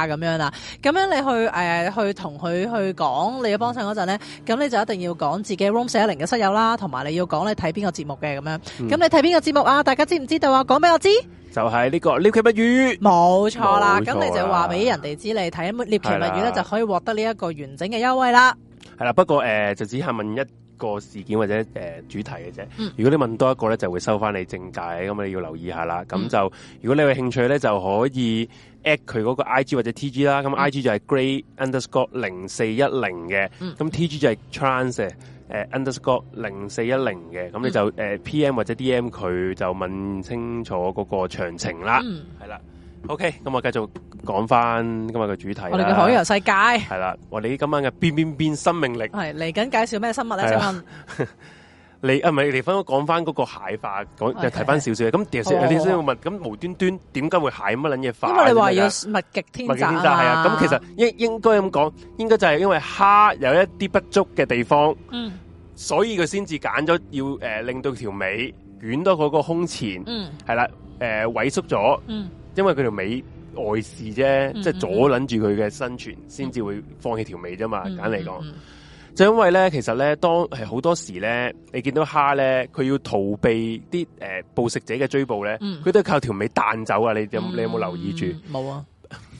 價咁樣啦。咁樣你去誒、呃、去同佢去講。你要幫襯嗰陣咧，咁你就一定要講自己 room 四一零嘅室友啦，同埋你要講你睇邊個節目嘅咁樣。咁、嗯、你睇邊個節目啊？大家知唔知道啊？講俾我知。就係、是、呢、這個《獵奇物語》。冇錯啦，咁你就話俾人哋知你睇《一獵奇物語》咧，就可以獲得呢一個完整嘅優惠啦。係啦，不過誒、呃，就只係問一。個事件或者、呃、主題嘅啫。如果你問多一個咧，就會收翻你正解，咁你要留意一下啦。咁就如果你有興趣咧，就可以 at 佢嗰個 IG 或者 TG 啦。咁 IG 就係 grey underscore 零四一零嘅，咁 TG 就係 trans 嘅、呃、underscore 零四一零嘅。咁你就、呃、PM 或者 DM 佢，就問清楚嗰個詳情啦。係、嗯、啦。O K，咁我繼續講翻今日嘅主題我哋嘅海洋世界係啦，我哋今晚嘅變變變，生命力係嚟緊介紹咩生物咧？請問 你啊，咪係離婚都講翻嗰個蟹化，講又睇翻少少咁，其先要問，咁無端端點解會蟹乜撚嘢化？因為你話要物競天、物競天擇係啊。咁其實應應該咁講，應該就係因為蝦有一啲不足嘅地方，嗯，所以佢先至揀咗要誒，令到條尾捲到嗰個胸前，嗯，係啦，誒，萎縮咗，嗯。因為佢條尾礙事啫，嗯嗯嗯嗯，即係阻捻住佢嘅生存，先至會放棄條尾啫嘛。簡嚟講，就因為咧，其實咧，當係好多時咧，你見到蝦咧，佢要逃避啲誒捕食者嘅追捕咧，佢、嗯嗯嗯、都係靠條尾彈走啊！你有你有冇留意住？冇、嗯嗯嗯嗯、啊。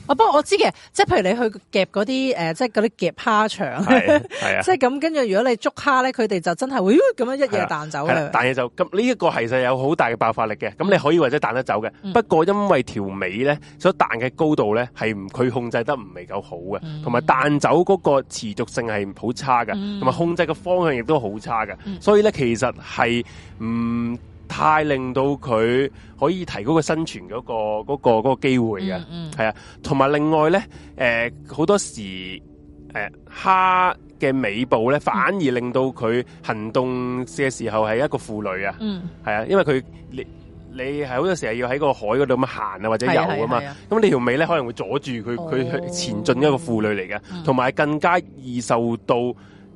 啊！不過我知嘅，即係譬如你去夾嗰啲呃，即係嗰啲夾蝦場，係啊，即係咁。跟住如果你捉蝦咧，佢哋就真係會咁樣、呃、一夜彈走啦。但係就咁呢一個其實有好大嘅爆發力嘅。咁你可以或者彈得走嘅。不過因為條尾咧所彈嘅高度咧係佢控制得唔係夠好嘅，同埋彈走嗰個持續性係好差嘅，同埋控制嘅方向亦都好差嘅。所以咧其實係唔。嗯太令到佢可以提高個生存嗰、那個、那個、那個機會嘅，係、嗯嗯、啊，同埋另外咧，誒、呃、好多時，誒蝦嘅尾部咧，反而令到佢行動嘅時候係一個負累啊，係、嗯、啊，因為佢你你係好多時係要喺個海嗰度咁行啊或者游啊嘛，咁你條尾咧可能會阻住佢佢前進一個負累嚟嘅，同、嗯、埋更加易受到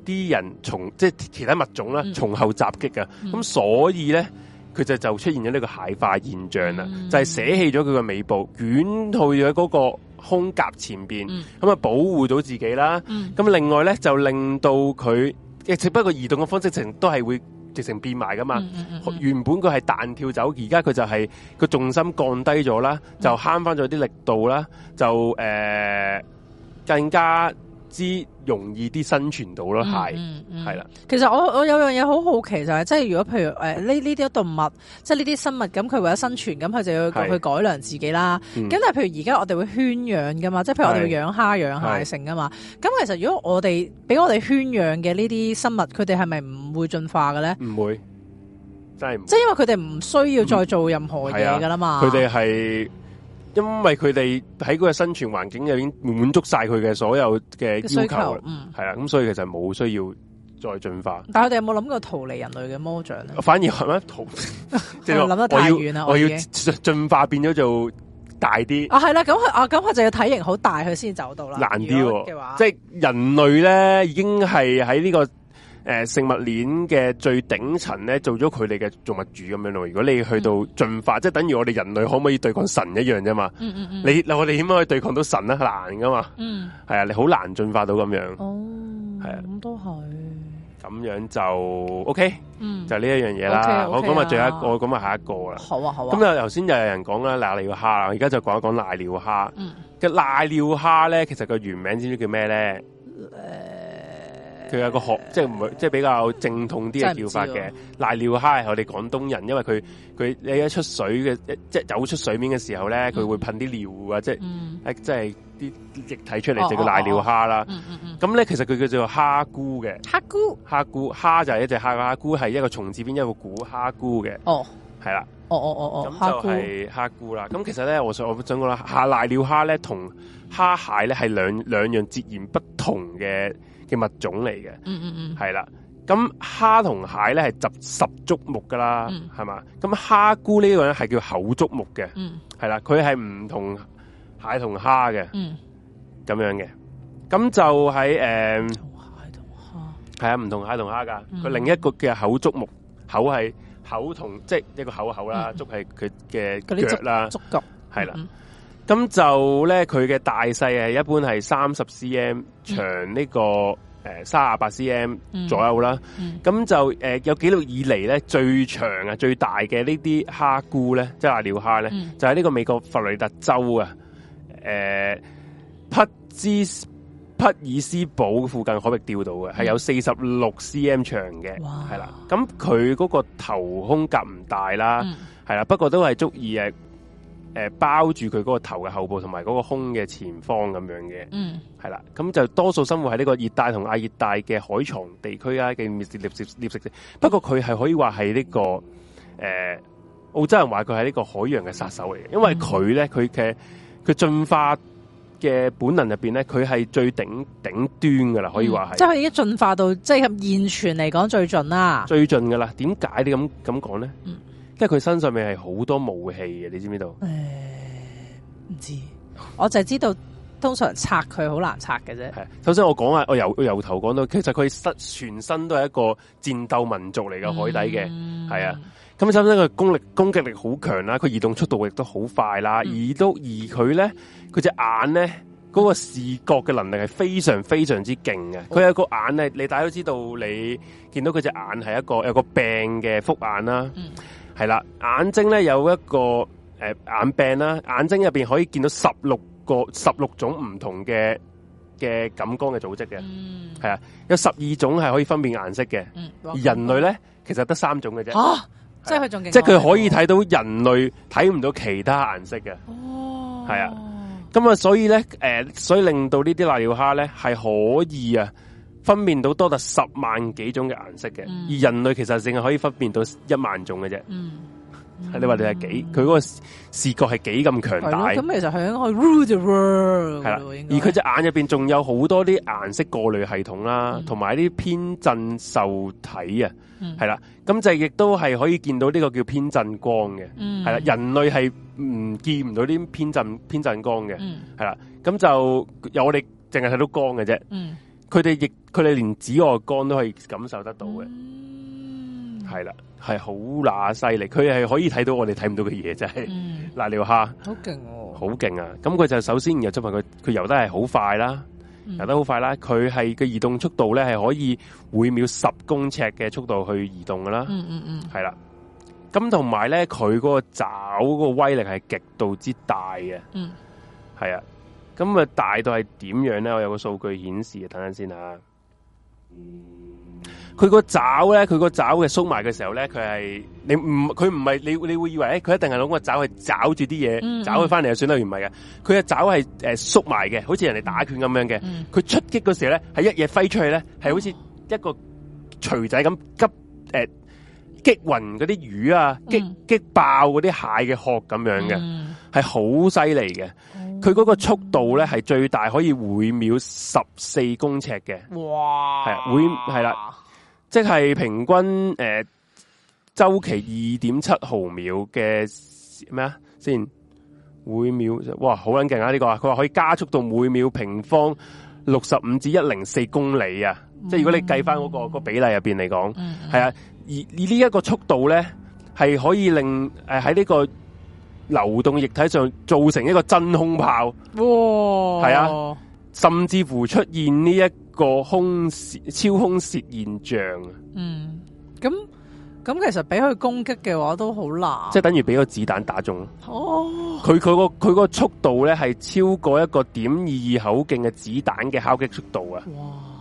啲人從即係其他物種啦從後襲擊㗎。咁、嗯嗯、所以咧。佢就就出現咗呢個蟹化現象啦，就係捨棄咗佢個尾部，捲套咗嗰個胸甲前邊，咁啊保護到自己啦。咁、嗯、另外咧，就令到佢，亦只不過移動嘅方式都成都係會直情變埋噶嘛。嗯嗯嗯嗯，原本佢係彈跳走，而家佢就係個重心降低咗啦，就慳翻咗啲力度啦，就誒、呃、更加。之容易啲生存到咯，係係啦。嗯嗯嗯、其實我我有一樣嘢好好奇就係，即係如果譬如誒呢呢啲動物，即係呢啲生物，咁佢為咗生存，咁佢就要去，去改良自己啦。咁、嗯、但係譬如而家我哋會圈養噶嘛，即係譬如我哋會養蝦、養蟹成噶嘛。咁其實如果我哋俾我哋圈養嘅呢啲生物，佢哋係咪唔會進化嘅咧？唔會，真係唔會，即係因為佢哋唔需要再做任何嘢噶啦嘛、嗯。佢哋係。因為佢哋喺嗰個生存環境入面已經滿足晒佢嘅所有嘅要求，係啊，咁、嗯、所以其實冇需要再進化。但係佢哋有冇諗過逃離人類嘅魔掌咧？反而係咩？逃，諗得太遠啦！我要進化變咗做大啲啊，係啦，咁佢啊，咁佢就要體型好大，佢先走到啦難啲嘅話，即係人類咧，已經係喺呢個。誒、呃，食物鏈嘅最頂層咧，做咗佢哋嘅造物主咁樣咯。如果你去到進化，嗯、即係等於我哋人類可唔可以對抗神一樣啫嘛。嗯，嗯，嗯，你嗱我哋點可以對抗到神咧、啊？難噶嘛。嗯。係啊，你好難進化到咁樣。哦。係啊。咁都係。咁樣就 OK。嗯。就呢一樣嘢啦。好、okay, okay 啊，咁啊，下一個，咁啊，下一個啦。好啊，好啊。咁啊，頭先就有人講啦，瀨尿蝦，而家就講一講瀨尿蝦。嗯。嘅瀨尿蝦咧，其實個原名知唔知叫咩咧？佢有個學，yeah, okay. 即係唔會，即係比較正統啲嘅叫法嘅。瀨、啊、尿蝦係我哋廣東人，因為佢佢喺一出水嘅，即係走出水面嘅時候咧，佢會噴啲尿啊、嗯，即係、嗯、即係啲液體出嚟，就叫瀨尿蝦啦。咁、oh, 咧、oh, oh. 嗯，其實佢叫做蝦蛄嘅。蝦、嗯、蛄、嗯嗯，蝦蛄，蝦就係一隻蝦，個蝦蛄係一個蟲字邊一個古，蝦蛄嘅。哦、oh.，係啦。哦哦哦哦。咁就係蝦蛄啦。咁、嗯、其實咧，我想我想講啦，蝦瀨尿蝦咧，同蝦蟹咧係兩兩樣截然不同嘅。嘅物種嚟嘅，係、嗯嗯、啦，咁、嗯、蝦、嗯、同蟹咧係集十足目噶啦，係、嗯、嘛，咁蝦蛄呢個咧係叫口足目嘅，係啦、就是，佢係唔同蟹同蝦嘅，咁樣嘅，咁就喺誒，係啊，唔同蟹同蝦噶，佢另一個嘅口足目口係口同，即、就、係、是、一個口口啦，足係佢嘅腳啦，足腳係啦。咁就咧，佢嘅大細係一般係三十 cm 長呢個誒，三十八 cm 左右啦。咁、嗯嗯、就誒、呃，有紀錄以嚟咧最長啊最大嘅呢啲蝦菇咧，即係瀨尿蝦咧，就喺、是、呢個美國佛羅里達州啊，誒、呃，匹茲匹爾斯堡附近海域釣到嘅，係、嗯、有四十六 cm 長嘅，係啦。咁佢嗰個頭胸格唔大啦，係、嗯、啦，不過都係足以誒。誒，包住佢嗰個頭嘅後部，同埋嗰個胸嘅前方咁樣嘅、嗯，係啦，咁就多數生活喺呢個熱帶同亞熱帶嘅海床地區啊嘅獵獵食者。不過佢係可以話係呢個，誒、呃，澳洲人話佢係呢個海洋嘅殺手嚟嘅，因為佢咧，佢嘅佢進化嘅本能入邊咧，佢係最頂頂端噶啦，可以話係。即係佢已經進化到即係現存嚟講最盡啦，最盡噶啦。點解你咁咁講咧？因為佢身上面係好多武器嘅，你知唔知道？誒、嗯，唔知道，我就知道通常拆佢好難拆嘅啫。係，首先我講下，我由由頭講到，其實佢身全身都係一個戰鬥民族嚟嘅海底嘅，係、嗯、啊。咁首先佢攻力攻擊力好強啦，佢移動速度亦都好快啦、嗯，而都而佢咧，佢隻眼咧，嗰、嗯，那個視覺嘅能力係非常非常之勁嘅。佢、哦、有一個眼係，你大家都知道，你見到佢隻眼係一個有一個病嘅複眼啦。嗯係、呃、啦，眼睛咧有一個誒眼病啦，眼睛入邊可以見到十六個十六種唔同嘅嘅感光嘅組織嘅，係、嗯、啊，有十二種係可以分辨顏色嘅。嗯、而人類咧其實得三種嘅啫、啊，即係佢仲，即係佢可以睇到人類睇唔到其他顏色嘅，哦，係啊，咁啊，所以咧，誒、呃，所以令到辣蝦呢啲瀨尿蝦咧係可以啊。分辨到多達十萬幾種嘅顏色嘅、嗯，而人類其實淨係可以分辨到一萬種嘅啫、嗯。嗯，你話你係幾？佢嗰個視覺係幾咁強大、嗯？咁其實係一個 root 嘅喎，係啦，而佢隻眼入邊仲有好多啲顏色過濾系統啦，同埋啲偏振受體啊、嗯，係啦，咁就亦都係可以見到呢個叫偏振光嘅，係啦。人類係唔見唔到啲偏振偏振光嘅、嗯，係啦。咁就有我哋淨係睇到光嘅啫。嗯。佢哋亦，佢哋連紫外光都可以感受得到嘅、嗯，係啦，係好乸犀利，佢係可以睇到我哋睇唔到嘅嘢啫。嗱、嗯啊，你話下，好勁哦，好勁啊！咁佢就首先又因為佢，佢游得係好快啦、嗯，游得好快啦，佢係嘅移動速度咧係可以每秒十公尺嘅速度去移動噶啦，嗯嗯嗯，係、嗯、啦。咁同埋咧，佢嗰個爪嗰個威力係極度之大嘅，嗯，係啊。咁啊，大到係點樣咧？我有個數據顯示，等陣先嚇。佢個爪咧，佢個爪嘅縮埋嘅時候咧，佢係你唔佢唔係你你會以為誒，佢一定係攞個爪去、嗯嗯、爪住啲嘢，爪佢翻嚟就算得完唔係嘅。佢嘅爪係縮埋嘅，好似人哋打拳咁樣嘅。佢、嗯、出擊嘅時候咧，係一嘢揮出去咧，係好似一個鎚仔咁急、呃激暈嗰啲魚啊，激激爆嗰啲蟹嘅殼咁樣嘅，係好犀利嘅。佢嗰、嗯、個速度咧係最大可以每秒十四公尺嘅，哇！係啊，每係啦、啊，即係平均誒周、呃、期二點七毫秒嘅咩啊？先每秒哇，好捻勁啊！呢個啊，佢話可以加速到每秒平方六十五至一零四公里啊！嗯、即係如果你計翻嗰個、那個比例入邊嚟講，係、嗯、啊。而以呢一個速度咧，係可以令誒喺呢個流動液體上造成一個真空炮。哇！係啊，甚至乎出現呢一個空超空蝕現象。嗯，咁咁其實俾佢攻擊嘅話都好難，即係等於俾個子彈打中。哦，佢佢個佢個速度咧係超過一個點二二口徑嘅子彈嘅敲擊速度啊！哇！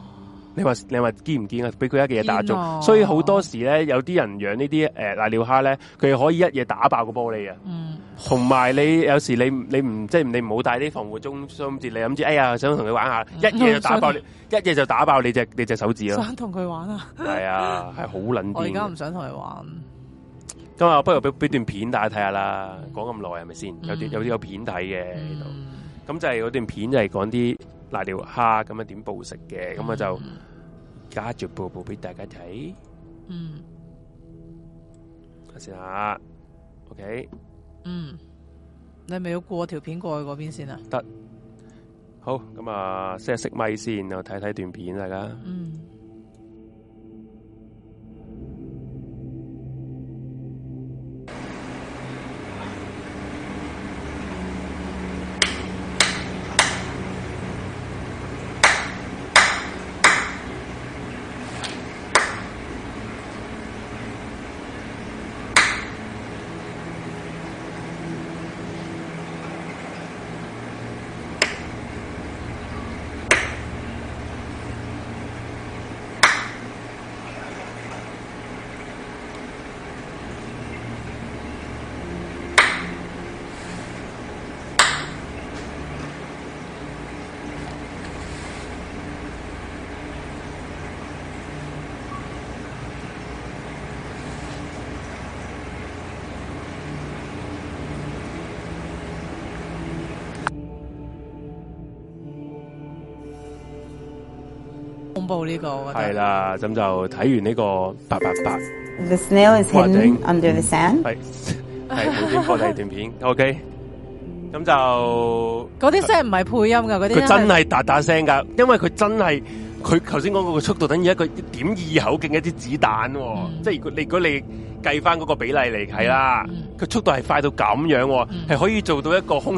你話你話堅唔堅啊？俾佢一嘢打中，啊、所以好多時咧，有啲人養、呃、呢啲誒瀨尿蝦咧，佢可以一嘢打爆個玻璃啊！嗯，同埋你有時你你唔即係你唔好帶啲防護中心住，所以你諗住哎呀想同佢玩下，一嘢就打爆，一嘢就打爆你隻、嗯、你隻、嗯、手指咯。想同佢玩啊？係啊，係好撚癲。我而家唔想同佢玩。咁啊，不如俾俾段片大家睇下啦。講咁耐係咪先？有啲有有片睇嘅，呢、嗯、度。咁就係嗰段片就係講啲。瀨尿蝦咁樣點捕食嘅，咁啊就加住部部俾大家睇。嗯，睇、嗯、先啊，OK。嗯，你咪要過條片過去嗰邊先啊。得，好，咁啊，先係熄咪先，然後睇睇段片，大家。嗯。呢、這個係啦，咁就睇完呢個八八八。The snail is hidden under the sand。係係頭先播嚟段片。OK，咁就嗰啲真係唔係配音噶，啲佢真係噠噠聲噶，因為佢真係佢頭先講個速度，等於一個點二口徑一支子彈，哦，mm -hmm. 即係如果你如果你計翻嗰個比例嚟，睇啦，佢速度係快到咁樣，哦，係、mm -hmm. 可以做到一個空。